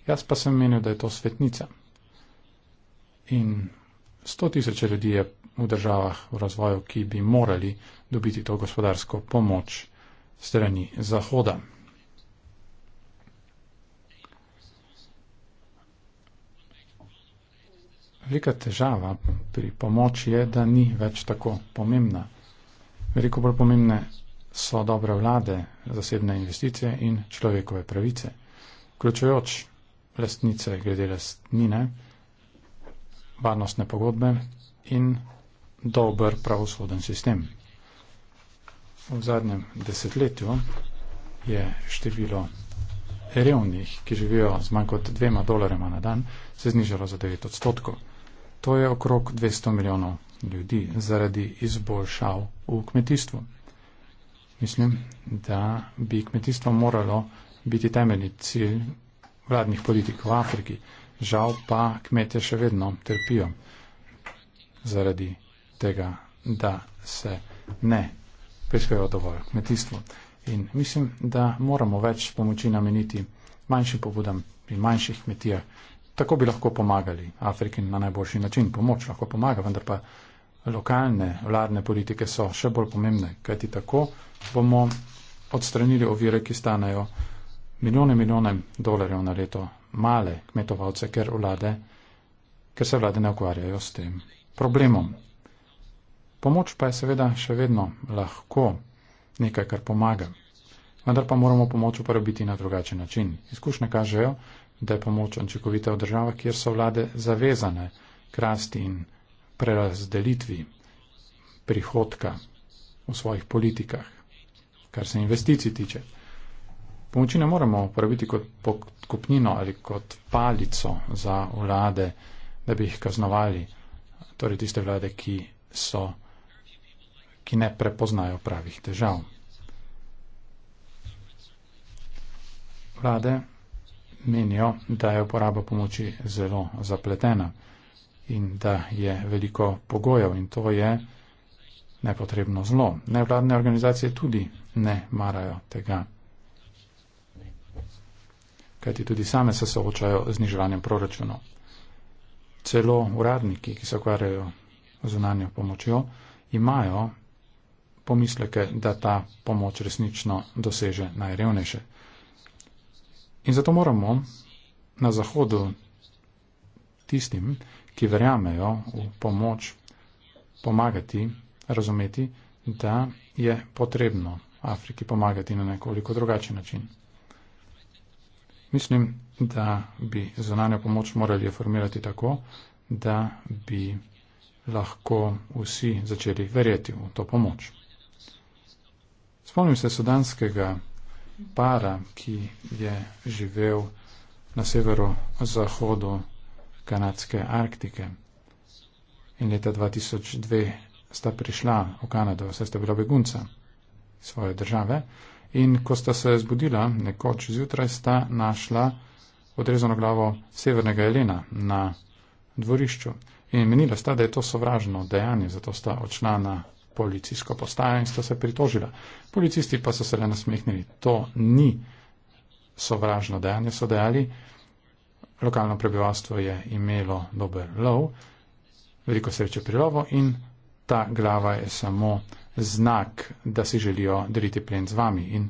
Jaz pa sem menil, da je to svetnica. In 100 tisoč ljudi je v državah v razvoju, ki bi morali dobiti to gospodarsko pomoč strani Zahoda. velika težava pri pomoči je, da ni več tako pomembna. Veliko bolj pomembne so dobre vlade, zasebne investicije in človekove pravice. Ključujoč lastnice glede lastnine, varnostne pogodbe in dober pravosoden sistem. V zadnjem desetletju je število revnih, ki živijo z manj kot dvema dolarema na dan, se znižalo za 9 odstotkov. To je okrog 200 milijonov ljudi zaradi izboljšav v kmetijstvu. Mislim, da bi kmetijstvo moralo biti temeljni cilj vladnih politik v Afriki. Žal pa kmetje še vedno trpijo zaradi tega, da se ne prispevajo dovolj kmetijstvu. In mislim, da moramo več pomoči nameniti manjšim pobudam in manjših kmetijah, tako bi lahko pomagali Afriki na najboljši način. Pomoč lahko pomaga, vendar pa lokalne vladne politike so še bolj pomembne, kajti tako bomo odstranili ovire, ki stanejo milijone in milijone dolarjev na leto male kmetovalce, ker, vlade, ker se vlade ne ukvarjajo s tem problemom. Pomoč pa je seveda še vedno lahko nekaj, kar pomaga. Vendar pa moramo pomoč uporabiti na drugačen način. Izkušnje kažejo, da je pomoč učinkovita v državah, kjer so vlade zavezane k rasti in prerazdelitvi prihodka v svojih politikah, kar se investicij tiče. Pomoči ne moramo uporabiti kot kupnino ali kot palico za vlade, da bi jih kaznovali, torej tiste vlade, ki, so, ki ne prepoznajo pravih težav. Vlade menijo, da je uporaba pomoči zelo zapletena in da je veliko pogojev in to je nepotrebno zlo. Nevladne organizacije tudi ne marajo tega. Kajti tudi same se soočajo z niževanjem proračuna. Celo uradniki, ki se ukvarjajo z unanjo pomočjo, imajo pomisleke, da ta pomoč resnično doseže najrevnejše. In zato moramo na Zahodu tistim, ki verjamejo v pomoč, pomagati, razumeti, da je potrebno Afriki pomagati na nekoliko drugačen način. Mislim, da bi zunanjo pomoč morali formirati tako, da bi lahko vsi začeli verjeti v to pomoč. Spomnim se sudanskega para, ki je živel na severozahodu kanadske Arktike. In leta 2002 sta prišla v Kanado, saj sta bila begunca svoje države. In ko sta se zbudila nekoč zjutraj, sta našla odrezano glavo severnega Elena na dvorišču. In menila sta, da je to sovražno dejanje, zato sta odšla na policijsko postajo in sta se pritožila. Policisti pa so se le nasmehnili. To ni sovražno dejanje, so dejali. Lokalno prebivalstvo je imelo dober lov, veliko sreče pri lovu in ta glava je samo znak, da si želijo deliti plen z vami. In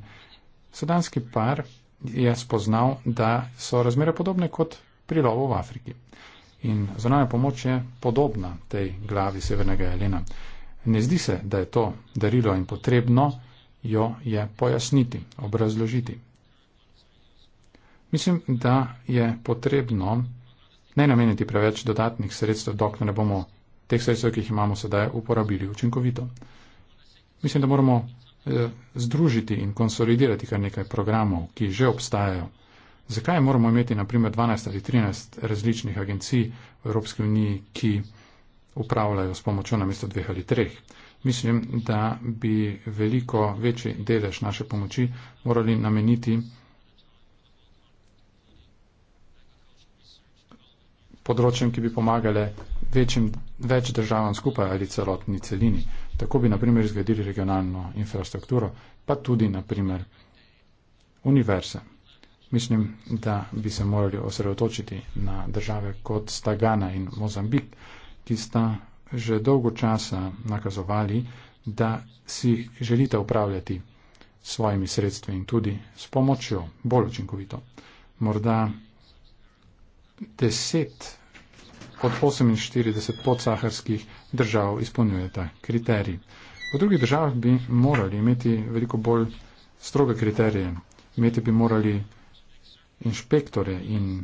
sudanski par je spoznal, da so razmere podobne kot pri lovu v Afriki. In zonalna pomoč je podobna tej glavi severnega jelena. Ne zdi se, da je to darilo in potrebno jo je pojasniti, obrazložiti. Mislim, da je potrebno ne nameniti preveč dodatnih sredstev, dokler ne bomo teh sredstev, ki jih imamo sedaj, uporabili učinkovito. Mislim, da moramo eh, združiti in konsolidirati kar nekaj programov, ki že obstajajo. Zakaj moramo imeti naprimer 12 ali 13 različnih agencij v Evropski uniji, ki upravljajo s pomočjo namesto dveh ali treh. Mislim, da bi veliko večji delež naše pomoči morali nameniti področjem, ki bi pomagale večjim, več državam skupaj ali celotni celini. Tako bi, naprimer, izgradili regionalno infrastrukturo, pa tudi, naprimer, univerze. Mislim, da bi se morali osredotočiti na države kot Stagana in Mozambik, ki sta že dolgo časa nakazovali, da si želite upravljati svojimi sredstvi in tudi s pomočjo bolj učinkovito. Morda 10 od 48 podsaharskih držav izpolnjujeta kriterij. V drugih državah bi morali imeti veliko bolj stroge kriterije. Imeti bi morali inšpektore in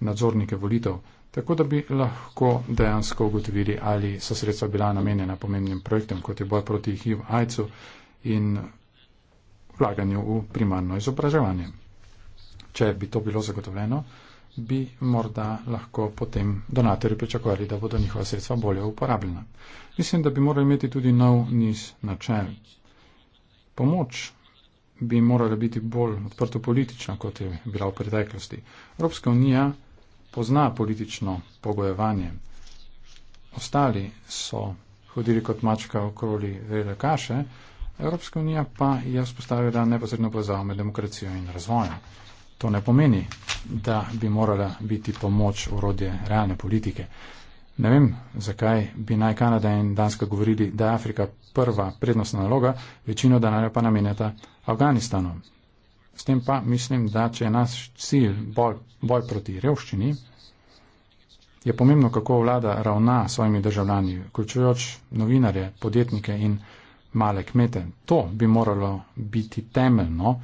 nadzornike volitev tako da bi lahko dejansko ugotovili, ali so sredstva bila namenjena pomembnim projektom, kot je boj proti HIV-AIDS-u in vlaganju v primarno izobraževanje. Če bi to bilo zagotovljeno, bi morda lahko potem donatorji pričakovali, da bodo njihova sredstva bolje uporabljena. Mislim, da bi morali imeti tudi nov niz načel. Pomoč bi morala biti bolj odprto politična, kot je bila v preteklosti. Evropska unija pozna politično pogojevanje. Ostali so hodili kot mačka okoli vele kaše, Evropska unija pa je vzpostavila neposredno povezavo med demokracijo in razvojem. To ne pomeni, da bi morala biti pomoč urodje realne politike. Ne vem, zakaj bi naj Kanada in Danska govorili, da je Afrika prva prednostna naloga, večino denarja pa namenjata Afganistanu. S tem pa mislim, da če je naš cilj boj, boj proti revščini, je pomembno, kako vlada ravna s svojimi državljani, vključujoč novinarje, podjetnike in male kmete. To bi moralo biti temeljno,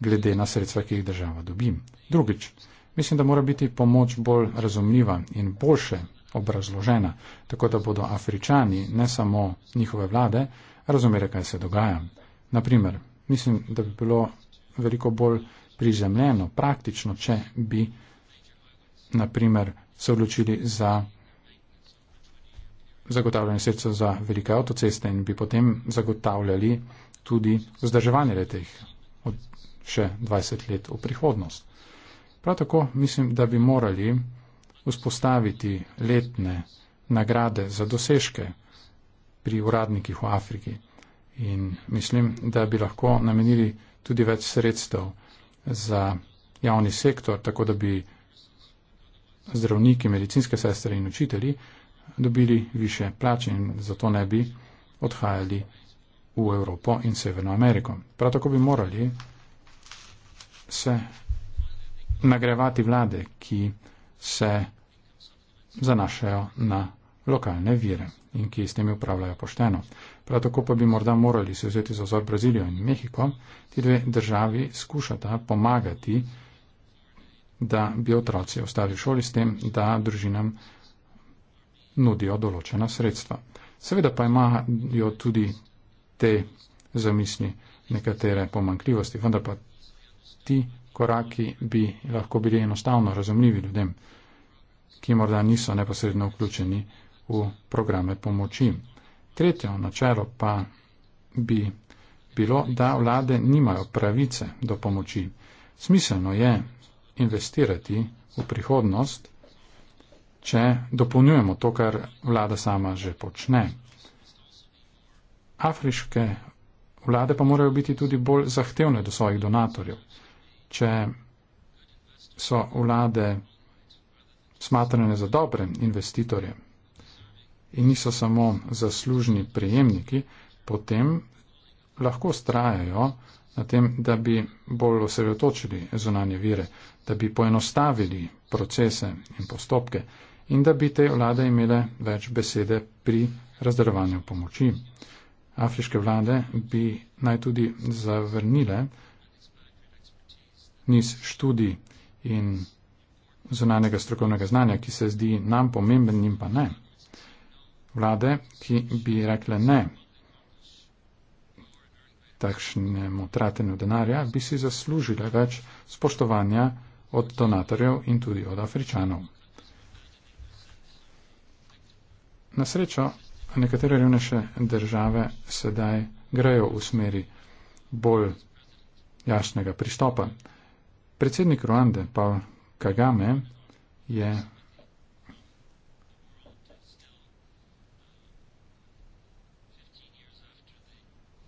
glede na sredstva, ki jih država dobi. Drugič, mislim, da mora biti pomoč bolj razumljiva in boljše obrazložena, tako da bodo Afričani, ne samo njihove vlade, razumeli, kaj se dogaja. Naprimer, mislim, da bi bilo veliko bolj prizemljeno, praktično, če bi naprimer se odločili za zagotavljanje sredstev za velike avtoceste in bi potem zagotavljali tudi vzdrževanje letih od še 20 let v prihodnost. Prav tako mislim, da bi morali vzpostaviti letne nagrade za dosežke pri uradnikih v Afriki in mislim, da bi lahko namenili tudi več sredstev za javni sektor, tako da bi zdravniki, medicinske sestre in učitelji dobili više plače in zato ne bi odhajali v Evropo in Severno Ameriko. Prav tako bi morali se nagrevati vlade, ki se zanašajo na lokalne vire in ki s temi upravljajo pošteno. Prav tako pa bi morda morali se vzeti za vzor Brazilijo in Mehiko. Ti dve državi skušata pomagati, da bi otroci ostali v šoli s tem, da družinam nudijo določena sredstva. Seveda pa imajo tudi te zamisli nekatere pomankljivosti, vendar pa ti koraki bi lahko bili enostavno razumljivi ljudem, ki morda niso neposredno vključeni v programe pomoči. Tretje načelo pa bi bilo, da vlade nimajo pravice do pomoči. Smiselno je investirati v prihodnost, če dopolnjujemo to, kar vlada sama že počne. Afriške vlade pa morajo biti tudi bolj zahtevne do svojih donatorjev. Če so vlade smatrane za dobre investitorje, in niso samo zaslužni prijemniki, potem lahko strajajo na tem, da bi bolj osredotočili zunanje vire, da bi poenostavili procese in postopke in da bi te vlade imele več besede pri razdelovanju pomoči. Afriške vlade bi naj tudi zavrnile niz študij in zunanjega strokovnega znanja, ki se zdi nam pomemben in pa ne vlade, ki bi rekle ne takšnemu tratenju denarja, bi si zaslužile več spoštovanja od donatorjev in tudi od afričanov. Na srečo, nekatere revnejše države sedaj grejo v smeri bolj jasnega pristopa. Predsednik Ruande Paul Kagame je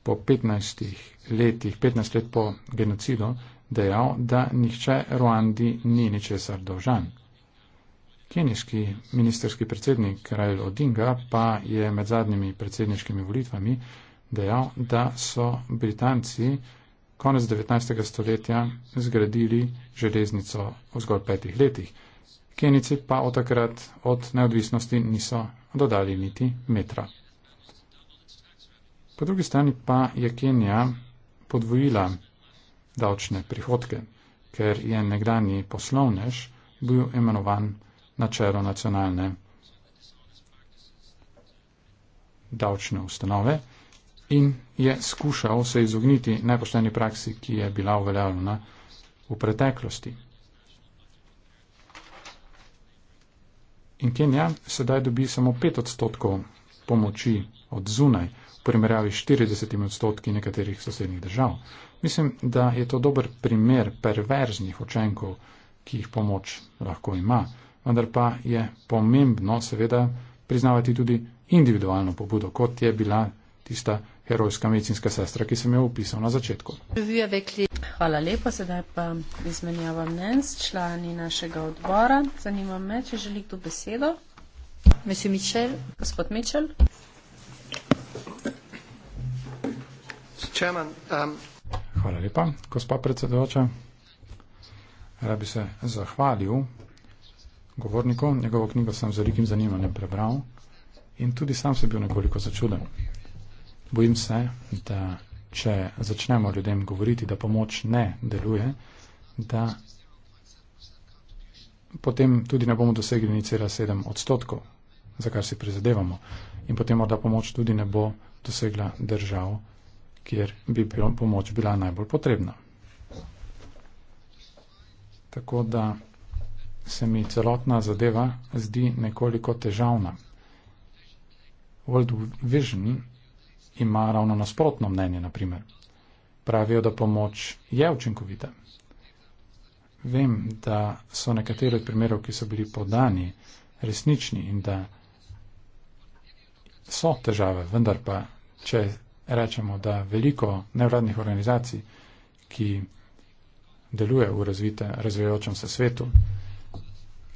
po 15 letih, 15 let po genocidu, dejal, da nihče Ruandi ni ničesar dolžan. Kenijski ministerski predsednik Rajl Odinga pa je med zadnjimi predsedniškimi volitvami dejal, da so Britanci konec 19. stoletja zgradili železnico v zgolj petih letih. Kenici pa od takrat od neodvisnosti niso dodali niti metra. Po drugi strani pa je Kenija podvojila davčne prihodke, ker je nekdani poslovnež bil imenovan na čelo nacionalne davčne ustanove in je skušal se izogniti nepošteni praksi, ki je bila uveljavljena v preteklosti. In Kenija sedaj dobi samo 5 odstotkov pomoči od zunaj primerjavi s 40 odstotki nekaterih sosednjih držav. Mislim, da je to dober primer perverznih očenkov, ki jih pomoč lahko ima, vendar pa je pomembno seveda priznavati tudi individualno pobudo, kot je bila tista herojska medicinska sestra, ki sem jo opisal na začetku. Hvala lepo, sedaj pa izmenjava mnen s člani našega odbora. Zanima me, če želi kdo besedo. Mesi Mičel, gospod Mičel. Chairman, um... Hvala lepa, gospa predsedujoča. Rad bi se zahvalil govorniku, njegovo knjigo sem z velikim zanimanjem prebral in tudi sam sem bil nekoliko začuden. Bojim se, da če začnemo ljudem govoriti, da pomoč ne deluje, da potem tudi ne bomo dosegli nicera 7 odstotkov, za kar si prizadevamo. In potem morda pomoč tudi ne bo dosegla držav kjer bi pomoč bila najbolj potrebna. Tako da se mi celotna zadeva zdi nekoliko težavna. World Vision ima ravno nasprotno mnenje, naprimer. Pravijo, da pomoč je učinkovita. Vem, da so nekateri od primerov, ki so bili podani, resnični in da so težave, vendar pa, če rečemo, da veliko nevladnih organizacij, ki deluje v razvite, razvijajočem se svetu,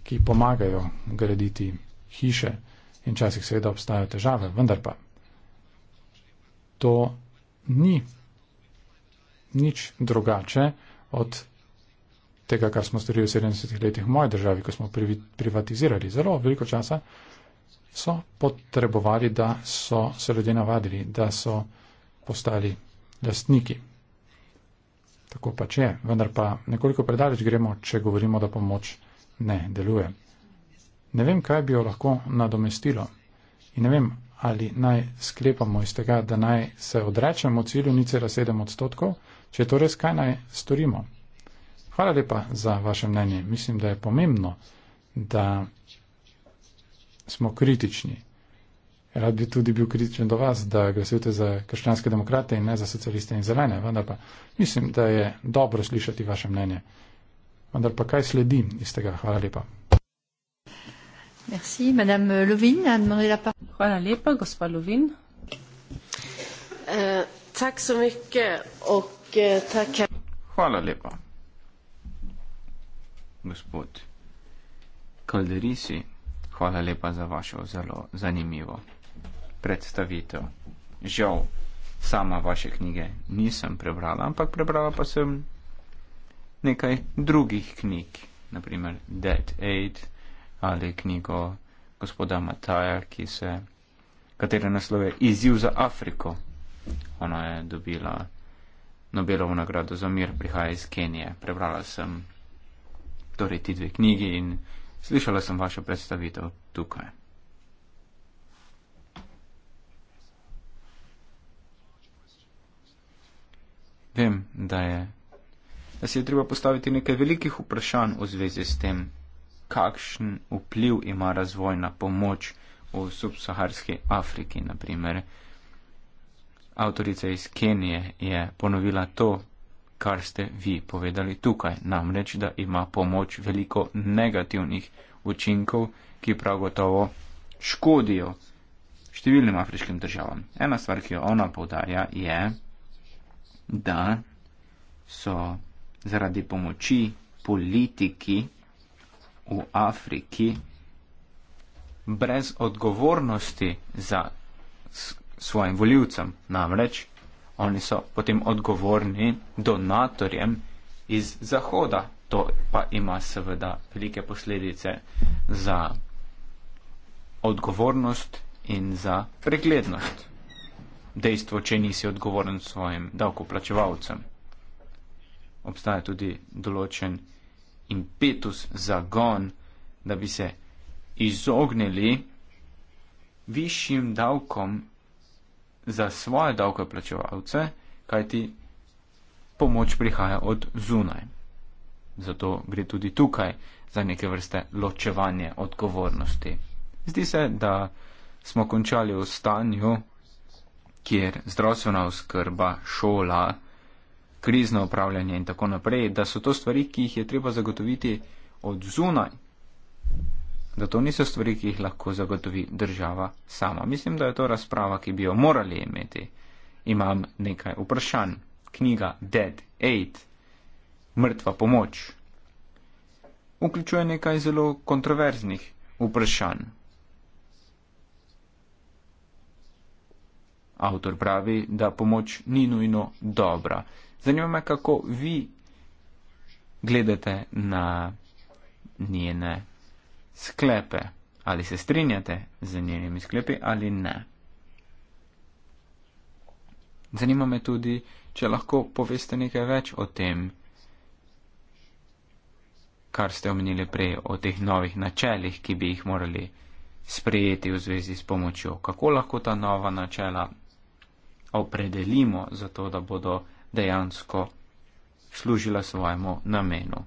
ki pomagajo graditi hiše in časih seveda obstajajo težave, vendar pa to ni nič drugače od tega, kar smo storili v 70-ih letih v moji državi, ko smo privatizirali zelo veliko časa, so potrebovali, da so se ljudje navadili, da so postali lastniki. Tako pa če, vendar pa nekoliko predaleč gremo, če govorimo, da pomoč ne deluje. Ne vem, kaj bi jo lahko nadomestilo in ne vem, ali naj sklepamo iz tega, da naj se odrečemo cilju nicera 7 odstotkov, če je to res, kaj naj storimo. Hvala lepa za vaše mnenje. Mislim, da je pomembno, da smo kritični rad bi tudi bil kritičen do vas, da glasujete za krščanske demokrate in ne za socialiste in zelene, vendar pa mislim, da je dobro slišati vaše mnenje. Vendar pa kaj sledi iz tega? Hvala lepa. Merci, madame Lovin, Hvala lepa, gospod Lovin. Eh, tak so mihke, ok, eh, tak... Hvala lepa, gospod Kalderisi. Hvala lepa za vašo zelo zanimivo predstavitev. Žal, sama vaše knjige nisem prebrala, ampak prebrala pa sem nekaj drugih knjig, naprimer Dead Aid ali knjigo gospoda Mataja, ki se, katere naslov je Izziv za Afriko. Ona je dobila Nobelovo nagrado za mir, prihaja iz Kenije. Prebrala sem torej ti dve knjigi in slišala sem vašo predstavitev tukaj. vem, da je. Da si je treba postaviti nekaj velikih vprašanj v zvezi s tem, kakšen vpliv ima razvojna pomoč v subsaharski Afriki, naprimer. Avtorica iz Kenije je ponovila to, kar ste vi povedali tukaj, namreč, da ima pomoč veliko negativnih učinkov, ki prav gotovo škodijo številnim afriškim državam. Ena stvar, ki jo ona povdarja, je, da so zaradi pomoči politiki v Afriki brez odgovornosti za svojim voljivcem. Namreč oni so potem odgovorni donatorjem iz Zahoda. To pa ima seveda velike posledice za odgovornost in za preglednost dejstvo, če nisi odgovoren svojim davkoplačevalcem. Obstaja tudi določen impetus, zagon, da bi se izognili višjim davkom za svoje davkoplačevalce, kajti pomoč prihaja od zunaj. Zato gre tudi tukaj za neke vrste ločevanje odgovornosti. Zdi se, da smo končali v stanju, kjer zdravstvena oskrba, šola, krizno upravljanje in tako naprej, da so to stvari, ki jih je treba zagotoviti od zunaj. Da to niso stvari, ki jih lahko zagotovi država sama. Mislim, da je to razprava, ki bi jo morali imeti. Imam nekaj vprašanj. Knjiga Dead Aid, mrtva pomoč, vključuje nekaj zelo kontroverznih vprašanj. Avtor pravi, da pomoč ni nujno dobra. Zanima me, kako vi gledate na njene sklepe. Ali se strinjate z njenimi sklepi ali ne. Zanima me tudi, če lahko poveste nekaj več o tem, kar ste omenili prej, o teh novih načelih, ki bi jih morali sprejeti v zvezi s pomočjo. Kako lahko ta nova načela opredelimo za to, da bodo dejansko služila svojemu namenu.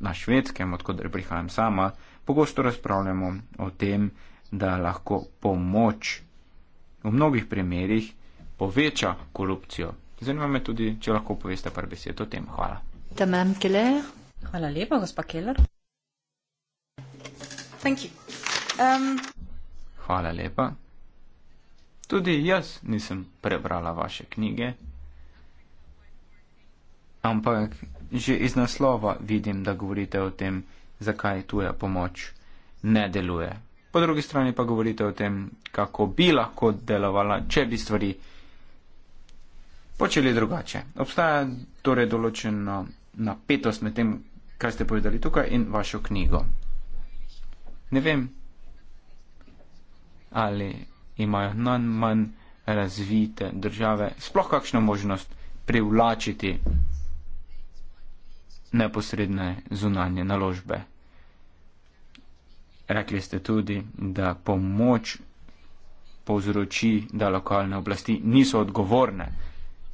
Na švedskem, odkudre prihajam sama, pogosto razpravljamo o tem, da lahko pomoč v mnogih primerjih poveča korupcijo. Zanima me tudi, če lahko poveste par besed o tem. Hvala. Hvala lepa, gospa Keller. Um... Hvala lepa. Tudi jaz nisem prebrala vaše knjige, ampak že iz naslova vidim, da govorite o tem, zakaj tuja pomoč ne deluje. Po drugi strani pa govorite o tem, kako bi lahko delovala, če bi stvari počeli drugače. Obstaja torej določena napetost med tem, kar ste povedali tukaj in vašo knjigo. Ne vem, ali imajo najmanj razvite države sploh kakšno možnost privlačiti neposredne zunanje naložbe. Rekli ste tudi, da pomoč povzroči, da lokalne oblasti niso odgovorne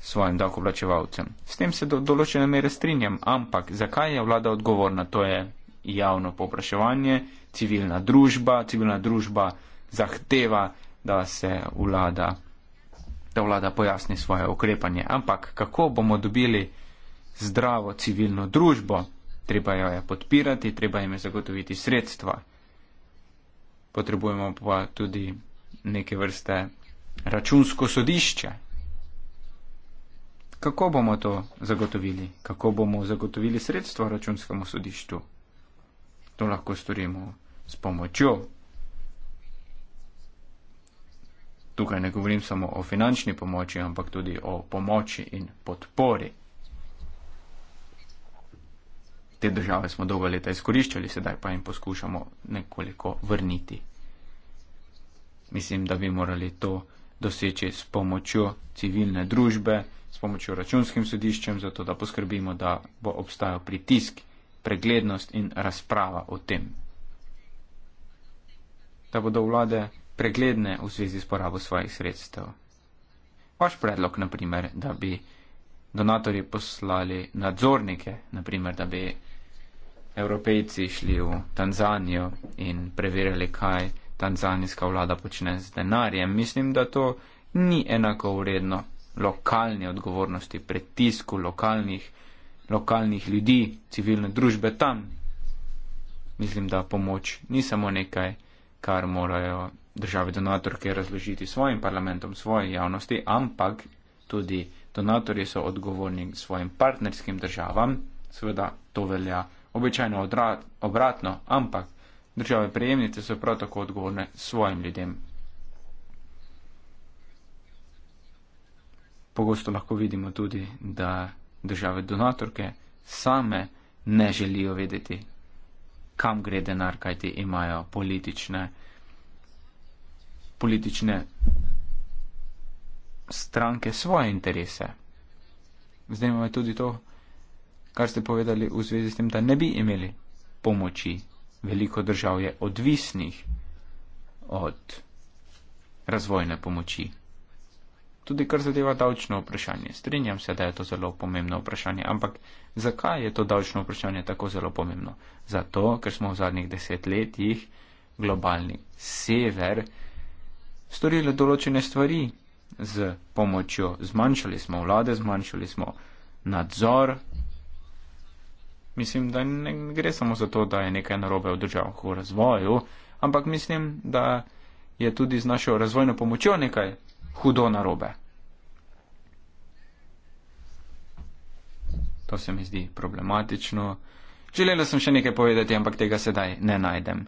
svojim davkoplačevalcem. S tem se do določene mere strinjam, ampak zakaj je vlada odgovorna? To je javno povpraševanje, civilna družba, civilna družba zahteva da se vlada, da vlada pojasni svoje ukrepanje. Ampak kako bomo dobili zdravo civilno družbo? Treba jo je podpirati, treba jim zagotoviti sredstva. Potrebujemo pa tudi neke vrste računsko sodišče. Kako bomo to zagotovili? Kako bomo zagotovili sredstva računskemu sodišču? To lahko storimo s pomočjo tukaj ne govorim samo o finančni pomoči, ampak tudi o pomoči in podpori. Te države smo dolga leta izkoriščali, sedaj pa jim poskušamo nekoliko vrniti. Mislim, da bi morali to doseči s pomočjo civilne družbe, s pomočjo računskim sodiščem, zato da poskrbimo, da bo obstajal pritisk, preglednost in razprava o tem. Da bodo vlade pregledne v zvezi s porabo svojih sredstev. Vaš predlog, naprimer, da bi donatorji poslali nadzornike, naprimer, da bi evropejci šli v Tanzanijo in preverjali, kaj tanzanijska vlada počne z denarjem, mislim, da to ni enako vredno lokalne odgovornosti, pritisku lokalnih, lokalnih ljudi, civilne družbe tam. Mislim, da pomoč ni samo nekaj, kar morajo države donatorke razložiti svojim parlamentom, svoji javnosti, ampak tudi donatorji so odgovorni svojim partnerskim državam. Seveda to velja običajno odrat, obratno, ampak države prejemnice so prav tako odgovorne svojim ljudem. Pogosto lahko vidimo tudi, da države donatorke same ne želijo vedeti, kam gre denar, kajti imajo politične uh, politične stranke svoje interese. Zdaj imamo tudi to, kar ste povedali v zvezi s tem, da ne bi imeli pomoči. Veliko držav je odvisnih od razvojne pomoči. Tudi kar zadeva davčno vprašanje. Strinjam se, da je to zelo pomembno vprašanje, ampak zakaj je to davčno vprašanje tako zelo pomembno? Zato, ker smo v zadnjih desetletjih globalni sever storili določene stvari z pomočjo, zmanjšali smo vlade, zmanjšali smo nadzor. Mislim, da ne gre samo za to, da je nekaj narobe v državah v razvoju, ampak mislim, da je tudi z našo razvojno pomočjo nekaj hudo narobe. To se mi zdi problematično. Želela sem še nekaj povedati, ampak tega sedaj ne najdem.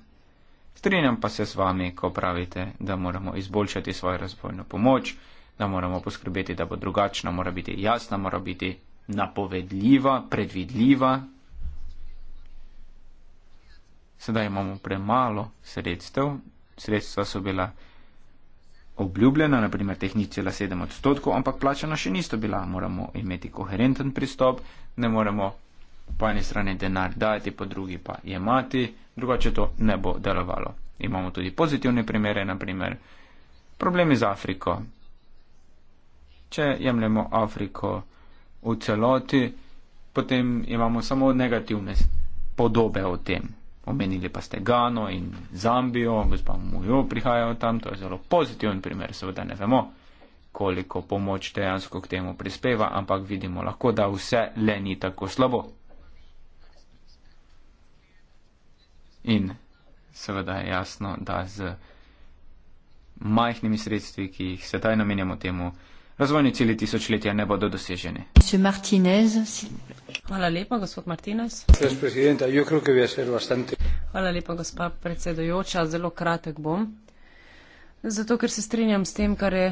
Strinjam pa se z vami, ko pravite, da moramo izboljšati svojo razvojno pomoč, da moramo poskrbeti, da bo drugačna, mora biti jasna, mora biti napovedljiva, predvidljiva. Sedaj imamo premalo sredstev, sredstva so bila obljubljena, naprimer teh ni cela sedem odstotkov, ampak plačana še nisto bila. Moramo imeti koherenten pristop, ne moremo po eni strani denar dajati, po drugi pa jemati, drugače to ne bo delovalo. Imamo tudi pozitivne primere, naprimer problemi z Afriko. Če jemljemo Afriko v celoti, potem imamo samo negativne podobe o tem. Omenili pa ste Gano in Zambijo, gospa Mujo prihajajo tam, to je zelo pozitiven primer, seveda ne vemo, koliko pomoč dejansko k temu prispeva, ampak vidimo lahko, da vse le ni tako slabo. In seveda je jasno, da z majhnimi sredstvi, ki jih sedaj namenjamo temu, razvojni cilji tisočletja ne bodo doseženi. Hvala lepa, gospod Martinez. Hvala lepa, gospa predsedojoča. Zelo kratek bom. Zato, ker se strinjam s tem, kar je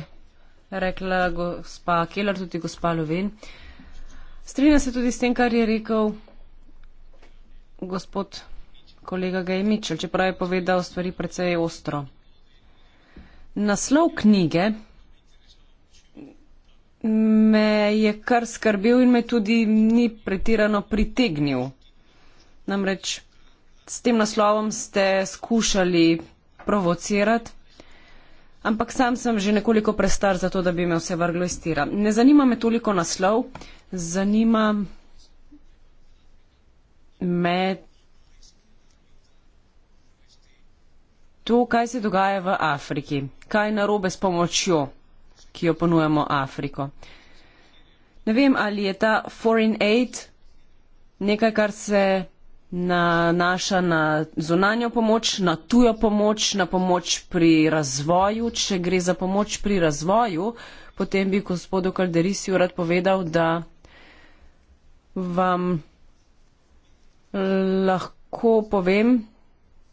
rekla gospa Keller, tudi gospa Loven. Strinjam se tudi s tem, kar je rekel gospod kolega Gay Mitchell, čeprav je povedal stvari precej ostro. Naslov knjige me je kar skrbel in me tudi ni pretirano pritegnil. Namreč s tem naslovom ste skušali provocirati. Ampak sam sem že nekoliko prestar za to, da bi me vse vrglo iz tira. Ne zanima me toliko naslov, zanima me to, kaj se dogaja v Afriki, kaj je narobe s pomočjo, ki jo ponujemo Afriko. Ne vem, ali je ta foreign aid nekaj, kar se nanaša na zunanjo pomoč, na tujo pomoč, na pomoč pri razvoju. Če gre za pomoč pri razvoju, potem bi gospodu Kalderisiju rad povedal, da vam lahko povem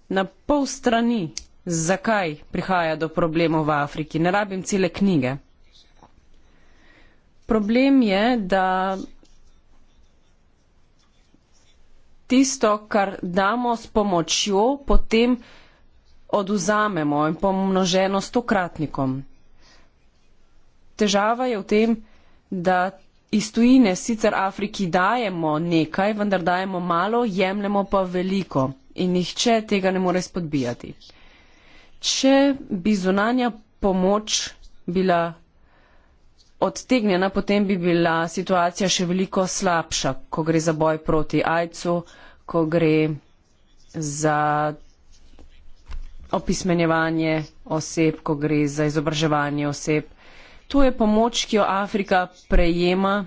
na pol strani zakaj prihaja do problemov v Afriki. Ne rabim cele knjige. Problem je, da tisto, kar damo s pomočjo, potem oduzamemo in pomnoženo stokratnikom. Težava je v tem, da iz tujine sicer Afriki dajemo nekaj, vendar dajemo malo, jemljemo pa veliko in nihče tega ne more spodbijati če bi zunanja pomoč bila odtegnjena, potem bi bila situacija še veliko slabša, ko gre za boj proti AIDS-u, ko gre za opismenjevanje oseb, ko gre za izobraževanje oseb. To je pomoč, ki jo Afrika prejema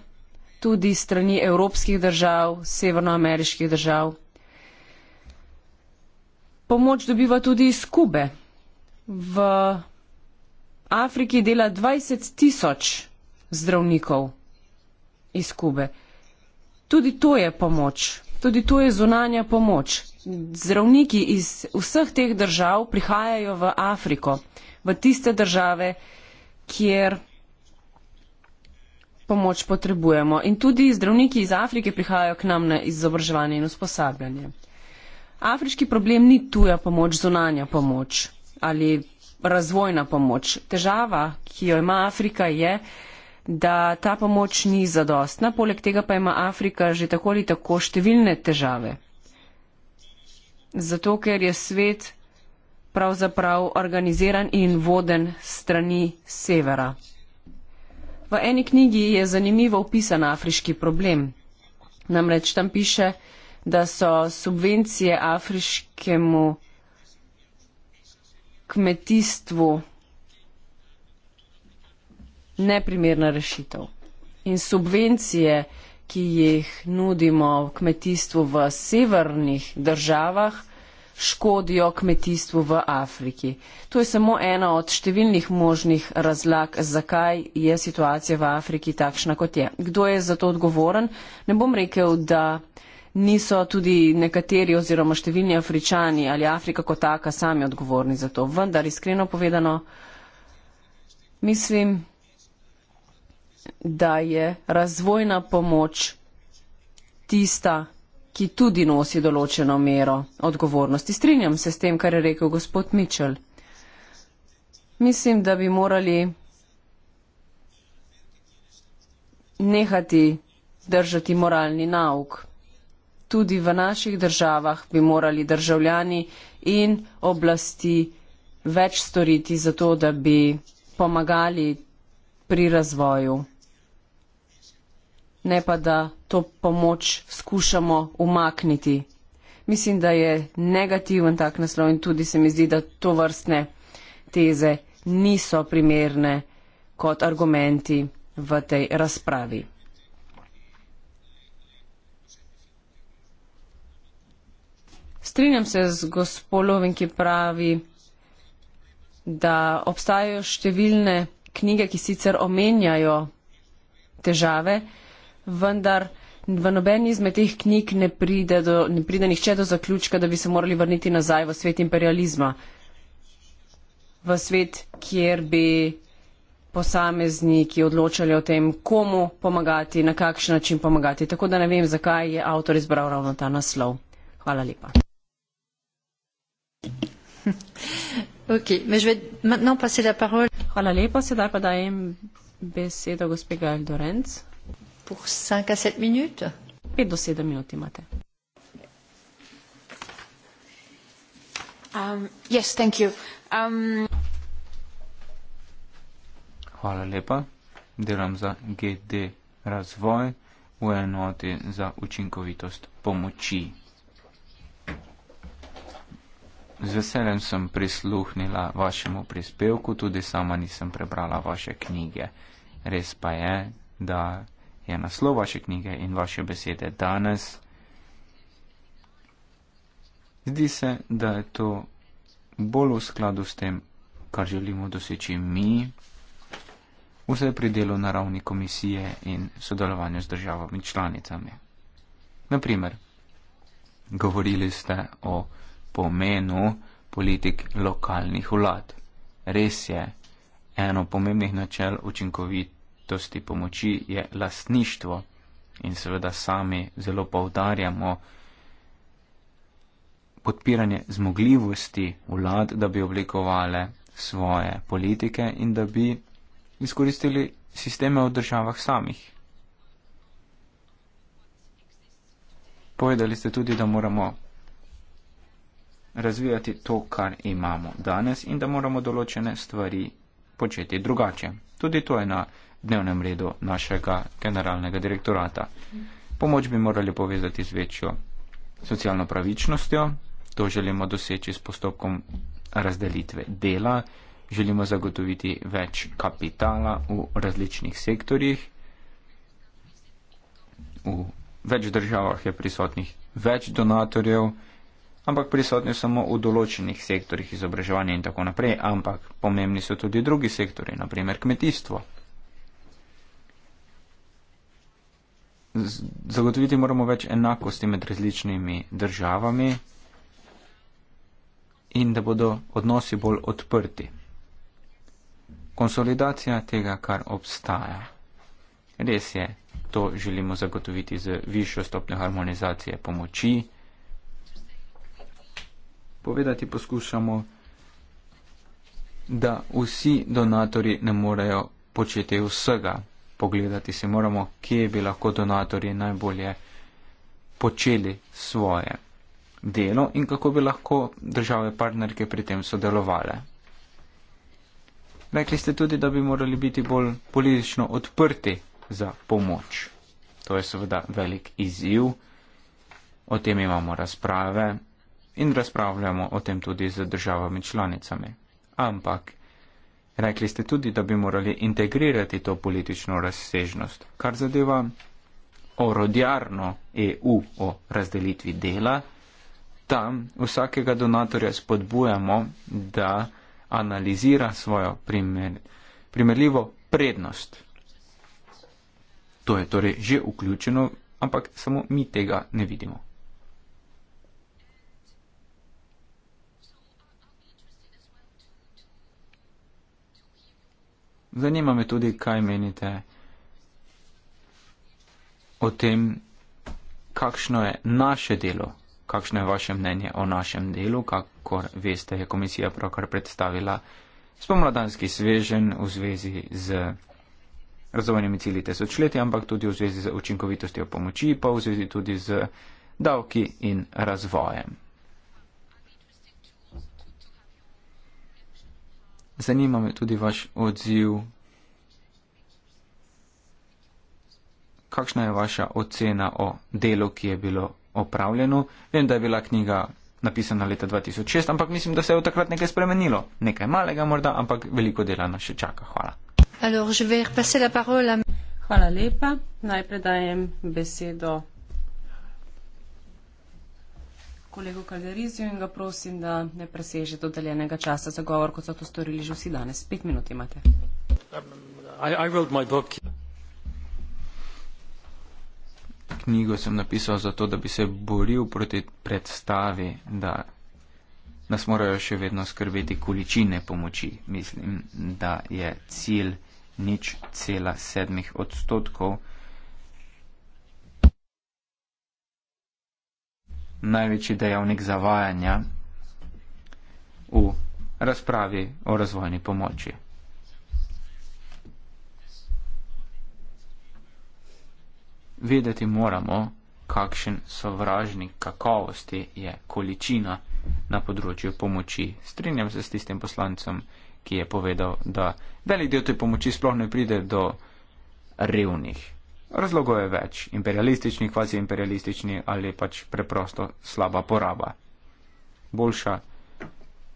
tudi strani evropskih držav, severnoameriških držav. Pomoč dobiva tudi iz Kube v Afriki dela 20 tisoč zdravnikov iz Kube. Tudi to je pomoč, tudi to je zunanja pomoč. Zdravniki iz vseh teh držav prihajajo v Afriko, v tiste države, kjer pomoč potrebujemo. In tudi zdravniki iz Afrike prihajajo k nam na izobraževanje in usposabljanje. Afriški problem ni tuja pomoč, zunanja pomoč ali razvojna pomoč. Težava, ki jo ima Afrika, je, da ta pomoč ni zadostna, poleg tega pa ima Afrika že tako ali tako številne težave. Zato, ker je svet pravzaprav organiziran in voden strani severa. V eni knjigi je zanimivo opisan afriški problem. Namreč tam piše, da so subvencije afriškemu kmetijstvu neprimerna rešitev. In subvencije, ki jih nudimo v kmetijstvu v severnih državah, škodijo kmetijstvu v Afriki. To je samo ena od številnih možnih razlag, zakaj je situacija v Afriki takšna, kot je. Kdo je za to odgovoren? Ne bom rekel, da uh, niso tudi nekateri oziroma številni afričani ali Afrika kot taka sami odgovorni za to. Vendar, iskreno povedano, mislim, da je razvojna pomoč tista, ki tudi nosi določeno mero odgovornosti. Strinjam se s tem, kar je rekel gospod Mičel. Mislim, da bi morali nehati držati moralni nauk tudi v naših državah bi morali državljani in oblasti več storiti za to, da bi pomagali pri razvoju. Ne pa, da to pomoč skušamo umakniti. Mislim, da je negativen tak naslov in tudi se mi zdi, da to vrstne teze niso primerne kot argumenti v tej razpravi. Strinjam se z gospodovim, ki pravi, da obstajajo številne knjige, ki sicer omenjajo težave, vendar v nobeni izmed teh knjig ne pride, do, ne pride nihče do zaključka, da bi se morali vrniti nazaj v svet imperializma, v svet, kjer bi posamezniki odločali o tem, komu pomagati, na kakšen način pomagati. Tako da ne vem, zakaj je avtor izbral ravno ta naslov. Hvala lepa. Hvala lepa. Sedaj pa dajem besedo gospe Gael Dorenc. Pour cinq à sept minutes. Pet do sedem minut imate. Um, yes, thank you. Um... Hvala lepa. Delam za GD razvoj v enoti za učinkovitost pomoči Z veseljem sem prisluhnila vašemu prispevku, tudi sama nisem prebrala vaše knjige. Res pa je, da je naslov vaše knjige in vaše besede danes. Zdi se, da je to bolj v skladu s tem, kar želimo doseči mi, vse pri delu na ravni komisije in sodelovanju z državami članicami. Naprimer, govorili ste o pomenu politik lokalnih vlad. Res je, eno pomembnih načel učinkovitosti pomoči je lastništvo in seveda sami zelo povdarjamo podpiranje zmogljivosti vlad, da bi oblikovale svoje politike in da bi izkoristili sisteme v državah samih. Povedali ste tudi, da moramo razvijati to, kar imamo danes in da moramo določene stvari početi drugače. Tudi to je na dnevnem redu našega generalnega direktorata. Pomoč bi morali povezati z večjo socialno pravičnostjo, to želimo doseči s postopkom razdelitve dela, želimo zagotoviti več kapitala v različnih sektorjih. V več državah je prisotnih več donatorjev, ampak prisotni samo v določenih sektorjih izobraževanja in tako naprej, ampak pomembni so tudi drugi sektori, naprimer kmetijstvo. Zagotoviti moramo več enakosti med različnimi državami in da bodo odnosi bolj odprti. Konsolidacija tega, kar obstaja. Res je, to želimo zagotoviti z višjo stopnjo harmonizacije pomoči povedati poskušamo, da vsi donatori ne morejo početi vsega. Pogledati si moramo, kje bi lahko donatori najbolje počeli svoje delo in kako bi lahko države partnerke pri tem sodelovale. Rekli ste tudi, da bi morali biti bolj politično odprti za pomoč. To je seveda velik izziv. O tem imamo razprave, in razpravljamo o tem tudi z državami članicami. Ampak, rekli ste tudi, da bi morali integrirati to politično razsežnost, kar zadeva orodjarno EU o razdelitvi dela, tam vsakega donatorja spodbujamo, da analizira svojo primer, primerljivo prednost. To je torej že vključeno, ampak samo mi tega ne vidimo. Zanima me tudi, kaj menite o tem, kakšno je naše delo, kakšno je vaše mnenje o našem delu, kako veste, je komisija pravkar predstavila spomladanski svežen v zvezi z razvojnimi cilji tesočletja, ampak tudi v zvezi z učinkovitostjo pomoči, pa v zvezi tudi z davki in razvojem. Zanima me tudi vaš odziv. Kakšna je vaša ocena o delu, ki je bilo opravljeno? Vem, da je bila knjiga napisana leta 2006, ampak mislim, da se je od takrat nekaj spremenilo. Nekaj malega morda, ampak veliko dela nas še čaka. Hvala. Hvala lepa. Najprej dajem besedo kolegu Kalderizijo in ga prosim, da ne preseže dodeljenega časa za govor, kot so to storili že vsi danes. Pet minut imate. Knjigo sem napisal zato, da bi se boril proti predstavi, da nas morajo še vedno skrbeti količine pomoči. Mislim, da je cilj nič cela sedmih odstotkov. največji dejavnik zavajanja v razpravi o razvojni pomoči. Vedeti moramo, kakšen sovražnik kakovosti je količina na področju pomoči. Strinjam se s tistim poslancem, ki je povedal, da velik del te pomoči sploh ne pride do revnih. Razlogov je več, imperialistični, kvazi imperialistični ali pač preprosto slaba poraba. Boljša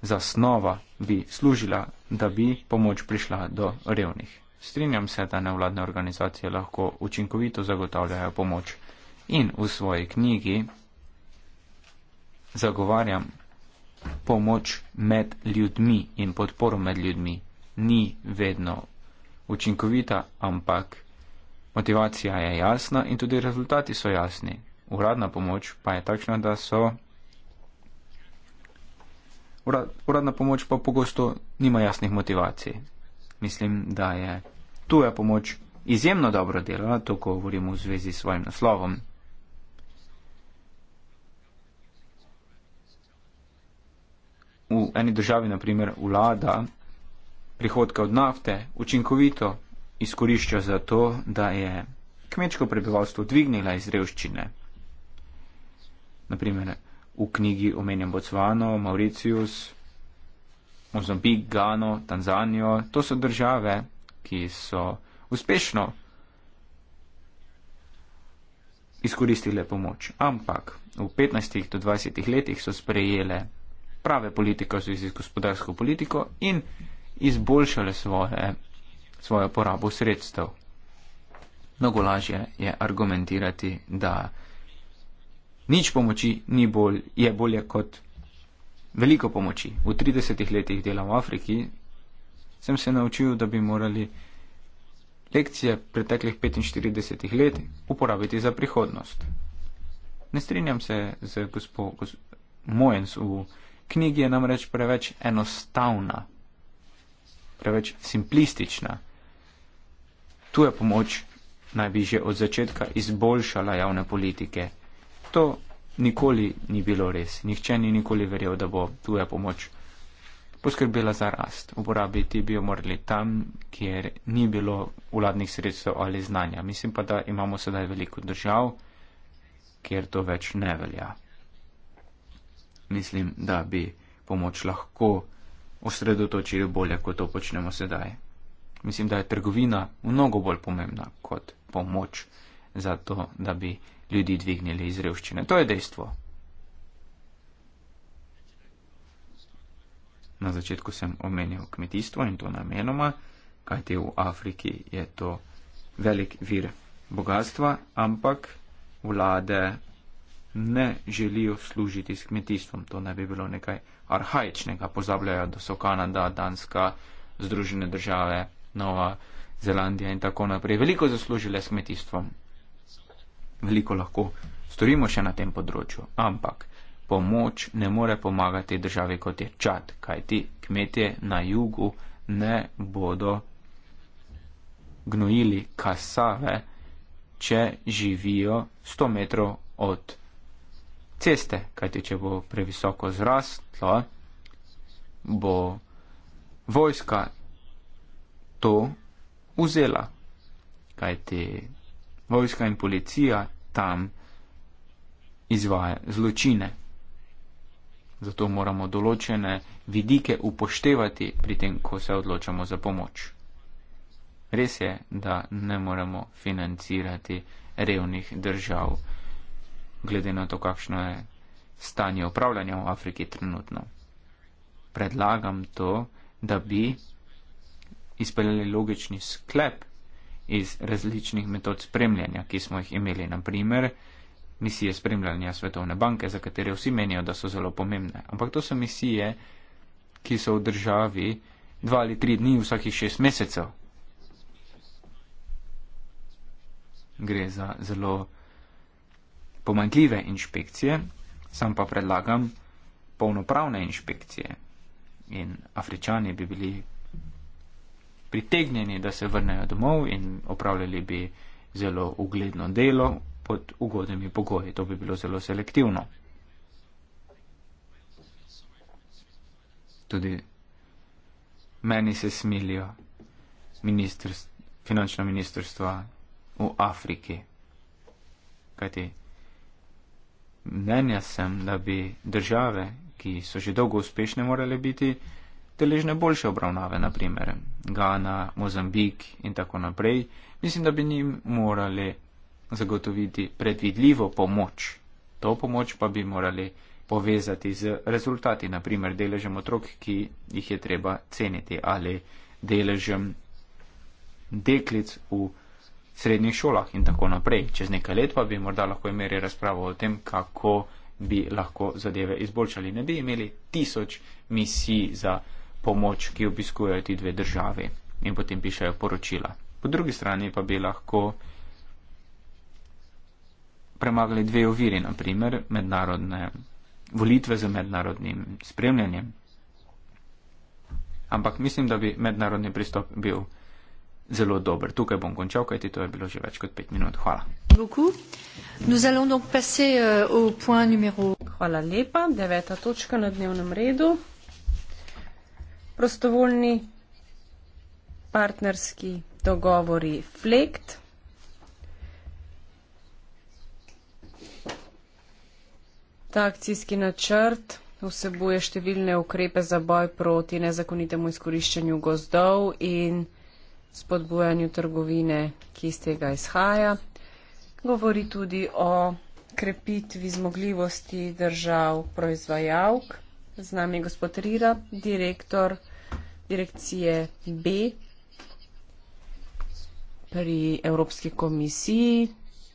zasnova bi služila, da bi pomoč prišla do revnih. Strinjam se, da nevladne organizacije lahko učinkovito zagotavljajo pomoč in v svoji knjigi zagovarjam pomoč med ljudmi in podporo med ljudmi. Ni vedno učinkovita, ampak Motivacija je jasna in tudi rezultati so jasni. Uradna pomoč pa je takšna, da so. Uradna pomoč pa pogosto nima jasnih motivacij. Mislim, da je tuja pomoč izjemno dobro delala, to govorim v zvezi s svojim naslovom. V eni državi, naprimer, vlada prihodke od nafte učinkovito izkorišča za to, da je kmečko prebivalstvo dvignila iz revščine. Naprimer, v knjigi omenjam Botsvano, Mauricius, Mozambik, Gano, Tanzanijo. To so države, ki so uspešno izkoristile pomoč, ampak v 15 do 20 letih so sprejele prave politike v zvezi z gospodarsko politiko in izboljšale svoje svojo porabo sredstev. Mnogo lažje je argumentirati, da nič pomoči ni bolj, je bolje kot veliko pomoči. V 30 letih dela v Afriki sem se naučil, da bi morali lekcije preteklih 45 let uporabiti za prihodnost. Ne strinjam se z gospo gos, Mojens v knjigi, je namreč preveč enostavna, preveč simplistična. Tu je pomoč naj bi že od začetka izboljšala javne politike. To nikoli ni bilo res. Nihče ni nikoli verjel, da bo tuja pomoč poskrbela za rast. Uporabiti bi jo morali tam, kjer ni bilo vladnih sredstev ali znanja. Mislim pa, da imamo sedaj veliko držav, kjer to več ne velja. Mislim, da bi pomoč lahko osredotočili bolje, kot to počnemo sedaj mislim, da je trgovina mnogo bolj pomembna kot pomoč za to, da bi ljudi dvignili iz revščine. To je dejstvo. Na začetku sem omenil kmetijstvo in to namenoma, kajti v Afriki je to velik vir bogatstva, ampak vlade ne želijo služiti s kmetijstvom. To ne bi bilo nekaj arhajičnega. Pozabljajo, da so Kanada, Danska, Združene države Nova Zelandija in tako naprej. Veliko zaslužile s kmetijstvom. Veliko lahko storimo še na tem področju. Ampak pomoč ne more pomagati državi kot je čat, kajti kmetje na jugu ne bodo gnojili kasave, če živijo 100 metrov od ceste, kajti če bo previsoko zrastlo, bo vojska to vzela. Kaj ti vojska in policija tam izvaja zločine. Zato moramo določene vidike upoštevati pri tem, ko se odločamo za pomoč. Res je, da ne moremo financirati revnih držav, glede na to, kakšno je stanje upravljanja v Afriki trenutno. Predlagam to, da bi izpeljali logični sklep iz različnih metod spremljanja, ki smo jih imeli, naprimer misije spremljanja Svetovne banke, za katere vsi menijo, da so zelo pomembne. Ampak to so misije, ki so v državi dva ali tri dni vsakih šest mesecev. Gre za zelo pomankljive inšpekcije, sam pa predlagam polnopravne inšpekcije. In afričani bi bili pritegnjeni, da se vrnejo domov in opravljali bi zelo ugledno delo pod ugodnimi pogoji. To bi bilo zelo selektivno. Tudi meni se smilijo ministrst, finančna ministrstva v Afriki. Kajti mnenja sem, da bi države, ki so že dolgo uspešne, morale biti deležne boljše obravnave, naprimer Gana, Mozambik in tako naprej, mislim, da bi njim morali zagotoviti predvidljivo pomoč. To pomoč pa bi morali povezati z rezultati, naprimer deležem otrok, ki jih je treba ceniti, ali deležem deklic v srednjih šolah in tako naprej. Čez nekaj let pa bi morda lahko imeli razpravo o tem, kako bi lahko zadeve izboljšali. Ne bi imeli tisoč misij za pomoč, ki obiskujejo ti dve državi in potem pišajo poročila. Po drugi strani pa bi lahko premagali dve oviri, naprimer mednarodne volitve za mednarodnim spremljanjem. Ampak mislim, da bi mednarodni pristop bil zelo dober. Tukaj bom končal, kajti to je bilo že več kot pet minut. Hvala. Euh, Hvala lepa. Deveta točka na dnevnem redu prostovoljni partnerski dogovori FLEKT. Ta akcijski načrt vsebuje številne ukrepe za boj proti nezakonitemu izkoriščanju gozdov in spodbujanju trgovine, ki iz tega izhaja. Govori tudi o krepitvi zmogljivosti držav proizvajalk. Z nami je gospod Rira, direktor direkcije B pri Evropski komisiji.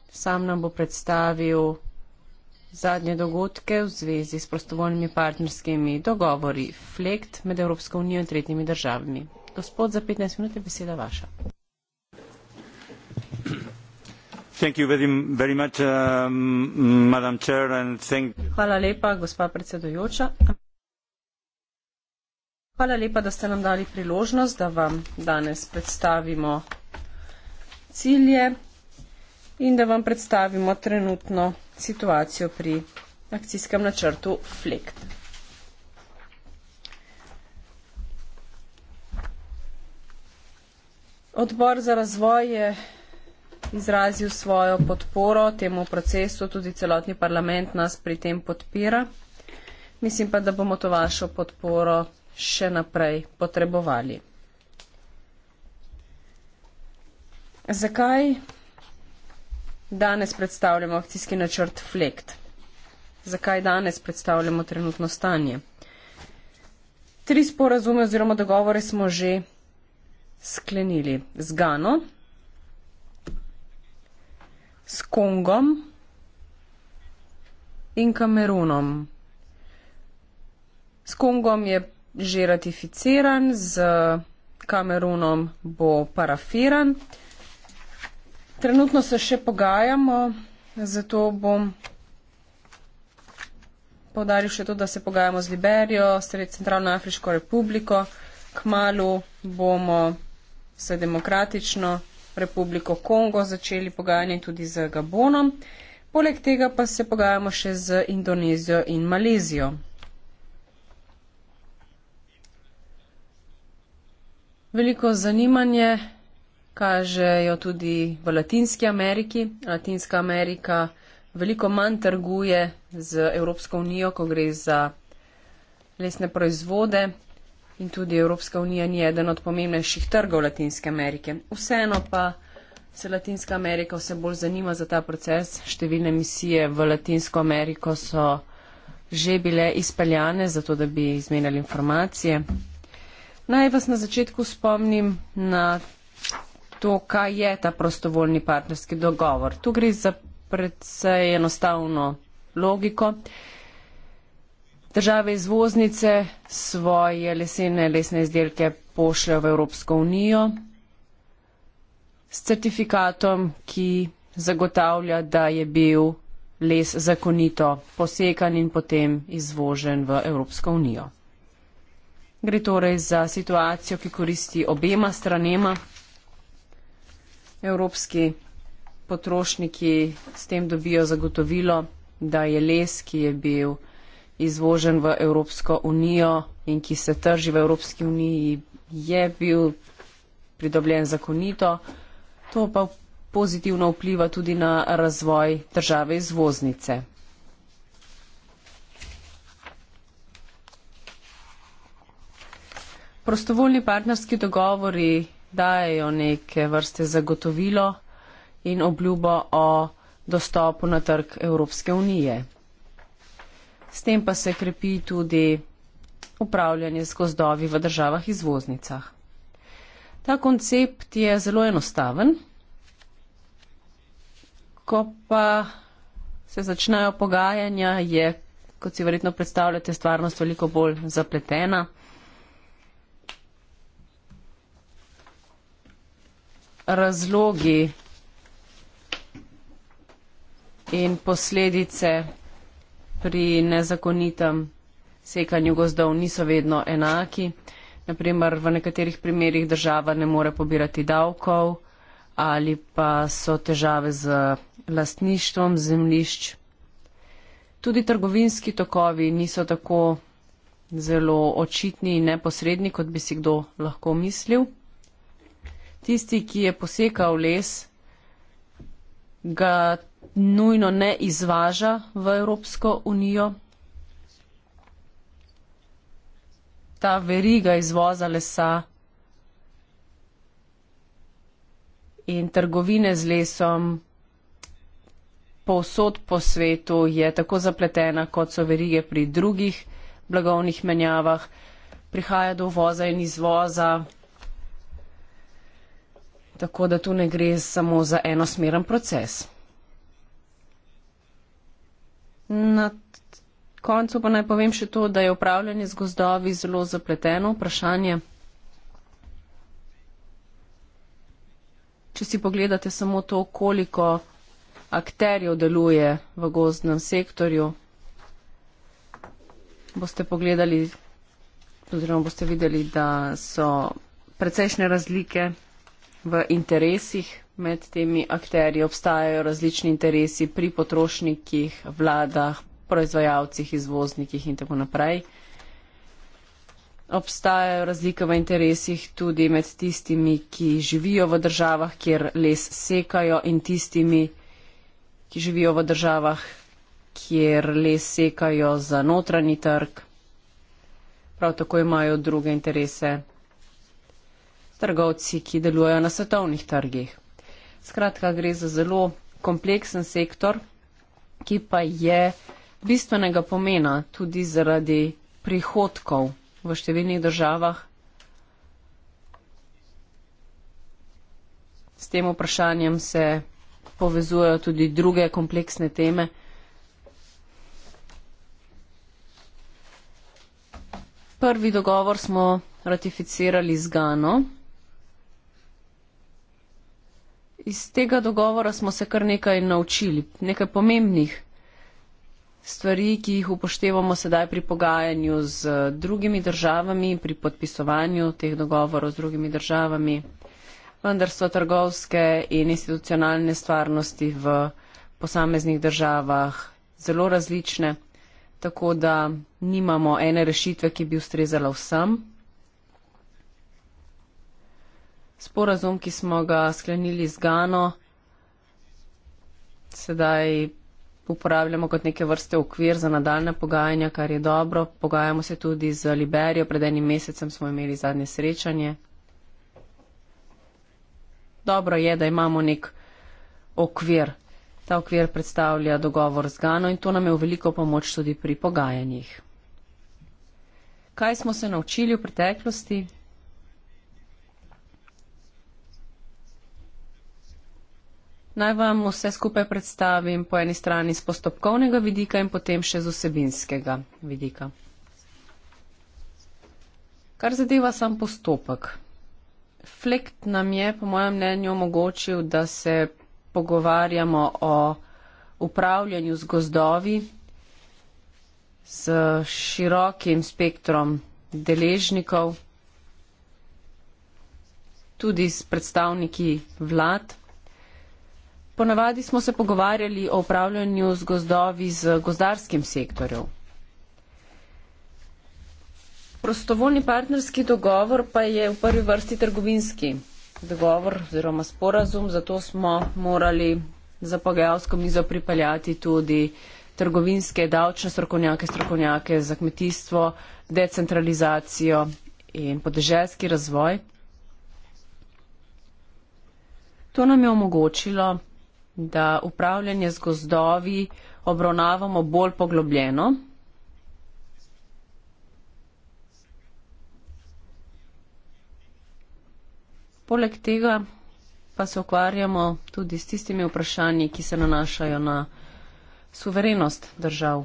Sam nam bo predstavil zadnje dogodke v zvezi s prostovoljnimi partnerskimi dogovori FLEKT med Evropsko unijo in tretjimi državami. Gospod, za 15 minut je beseda vaša. Thank you very, very much, um, Chair, and thank... Hvala lepa, gospa predsedujoča. Hvala lepa, da ste nam dali priložnost, da vam danes predstavimo cilje in da vam predstavimo trenutno situacijo pri akcijskem načrtu FLEKT. Odbor za razvoj je izrazil svojo podporo temu procesu, tudi celotni parlament nas pri tem podpira. Mislim pa, da bomo to vašo podporo še naprej potrebovali. Zakaj danes predstavljamo akcijski načrt FLEKT? Zakaj danes predstavljamo trenutno stanje? Tri sporazume oziroma dogovore smo že sklenili z Gano, s Kongom in Kamerunom. S Kongom je že ratificiran, z Kamerunom bo parafiran. Trenutno se še pogajamo, zato bom povdaril še to, da se pogajamo z Liberijo, Centralno Afriško republiko. Kmalu bomo se demokratično republiko Kongo začeli pogajanje tudi z Gabonom. Poleg tega pa se pogajamo še z Indonezijo in Malezijo. Veliko zanimanje kažejo tudi v Latinski Ameriki. Latinska Amerika veliko manj trguje z Evropsko unijo, ko gre za lesne proizvode in tudi Evropska unija ni eden od pomembnejših trgov Latinske Amerike. Vseeno pa se Latinska Amerika vse bolj zanima za ta proces. Številne misije v Latinsko Ameriko so že bile izpeljane, zato da bi izmenjali informacije. Naj vas na začetku spomnim na to, kaj je ta prostovoljni partnerski dogovor. Tu gre za predvsej enostavno logiko. Države izvoznice svoje lesene lesne izdelke pošljajo v Evropsko unijo s certifikatom, ki zagotavlja, da je bil les zakonito posekan in potem izvožen v Evropsko unijo. Gre torej za situacijo, ki koristi obema stranema. Evropski potrošniki s tem dobijo zagotovilo, da je les, ki je bil izvožen v Evropsko unijo in ki se trži v Evropski uniji, je bil pridobljen zakonito. To pa pozitivno vpliva tudi na razvoj države izvoznice. prostovoljni partnerski dogovori dajo neke vrste zagotovilo in obljubo o dostopu na trg Evropske unije. S tem pa se krepi tudi upravljanje z gozdovi v državah izvoznicah. Ta koncept je zelo enostaven. Ko pa se začnejo pogajanja, je, kot si verjetno predstavljate, stvarnost veliko bolj zapletena. razlogi in posledice pri nezakonitem sekanju gozdov niso vedno enaki. Naprimer, v nekaterih primerjih država ne more pobirati davkov ali pa so težave z lastništvom zemlišč. Tudi trgovinski tokovi niso tako zelo očitni in neposredni, kot bi si kdo lahko mislil tisti, ki je posekal les, ga nujno ne izvaža v Evropsko unijo. Ta veriga izvoza lesa in trgovine z lesom povsod po svetu je tako zapletena, kot so verige pri drugih blagovnih menjavah. Prihaja do uvoza in izvoza Tako da tu ne gre samo za enosmeren proces. Na koncu pa naj povem še to, da je upravljanje z gozdovi zelo zapleteno vprašanje. Če si pogledate samo to, koliko akterjev deluje v gozdnem sektorju, boste pogledali oziroma boste videli, da so precejšnje razlike v interesih med temi akterji, obstajajo različni interesi pri potrošnikih, vladah, proizvajalcih, izvoznikih in tako naprej. Obstajajo razlike v interesih tudi med tistimi, ki živijo v državah, kjer les sekajo in tistimi, ki živijo v državah, kjer les sekajo za notranji trg. Prav tako imajo druge interese trgovci, ki delujejo na svetovnih trgih. Skratka, gre za zelo kompleksen sektor, ki pa je bistvenega pomena tudi zaradi prihodkov v številnih državah. S tem vprašanjem se povezujejo tudi druge kompleksne teme. Prvi dogovor smo ratificirali z Gano, Iz tega dogovora smo se kar nekaj naučili, nekaj pomembnih stvari, ki jih upoštevamo sedaj pri pogajanju z drugimi državami, pri podpisovanju teh dogovorov z drugimi državami. Vendar so trgovske in institucionalne stvarnosti v posameznih državah zelo različne, tako da nimamo ene rešitve, ki bi ustrezala vsem sporazum, ki smo ga sklenili z Gano, sedaj uporabljamo kot neke vrste okvir za nadaljne pogajanja, kar je dobro. Pogajamo se tudi z Liberijo, pred enim mesecem smo imeli zadnje srečanje. Dobro je, da imamo nek okvir. Ta okvir predstavlja dogovor z Gano in to nam je v veliko pomoč tudi pri pogajanjih. Kaj smo se naučili v preteklosti? Naj vam vse skupaj predstavim po eni strani z postopkovnega vidika in potem še z osebinskega vidika. Kar zadeva sam postopek. Flekt nam je, po mojem mnenju, omogočil, da se pogovarjamo o upravljanju z gozdovi, s širokim spektrom deležnikov, tudi s predstavniki vlad. Ponavadi smo se pogovarjali o upravljanju z gozdovi z gozdarskim sektorjem. Prostovoljni partnerski dogovor pa je v prvi vrsti trgovinski dogovor oziroma sporazum, zato smo morali za pogajalsko mizo pripeljati tudi trgovinske, davčne strokovnjake, strokovnjake za kmetijstvo, decentralizacijo in podeželski razvoj. To nam je omogočilo da upravljanje z gozdovi obravnavamo bolj poglobljeno. Poleg tega pa se ukvarjamo tudi s tistimi vprašanji, ki se nanašajo na suverenost držav.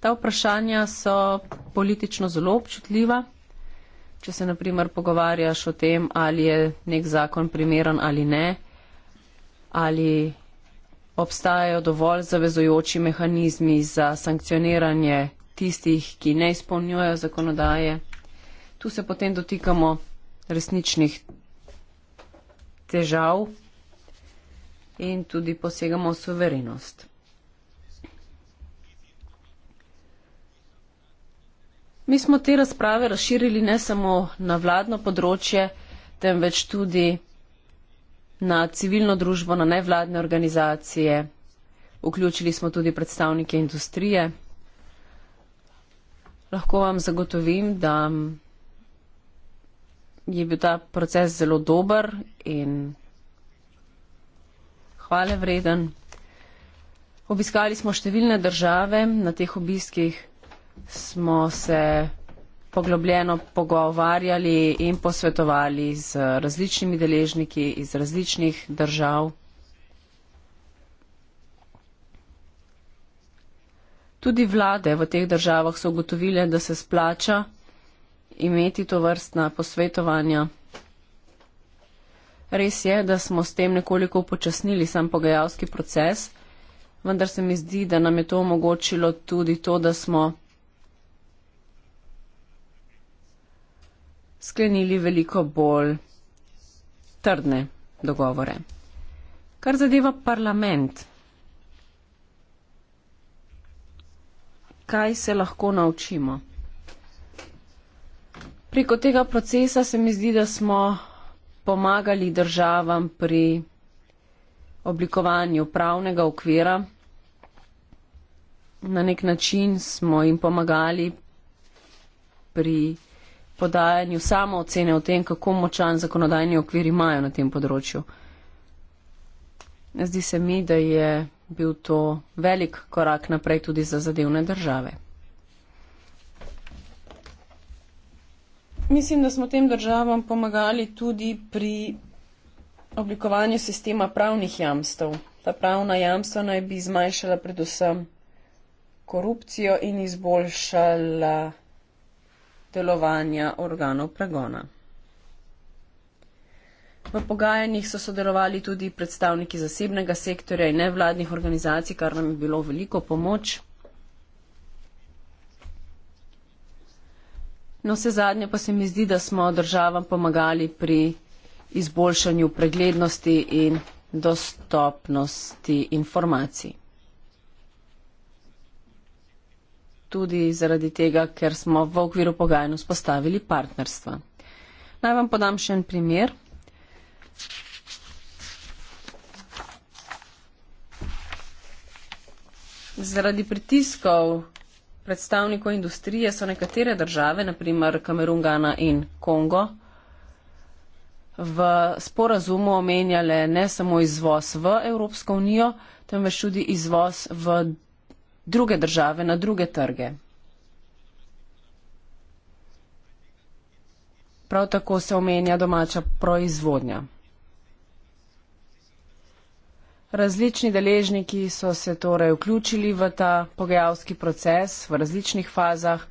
Ta vprašanja so politično zelo občutljiva če se naprimer pogovarjaš o tem, ali je nek zakon primeren ali ne, ali obstajajo dovolj zavezujoči mehanizmi za sankcioniranje tistih, ki ne izpolnjujejo zakonodaje. Tu se potem dotikamo resničnih težav in tudi posegamo v suverenost. Mi smo te razprave razširili ne samo na vladno področje, temveč tudi na civilno družbo, na nevladne organizacije. Vključili smo tudi predstavnike industrije. Lahko vam zagotovim, da je bil ta proces zelo dober in hvale vreden. Obiskali smo številne države, na teh obiskih smo se poglobljeno pogovarjali in posvetovali z različnimi deležniki iz različnih držav. Tudi vlade v teh državah so ugotovile, da se splača imeti to vrstna posvetovanja. Res je, da smo s tem nekoliko upočasnili sam pogajalski proces, vendar se mi zdi, da nam je to omogočilo tudi to, da smo sklenili veliko bolj trdne dogovore. Kar zadeva parlament, kaj se lahko naučimo? Preko tega procesa se mi zdi, da smo pomagali državam pri oblikovanju pravnega okvira. Na nek način smo jim pomagali pri podajanju samo ocene o tem, kako močan zakonodajni okvir imajo na tem področju. Zdi se mi, da je bil to velik korak naprej tudi za zadevne države. Mislim, da smo tem državam pomagali tudi pri oblikovanju sistema pravnih jamstev. Ta pravna jamstva naj bi zmanjšala predvsem korupcijo in izboljšala delovanja organov pregona. V pogajanjih so sodelovali tudi predstavniki zasebnega sektorja in nevladnih organizacij, kar nam je bilo veliko pomoč. No, vse zadnje pa se mi zdi, da smo državam pomagali pri izboljšanju preglednosti in dostopnosti informacij. tudi zaradi tega, ker smo v okviru pogajanj vzpostavili partnerstva. Naj vam podam še en primer. Zaradi pritiskov predstavnikov industrije so nekatere države, naprimer Kamerun, Gana in Kongo, v sporazumu omenjale ne samo izvoz v Evropsko unijo, temveč tudi izvoz v druge države, na druge trge. Prav tako se omenja domača proizvodnja. Različni deležniki so se torej vključili v ta pogajalski proces v različnih fazah.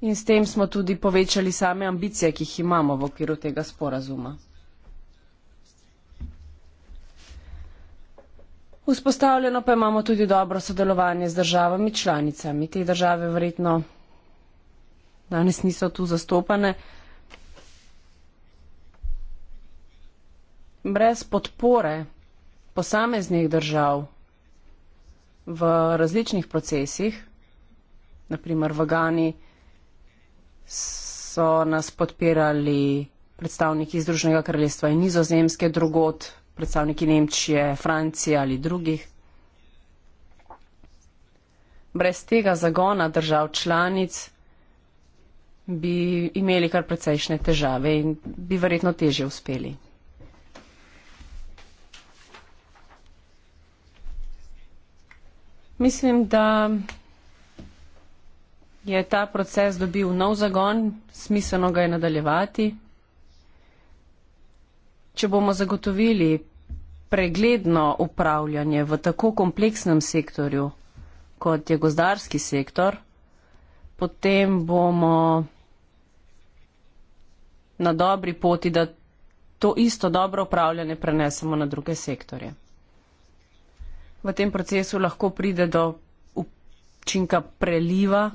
In s tem smo tudi povečali same ambicije, ki jih imamo v okviru tega sporazuma. Vzpostavljeno pa imamo tudi dobro sodelovanje z državami članicami. Te države verjetno danes niso tu zastopane. Brez podpore posameznih držav v različnih procesih, naprimer v Gani, so nas podpirali predstavniki Združnega kraljestva in nizozemske drugot predstavniki Nemčije, Francije ali drugih. Brez tega zagona držav članic bi imeli kar precejšnje težave in bi verjetno teže uspeli. Mislim, da je ta proces dobil nov zagon, smiselno ga je nadaljevati. Če bomo zagotovili pregledno upravljanje v tako kompleksnem sektorju, kot je gozdarski sektor, potem bomo na dobri poti, da to isto dobro upravljanje prenesemo na druge sektorje. V tem procesu lahko pride do učinka preliva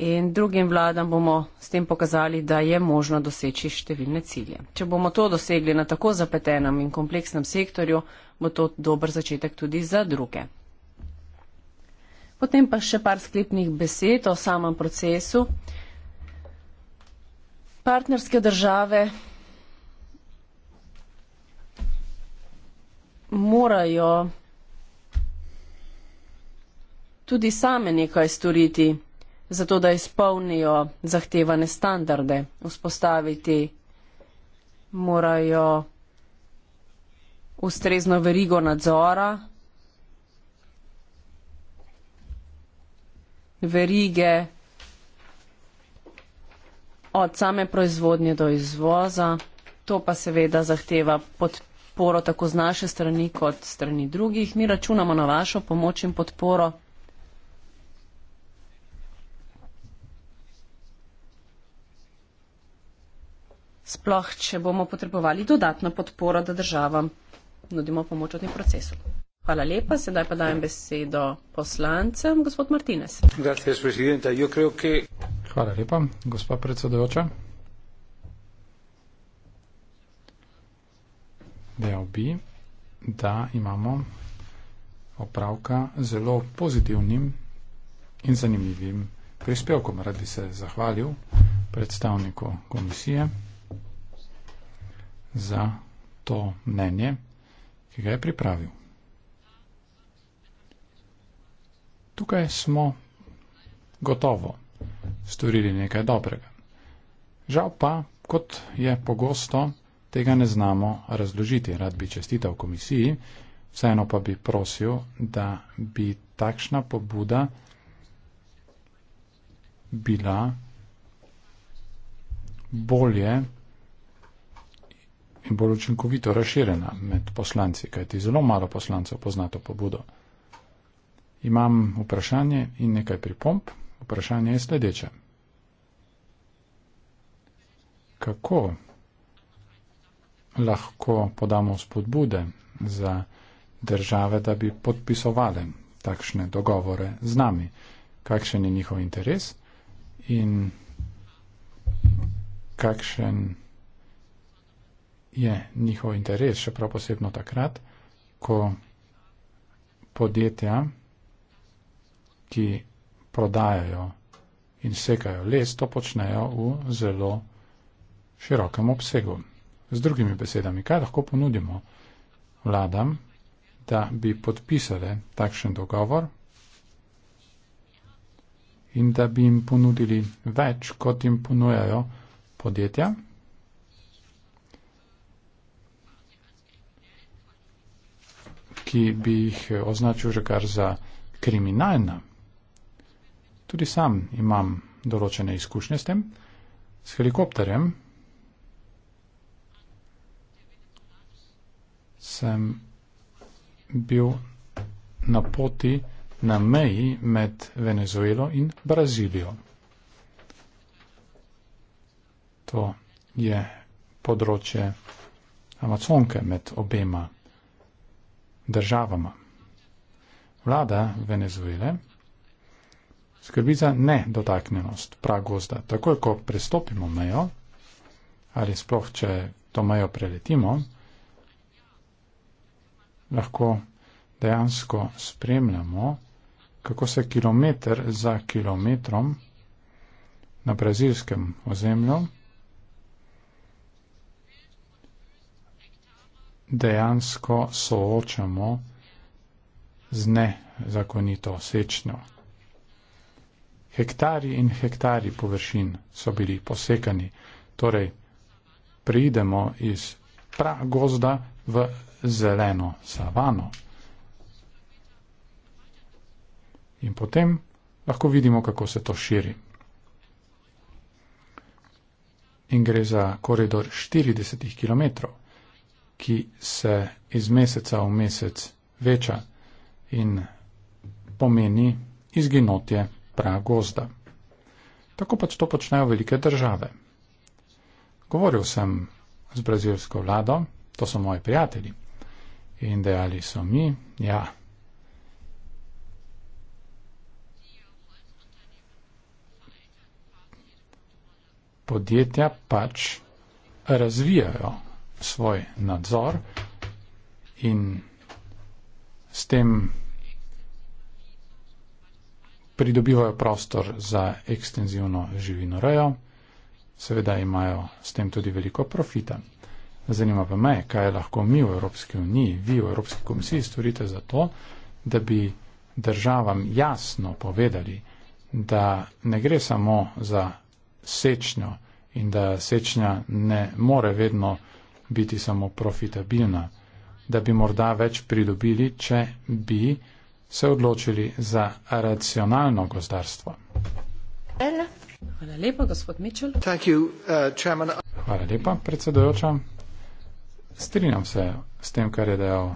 in drugim vladam bomo s tem pokazali, da je možno doseči številne cilje. Če bomo to dosegli na tako zapetenem in kompleksnem sektorju, bo to dober začetek tudi za druge. Potem pa še par sklepnih besed o samem procesu. Partnerske države morajo tudi same nekaj storiti zato da izpolnijo zahtevane standarde. Vzpostaviti morajo ustrezno verigo nadzora, verige od same proizvodnje do izvoza. To pa seveda zahteva podporo tako z naše strani kot strani drugih. Mi računamo na vašo pomoč in podporo. sploh, če bomo potrebovali dodatno podporo, da državam nudimo pomoč v tem procesu. Hvala lepa, sedaj pa dajem besedo poslancem, gospod Martinez. Hvala lepa, gospa predsedujoča. Dejal bi, da imamo opravka zelo pozitivnim in zanimivim prispevkom. Rad bi se zahvalil predstavniku komisije za to mnenje, ki ga je pripravil. Tukaj smo gotovo storili nekaj dobrega. Žal pa, kot je pogosto, tega ne znamo razložiti. Rad bi čestital komisiji, vseeno pa bi prosil, da bi takšna pobuda bila bolje in bolj učinkovito razširjena med poslanci, kajti zelo malo poslancev pozna to pobudo. Imam vprašanje in nekaj pripomp. Vprašanje je sledeče. Kako lahko podamo spodbude za države, da bi podpisovali takšne dogovore z nami? Kakšen je njihov interes in kakšen je njihov interes, še prav posebno takrat, ko podjetja, ki prodajajo in sekajo les, to počnejo v zelo širokem obsegu. Z drugimi besedami, kaj lahko ponudimo vladam, da bi podpisale takšen dogovor in da bi jim ponudili več, kot jim ponujajo podjetja? ki bi jih označil že kar za kriminalna. Tudi sam imam določene izkušnje s tem, s helikopterjem. Sem bil na poti na meji med Venezuelo in Brazilijo. To je področje Amazonke med obema državama. Vlada Venezuele skrbi za nedotaknjenost pragozda. Takoj, ko prestopimo mejo, ali sploh, če to mejo preletimo, lahko dejansko spremljamo, kako se kilometr za kilometrom na brazilskem ozemlju dejansko soočamo z nezakonito sečnjo. Hektari in hektari površin so bili posekani, torej pridemo iz pra gozda v zeleno savano. In potem lahko vidimo, kako se to širi. In gre za koridor 40 km ki se iz meseca v mesec veča in pomeni izginotje pragozda. Tako pač to počnejo velike države. Govoril sem z brazilsko vlado, to so moji prijatelji, in dejali so mi, ja. Podjetja pač razvijajo svoj nadzor in s tem pridobivajo prostor za ekstenzivno živino rejo. Seveda imajo s tem tudi veliko profita. Zanima pa me, kaj lahko mi v Evropski uniji, vi v Evropski komisiji storite za to, da bi državam jasno povedali, da ne gre samo za sečnjo in da sečnja ne more vedno biti samo profitabilna, da bi morda več pridobili, če bi se odločili za racionalno gozdarstvo. Hvala lepa, gospod Mičel. Uh, Hvala lepa, predsedojoča. Strinjam se s tem, kar je dejal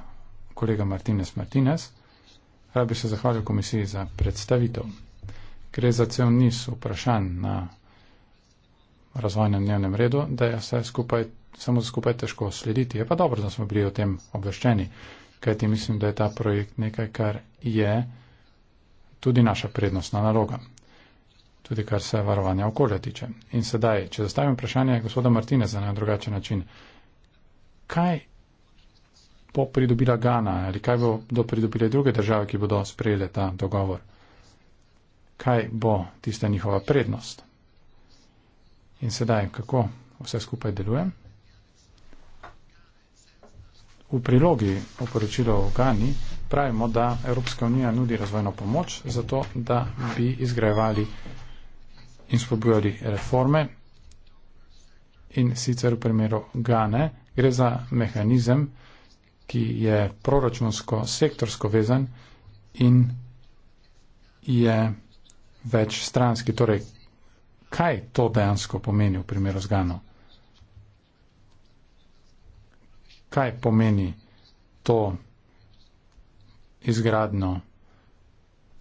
kolega Martinez Martinez. Rad bi se zahvalil komisiji za predstavitev. Gre za cel niz vprašanj na razvojnem dnevnem redu, da je vse skupaj samo skupaj težko slediti. Je pa dobro, da smo bili o tem obveščeni, kajti mislim, da je ta projekt nekaj, kar je tudi naša prednostna naloga, tudi kar se varovanja okolja tiče. In sedaj, če zastavim vprašanje gospoda Martine za na drugačen način, kaj bo pridobila Gana ali kaj bodo pridobile druge države, ki bodo sprejele ta dogovor? Kaj bo tista njihova prednost? In sedaj, kako vse skupaj deluje? V prilogi oporočila o Gani pravimo, da Evropska unija nudi razvojno pomoč za to, da bi izgrajevali in spodbujali reforme. In sicer v primeru Gane gre za mehanizem, ki je proračunsko sektorsko vezan in je večstranski. Torej, kaj to dejansko pomeni v primeru z Gano? kaj pomeni to izgradno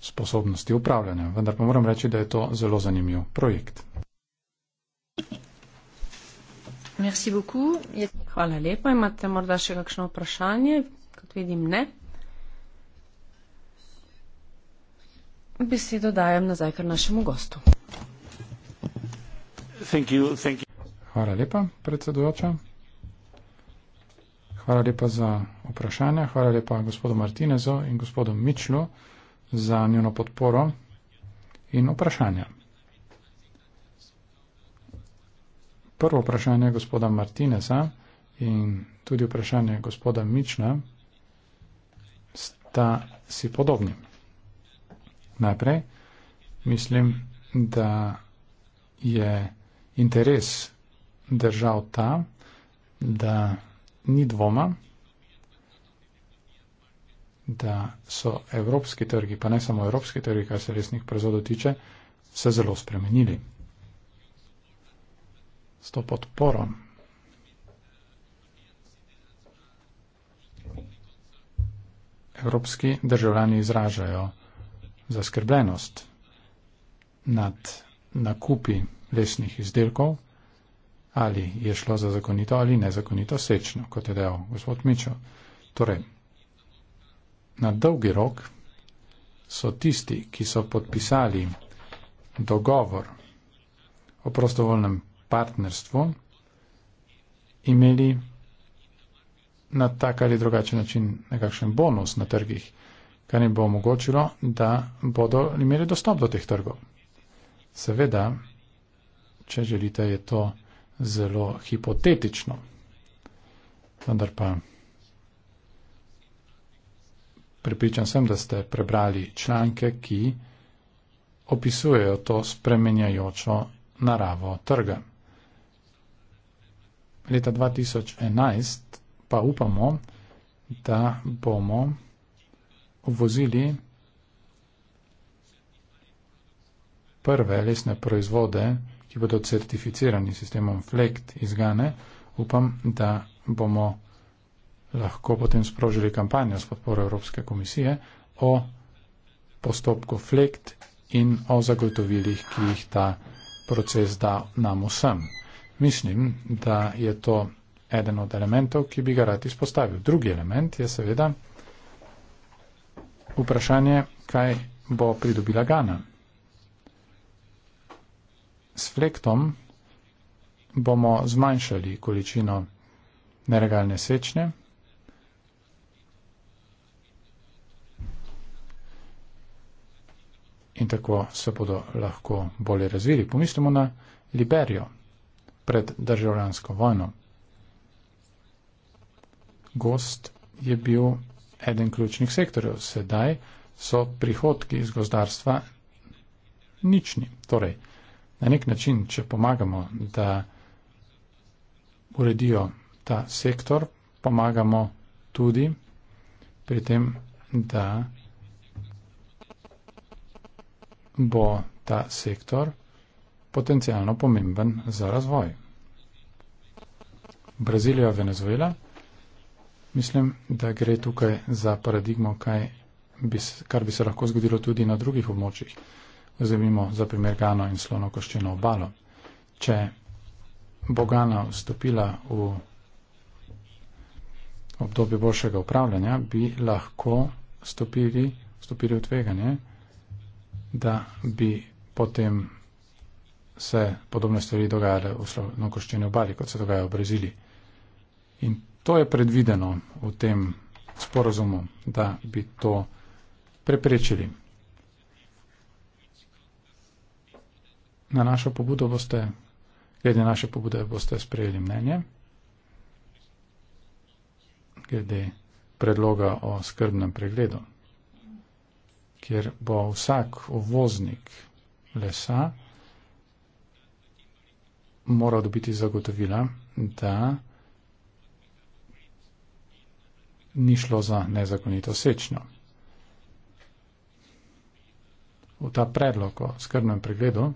sposobnosti upravljanja. Vendar pa moram reči, da je to zelo zanimiv projekt. Merci beaucoup. Hvala lepa. Imate morda še kakšno vprašanje? Kot vidim, ne. Besedo dajem nazaj kar našemu gostu. Thank you, thank you. Hvala lepa, predsedujoča. Hvala lepa za vprašanja, hvala lepa gospodu Martinezu in gospodu Mičlu za njeno podporo in vprašanja. Prvo vprašanje gospoda Martineza in tudi vprašanje gospoda Mična sta si podobni. Najprej mislim, da je interes držav ta, da ni dvoma, da so evropski trgi, pa ne samo evropski trgi, kar se resnih proizvodov tiče, se zelo spremenili. S to podporo. Evropski državljani izražajo zaskrbljenost nad nakupi lesnih izdelkov ali je šlo za zakonito ali nezakonito sečno, kot je dejal gospod Mičel. Torej, na dolgi rok so tisti, ki so podpisali dogovor o prostovoljnem partnerstvu, imeli na tak ali drugačen način nekakšen bonus na trgih, kar jim bo omogočilo, da bodo imeli dostop do teh trgov. Seveda, če želite, je to zelo hipotetično. Vendar pa pripričan sem, da ste prebrali članke, ki opisujejo to spremenjajočo naravo trga. Leta 2011 pa upamo, da bomo uvozili prve lesne proizvode, ki bodo certificirani s sistemom FLECT iz Gane, upam, da bomo lahko potem sprožili kampanjo s podporo Evropske komisije o postopku FLECT in o zagotovilih, ki jih ta proces da nam vsem. Mislim, da je to eden od elementov, ki bi ga rad izpostavil. Drugi element je seveda vprašanje, kaj bo pridobila Gana s flektom bomo zmanjšali količino neregalne sečnje in tako se bodo lahko bolje razvili. Pomislimo na Liberijo pred državljansko vojno. Gost je bil eden ključnih sektorjev. Sedaj so prihodki iz gozdarstva nični. Torej, na nek način, če pomagamo, da uredijo ta sektor, pomagamo tudi pri tem, da bo ta sektor potencijalno pomemben za razvoj. Brazilija, Venezuela, mislim, da gre tukaj za paradigmo, kaj bi, kar bi se lahko zgodilo tudi na drugih območjih vzemimo za primer Gano in slonokoščeno obalo. Če bo Gana vstopila v obdobje boljšega upravljanja, bi lahko vstopili, vstopili v tveganje, da bi potem se podobne stvari dogajale v slonokoščeni obali, kot se dogaja v Braziliji. In to je predvideno v tem sporozumu, da bi to preprečili. na našo pobudo boste, glede naše pobude boste sprejeli mnenje, glede predloga o skrbnem pregledu, kjer bo vsak uvoznik lesa moral dobiti zagotovila, da ni šlo za nezakonito sečno. V ta predlog o skrbnem pregledu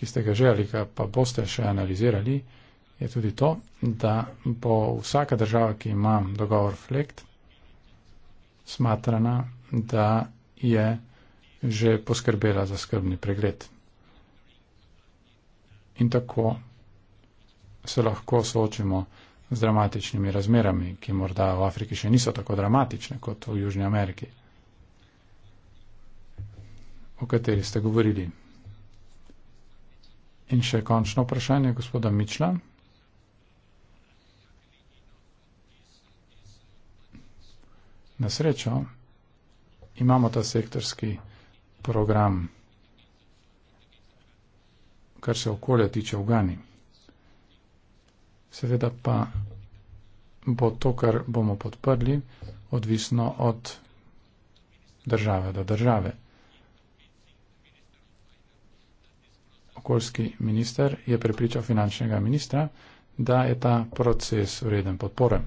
ki ste ga želeli, pa boste še analizirali, je tudi to, da bo vsaka država, ki ima dogovor FLEKT, smatrana, da je že poskrbela za skrbni pregled. In tako se lahko soočimo z dramatičnimi razmerami, ki morda v Afriki še niso tako dramatične kot v Južnji Ameriki, o kateri ste govorili. In še končno vprašanje gospoda Mičla. Na srečo imamo ta sektorski program, kar se okolja tiče v Gani. Seveda pa bo to, kar bomo podprli, odvisno od države do države. okoljski minister je prepričal finančnega ministra, da je ta proces vreden podpore.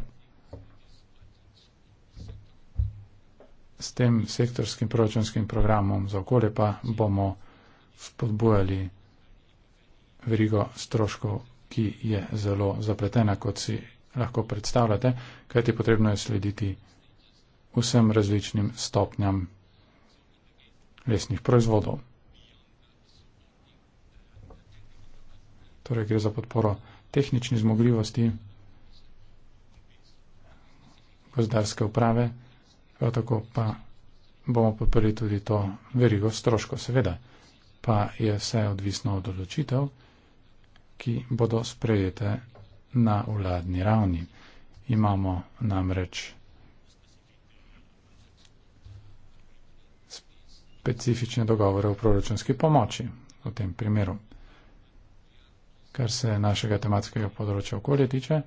S tem sektorskim proračunskim programom za okolje pa bomo spodbujali verigo stroškov, ki je zelo zapletena, kot si lahko predstavljate, kajti potrebno je slediti vsem različnim stopnjam lesnih proizvodov. torej gre za podporo tehnični zmogljivosti, gozdarske uprave, prav tako pa bomo podprli tudi to verigo stroško, seveda, pa je vse odvisno od odločitev, ki bodo sprejete na vladni ravni. Imamo namreč specifične dogovore o proračunski pomoči v tem primeru kar se našega tematskega področja okolje tiče.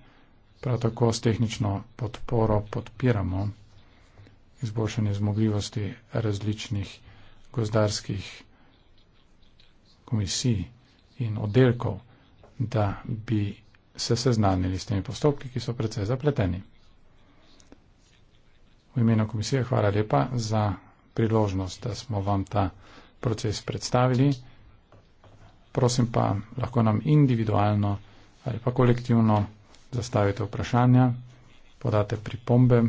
Prav tako s tehnično podporo podpiramo izboljšanje zmogljivosti različnih gozdarskih komisij in oddelkov, da bi se seznanili s temi postopki, ki so precej zapleteni. V imenu komisije hvala lepa za priložnost, da smo vam ta proces predstavili prosim pa, lahko nam individualno ali pa kolektivno zastavite vprašanja, podate pripombe.